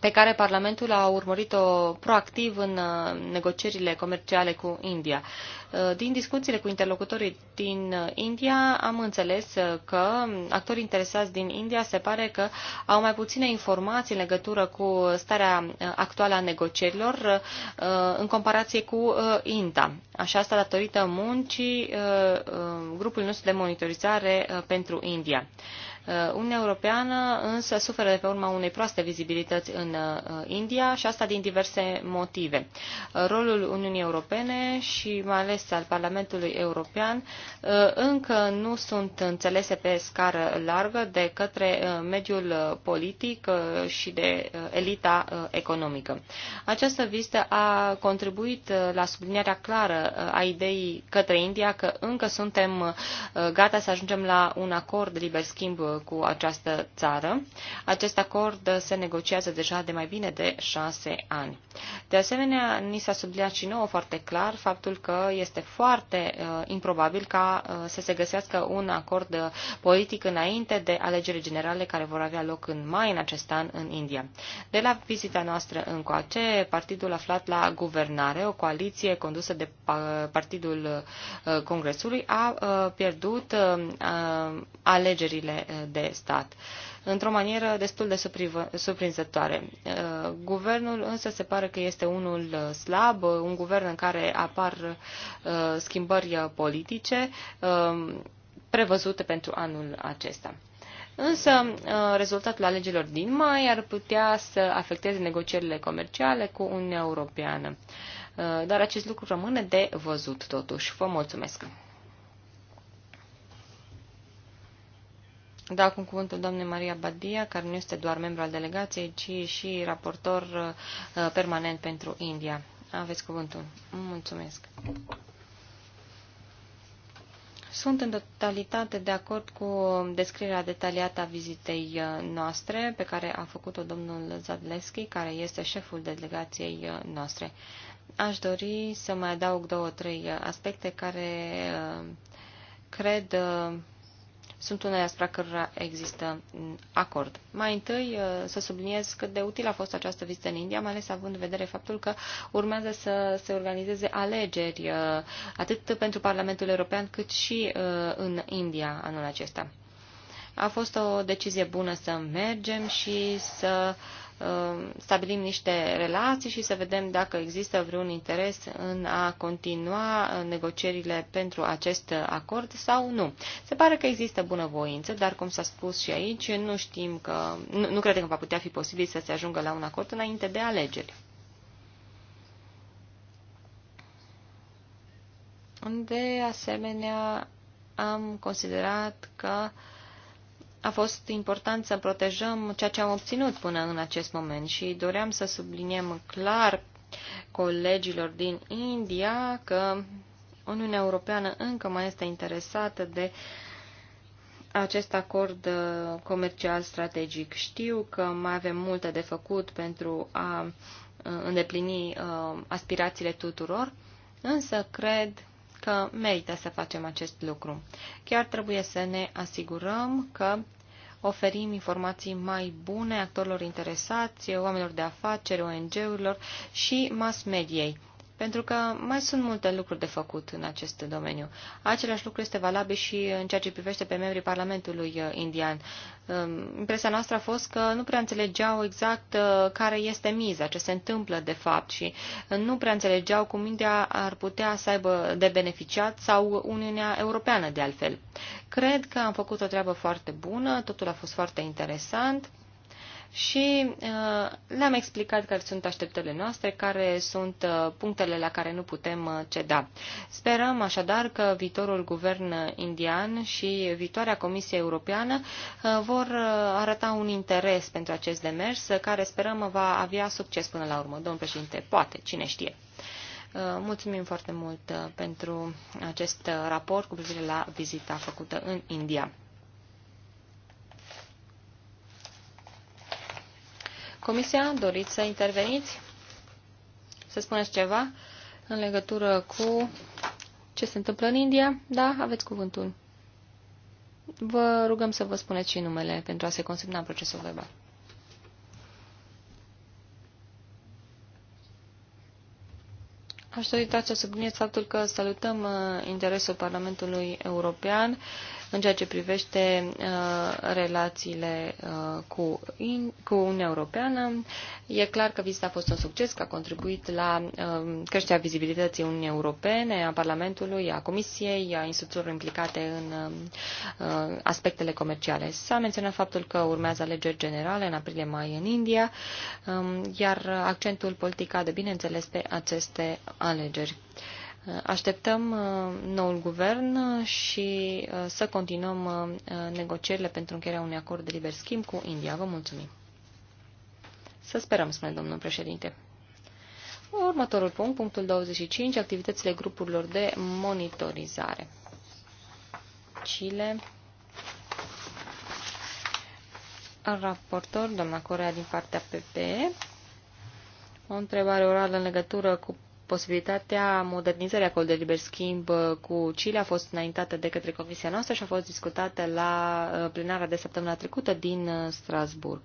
pe care Parlamentul a urmărit-o proactiv în uh, negocierile comerciale cu India. Uh, din discuțiile cu interlocutorii din uh, India am înțeles că actorii interesați din India se pare că au mai puține informații în legătură cu starea actuală a negocierilor în comparație cu INTA. Așa asta datorită muncii grupului nostru de monitorizare pentru India. Uh, Uniunea Europeană însă suferă de pe urma unei proaste vizibilități în uh, India și asta din diverse motive. Uh, rolul Uniunii Europene și mai ales al Parlamentului European încă nu sunt înțelese pe scară largă de către mediul politic și de elita economică. Această vizită a contribuit la sublinierea clară a ideii către India că încă suntem gata să ajungem la un acord de liber schimb cu această țară. Acest acord se negociază deja de mai bine de șase ani. De asemenea, ni s-a subliniat și nouă foarte clar faptul că este foarte uh, improbabil ca uh, să se găsească un acord politic înainte de alegeri generale care vor avea loc în mai în acest an în India. De la vizita noastră în coace, partidul aflat la guvernare, o coaliție condusă de uh, Partidul uh, Congresului, a uh, pierdut alegerile de stat, într-o manieră destul de surprinzătoare. Uh, guvernul însă se pare că este unul uh, slab, uh, un guvern în care apar schimbări politice prevăzute pentru anul acesta. Însă, rezultatul alegerilor din mai ar putea să afecteze negocierile comerciale cu Uniunea Europeană. Dar acest lucru rămâne de văzut, totuși. Vă mulțumesc! Da cu cuvântul doamne Maria Badia, care nu este doar membru al delegației, ci și raportor uh, permanent pentru India. Aveți cuvântul. Mulțumesc. Sunt în totalitate de acord cu descrierea detaliată a vizitei uh, noastre, pe care a făcut-o domnul Zadleski, care este șeful delegației uh, noastre. Aș dori să mai adaug două, trei aspecte care cred sunt unele asupra cărora există acord. Mai întâi uh, să subliniez cât de util a fost această vizită în India, mai ales având în vedere faptul că urmează să se organizeze alegeri uh, atât pentru Parlamentul European cât și uh, în India anul acesta. A fost o decizie bună să mergem și să uh, Um, stabilim niște relații și să vedem dacă există vreun interes în a continua uh, negocierile pentru acest acord sau nu. Se pare că există bunăvoință, dar cum s-a spus și aici, nu știm că, nu, nu credem că va putea fi posibil să se ajungă la un acord înainte de alegeri. De asemenea, am considerat că uh, a fost important să protejăm ceea ce am obținut până în acest moment și doream să subliniem clar colegilor din India că Uniunea Europeană încă mai este interesată de acest acord uh, comercial strategic. Știu că mai avem multe de făcut pentru a uh, îndeplini uh, aspirațiile tuturor, însă cred că merită să facem acest lucru. Chiar trebuie să ne asigurăm că oferim informații mai bune actorilor interesați, oamenilor de afaceri, ONG-urilor și mass mediei pentru că mai sunt multe lucruri de făcut în acest domeniu. Același lucru este valabil și în ceea ce privește pe membrii Parlamentului uh, indian. Um, impresia noastră a fost că nu prea înțelegeau exact uh, care este miza, ce se întâmplă de fapt și nu prea înțelegeau cum India ar putea să aibă de beneficiat sau Uniunea Europeană de altfel. Cred că am făcut o treabă foarte bună, totul a fost foarte interesant și uh, le-am explicat care sunt așteptările noastre, care sunt uh, punctele la care nu putem uh, ceda. Sperăm așadar că viitorul guvern indian și viitoarea Comisie Europeană vor arăta un interes pentru acest demers, care sperăm va avea succes până la urmă. Domnul președinte, poate, cine știe. Mulțumim foarte mult pentru acest raport cu privire la vizita făcută în India. Comisia, doriți să interveniți? Să spuneți ceva în legătură cu ce se întâmplă în India? Da, aveți cuvântul. Vă rugăm să vă spuneți și numele pentru a se consemna procesul verbal. Aș dori să subliniez faptul că salutăm uh, interesul Parlamentului European în ceea ce privește uh, relațiile uh, cu, cu Uniunea Europeană. E clar că vizita a fost un succes, că a contribuit la um, creșterea vizibilității Uniunii Europene, a Parlamentului, a Comisiei, a instituțiilor implicate în um, uh, aspectele comerciale. S-a menționat faptul că urmează alegeri generale în aprilie-mai în India, um, iar accentul politic de bineînțeles, pe aceste alegeri. Așteptăm uh, noul guvern și uh, să continuăm uh, negocierile pentru încheierea unui acord de liber schimb cu India. Vă mulțumim. Să sperăm, spune domnul președinte. Următorul punct, punctul 25, activitățile grupurilor de monitorizare. Chile. Raportor, doamna Corea din partea PPE. O întrebare orală în legătură cu Posibilitatea modernizării acolo de liber schimb uh, cu Chile a fost înaintată de către Comisia noastră și a fost discutată la uh, plenara de săptămâna trecută din uh, Strasburg.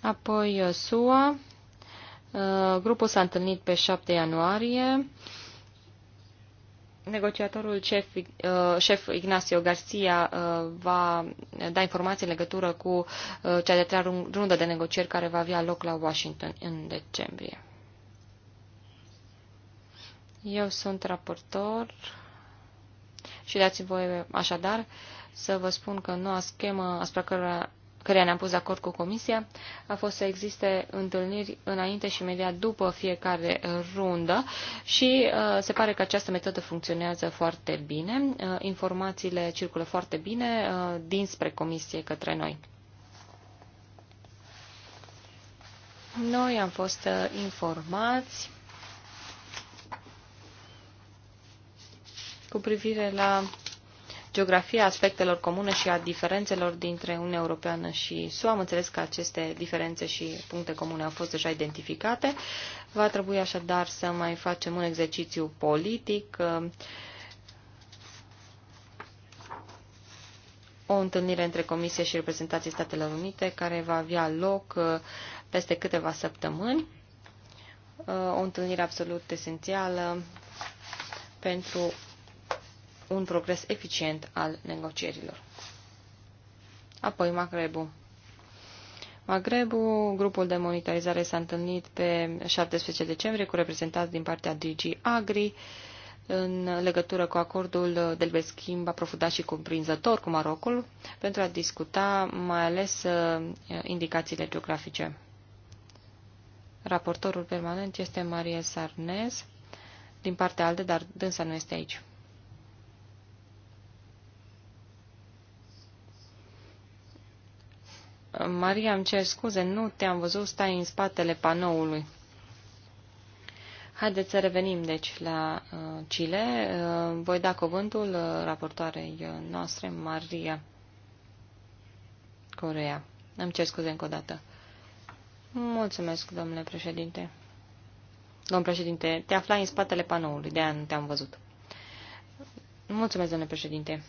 Apoi SUA. Grupul s-a întâlnit pe 7 ianuarie. Negociatorul șef, șef Ignacio Garcia va da informații în legătură cu cea de treia rundă de negocieri care va avea loc la Washington în decembrie. Eu sunt raportor și dați-mi voie așadar să vă spun că noua schemă asupra cărora căreia ne-am pus de acord cu Comisia, a fost să existe întâlniri înainte și imediat după fiecare rundă și uh, se pare că această metodă funcționează foarte bine. Uh, informațiile circulă foarte bine uh, dinspre Comisie către noi. Noi am fost uh, informați cu privire la geografia aspectelor comune și a diferențelor dintre Uniunea Europeană și SUA. Am înțeles că aceste diferențe și puncte comune au fost deja identificate. Va trebui așadar să mai facem un exercițiu politic, uh, o întâlnire între Comisie și reprezentanții Statelor Unite, care va avea loc uh, peste câteva săptămâni. Uh, o întâlnire absolut esențială pentru un progres eficient al negocierilor. Apoi Magrebu. Magrebu, grupul de monitorizare s-a întâlnit pe 17 decembrie cu reprezentanți din partea DG Agri în legătură cu acordul de liber schimb aprofundat și cuprinzător cu Marocul pentru a discuta mai ales uh, indicațiile geografice. Raportorul permanent este Mariel Sarnez din partea ALDE, dar dânsa nu este aici. Maria, îmi cer scuze, nu te-am văzut, stai în spatele panoului. Haideți să revenim, deci, la uh, Chile. Uh, voi da cuvântul uh, raportoarei noastre, Maria Corea. Îmi cer scuze încă o dată. Mulțumesc, domnule președinte. Domnul președinte, te aflai în spatele panoului, de-aia nu te-am văzut. Mulțumesc, domnule președinte.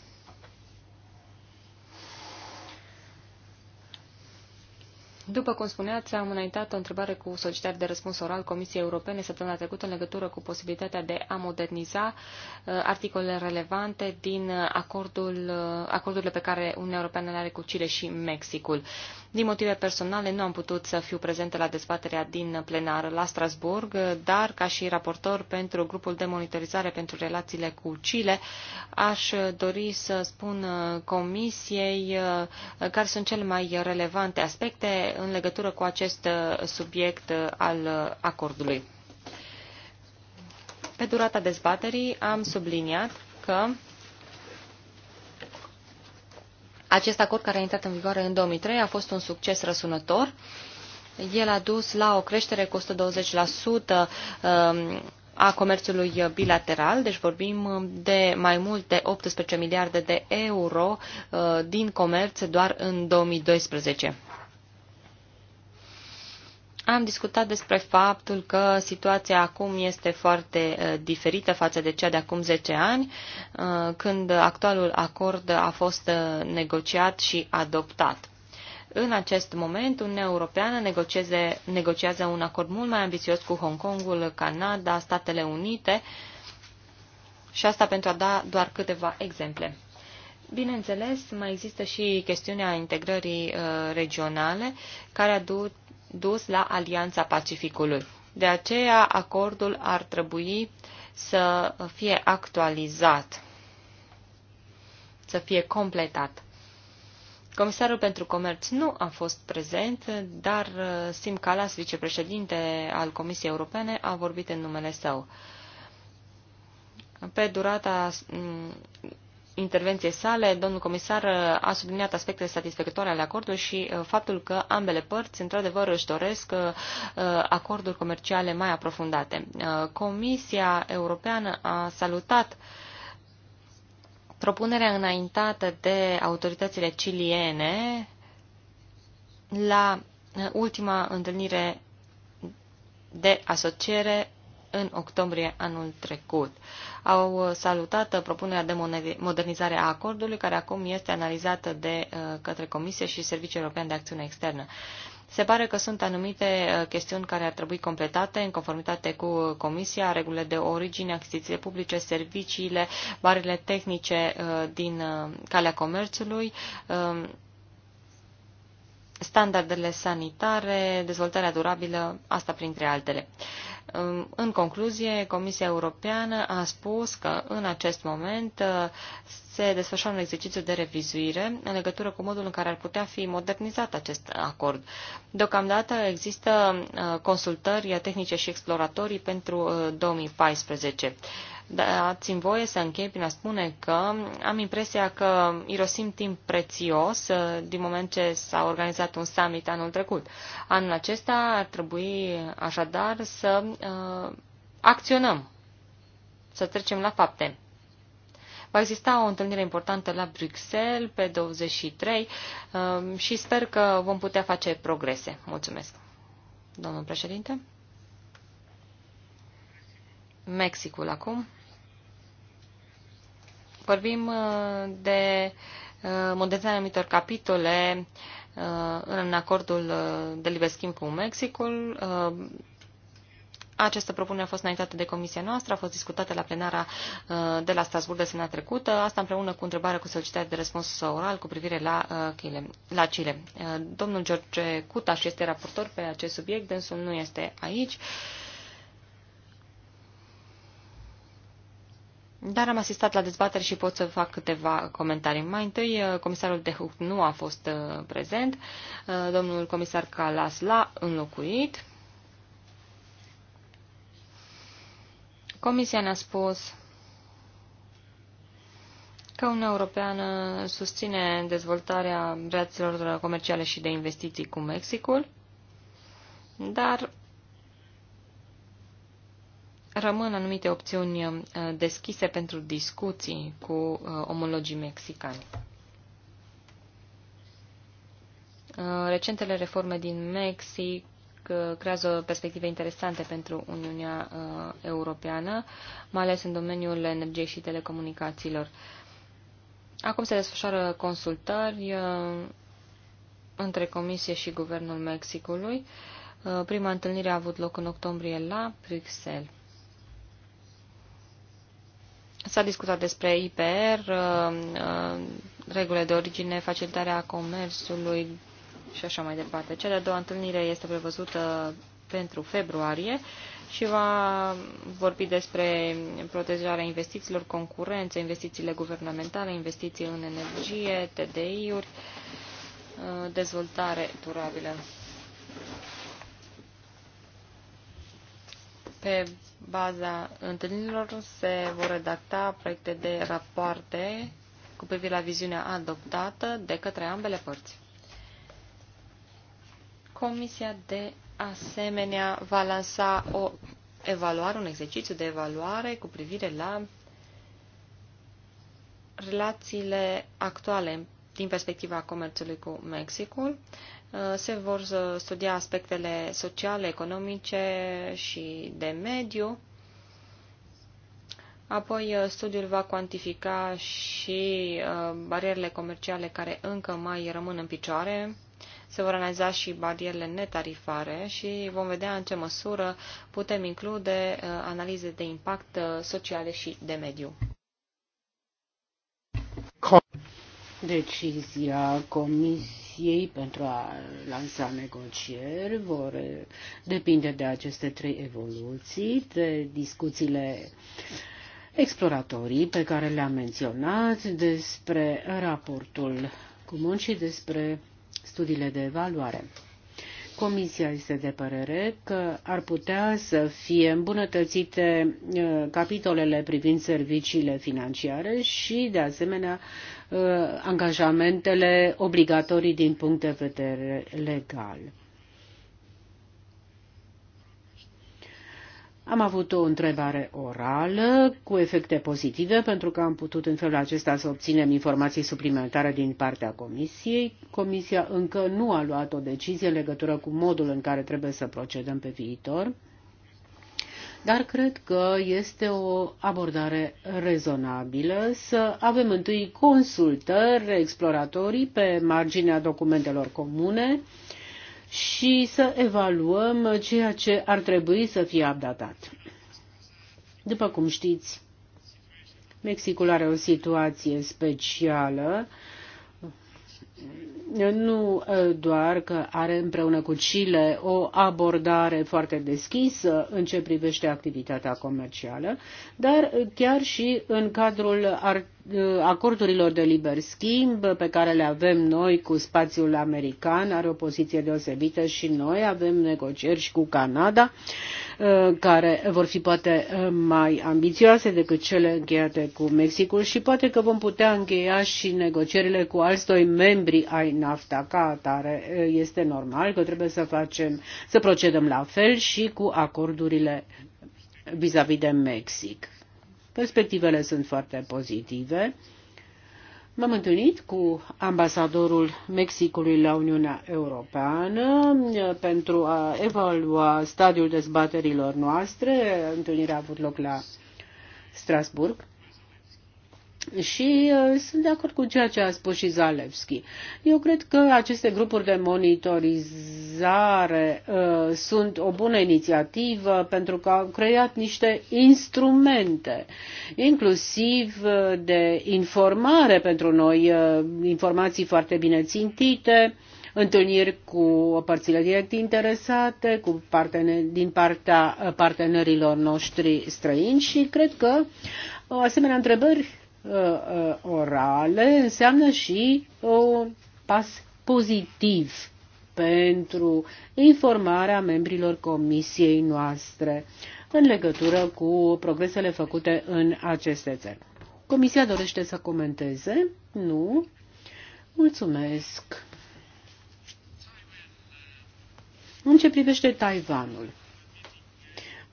După cum spuneați, am înaintat o întrebare cu solicitare de răspuns oral Comisiei Europene săptămâna trecută în legătură cu posibilitatea de a moderniza uh, articolele relevante din uh, acordul, uh, acordurile pe care Uniunea Europeană le are cu Chile și Mexicul. Din motive personale nu am putut să fiu prezentă la dezbaterea din plenar la Strasburg, dar ca și raportor pentru grupul de monitorizare pentru relațiile cu Chile, aș dori să spun Comisiei care sunt cele mai relevante aspecte în legătură cu acest uh, subiect uh, al uh, acordului. Pe durata dezbaterii am subliniat că acest acord care a intrat în vigoare în 2003 a fost un succes răsunător. El a dus la o creștere cu 120% um, a comerțului bilateral, deci vorbim de mai mult de 18 miliarde de euro din comerț doar în 2012. Am discutat despre faptul că situația acum este foarte uh, diferită față de cea de acum 10 ani, uh, când actualul acord a fost uh, negociat și adoptat. În acest moment, Uniunea Europeană negociază un acord mult mai ambițios cu Hong Kongul, Canada, Statele Unite și asta pentru a da doar câteva exemple. Bineînțeles, mai există și chestiunea integrării uh, regionale, care dus dus la Alianța Pacificului. De aceea, acordul ar trebui să fie actualizat, să fie completat. Comisarul pentru Comerț nu a fost prezent, dar uh, Sim Calas, vicepreședinte al Comisiei Europene, a vorbit în numele său. Pe durata mm, intervenției sale, domnul comisar uh, a subliniat aspectele satisfăcătoare ale acordului și uh, faptul că ambele părți, într-adevăr, își doresc uh, acorduri comerciale mai aprofundate. Comisia Europeană a salutat propunerea înaintată de autoritățile ciliene la ultima întâlnire de asociere în octombrie anul trecut au uh, salutat uh, propunerea de modernizare a acordului, care acum este analizată de uh, către Comisie și Serviciul European de Acțiune Externă. Se pare că sunt anumite chestiuni care ar trebui completate în conformitate cu Comisia, regulile de origine, achizițiile publice, serviciile, barele tehnice din calea comerțului, um, standardele sanitare, dezvoltarea durabilă, asta printre altele. În concluzie, Comisia Europeană a spus că în acest moment uh, se desfășoară un exercițiu de revizuire în legătură cu modul în care ar putea fi modernizat acest acord. Deocamdată există uh, consultări tehnice și exploratorii pentru 2014. Uh, Dați-mi da, voie să închei prin a spune că am impresia că irosim timp prețios uh, din moment ce s-a organizat un summit anul trecut. Anul acesta ar trebui așadar să uh, acționăm, să trecem la fapte. Va exista o întâlnire importantă la Bruxelles pe 23 uh, și sper că vom putea face progrese. Mulțumesc. Domnul președinte? Mexicul acum. Vorbim uh, de uh, modernizarea anumitor capitole uh, în acordul de liber schimb cu Mexicul. Această propunere a fost înaintată de comisia noastră, a fost discutată la plenara de la Strasburg de săptămâna trecută, asta împreună cu întrebarea cu solicitare de răspuns oral cu privire la, Chile, la Chile. Domnul George Cutaș este raportor pe acest subiect, dânsul nu este aici. Uh, Dar am asistat la dezbatere și pot să fac câteva comentarii. Mai întâi, uh, comisarul de Huc nu a fost uh, prezent, uh, domnul comisar Calas l-a înlocuit. Comisia ne-a spus că Uniunea Europeană susține dezvoltarea relațiilor comerciale și de investiții cu Mexicul, dar rămân anumite opțiuni uh, deschise pentru discuții cu uh, omologii mexicani. Uh, recentele reforme din Mexic creează perspective interesante pentru Uniunea Europeană, mai ales în domeniul energiei și telecomunicațiilor. Acum se desfășoară consultări între Comisie și Guvernul Mexicului. Prima întâlnire a avut loc în octombrie la Bruxelles. S-a discutat despre IPR, uh, uh, regulile de origine, facilitarea comerțului și așa mai departe. Cea de-a doua întâlnire este prevăzută pentru februarie și va vorbi despre protejarea investițiilor, concurență, investițiile guvernamentale, investiții în energie, TDI-uri, uh, dezvoltare durabilă. Pe baza întâlnirilor se vor redacta proiecte de rapoarte cu privire la viziunea adoptată de către ambele părți. Comisia de asemenea va lansa o evaluare, un exercițiu de evaluare cu privire la relațiile actuale din perspectiva comerțului cu Mexicul, Uh, se vor uh, studia aspectele sociale, economice și de mediu. Apoi, uh, studiul va cuantifica și barierele comerciale care încă mai rămân în picioare. Se vor analiza și barierele netarifare și vom vedea în ce măsură putem include analize de impact sociale și de mediu. Decizia Comisiei Comisiei pentru a lansa negocieri vor eh, depinde de aceste trei evoluții, de discuțiile exploratorii pe care le-am menționat, despre raportul comun și despre studiile de evaluare. Comisia este de părere că ar putea să fie îmbunătățite eh, capitolele privind serviciile financiare și, de asemenea, Uh, angajamentele obligatorii din punct de vedere legal. Am avut o întrebare orală cu efecte pozitive pentru că am putut în felul acesta să obținem informații suplimentare din partea Comisiei. Comisia încă nu a luat o decizie în legătură cu modul în care trebuie să procedăm pe viitor dar cred că este o abordare rezonabilă să avem întâi consultări exploratorii pe marginea documentelor comune și să evaluăm ceea ce ar trebui să fie updatat. După cum știți, Mexicul are o situație specială nu doar că are împreună cu Chile o abordare foarte deschisă în ce privește activitatea comercială, dar chiar și în cadrul art Uh, acordurilor de liber schimb pe care le avem noi cu spațiul american are o poziție deosebită și noi avem negocieri și cu Canada uh, care vor fi poate uh, mai ambițioase decât cele încheiate cu Mexicul și poate că vom putea încheia și negocierile cu alți doi membri ai NAFTA ca atare. Este normal că trebuie să facem, să procedăm la fel și cu acordurile vis-a-vis -vis de Mexic. Perspectivele sunt foarte pozitive. M-am întâlnit cu ambasadorul Mexicului la Uniunea Europeană pentru a evalua stadiul dezbaterilor noastre. Întâlnirea a avut loc la Strasburg. Și uh, sunt de acord cu ceea ce a spus și Zalewski. Eu cred că aceste grupuri de monitorizare uh, sunt o bună inițiativă pentru că au creat niște instrumente, inclusiv uh, de informare pentru noi, uh, informații foarte bine țintite, întâlniri cu părțile direct interesate, cu partener, din partea uh, partenerilor noștri străini și cred că o asemenea întrebări Uh, uh, orale înseamnă și uh, un pas pozitiv pentru informarea membrilor comisiei noastre în legătură cu progresele făcute în aceste țări. Comisia dorește să comenteze? Nu? Mulțumesc. În ce privește Taiwanul?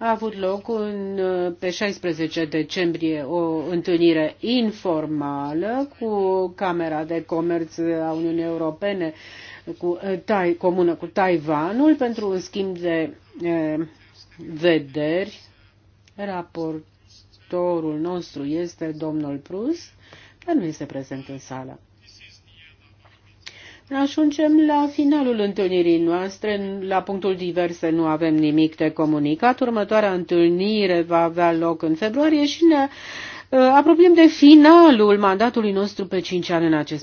a avut loc în, pe 16 decembrie o întâlnire informală cu Camera de Comerț a Uniunii Europene cu, eh, tai, comună cu Taiwanul pentru un schimb de e, eh, vederi. Raportorul nostru este domnul Prus, dar nu este prezent în sală. Ajungem la finalul întâlnirii noastre. La punctul diverse nu avem nimic de comunicat. Următoarea întâlnire va avea loc în februarie și ne uh, apropiem de finalul mandatului nostru pe cinci ani în acest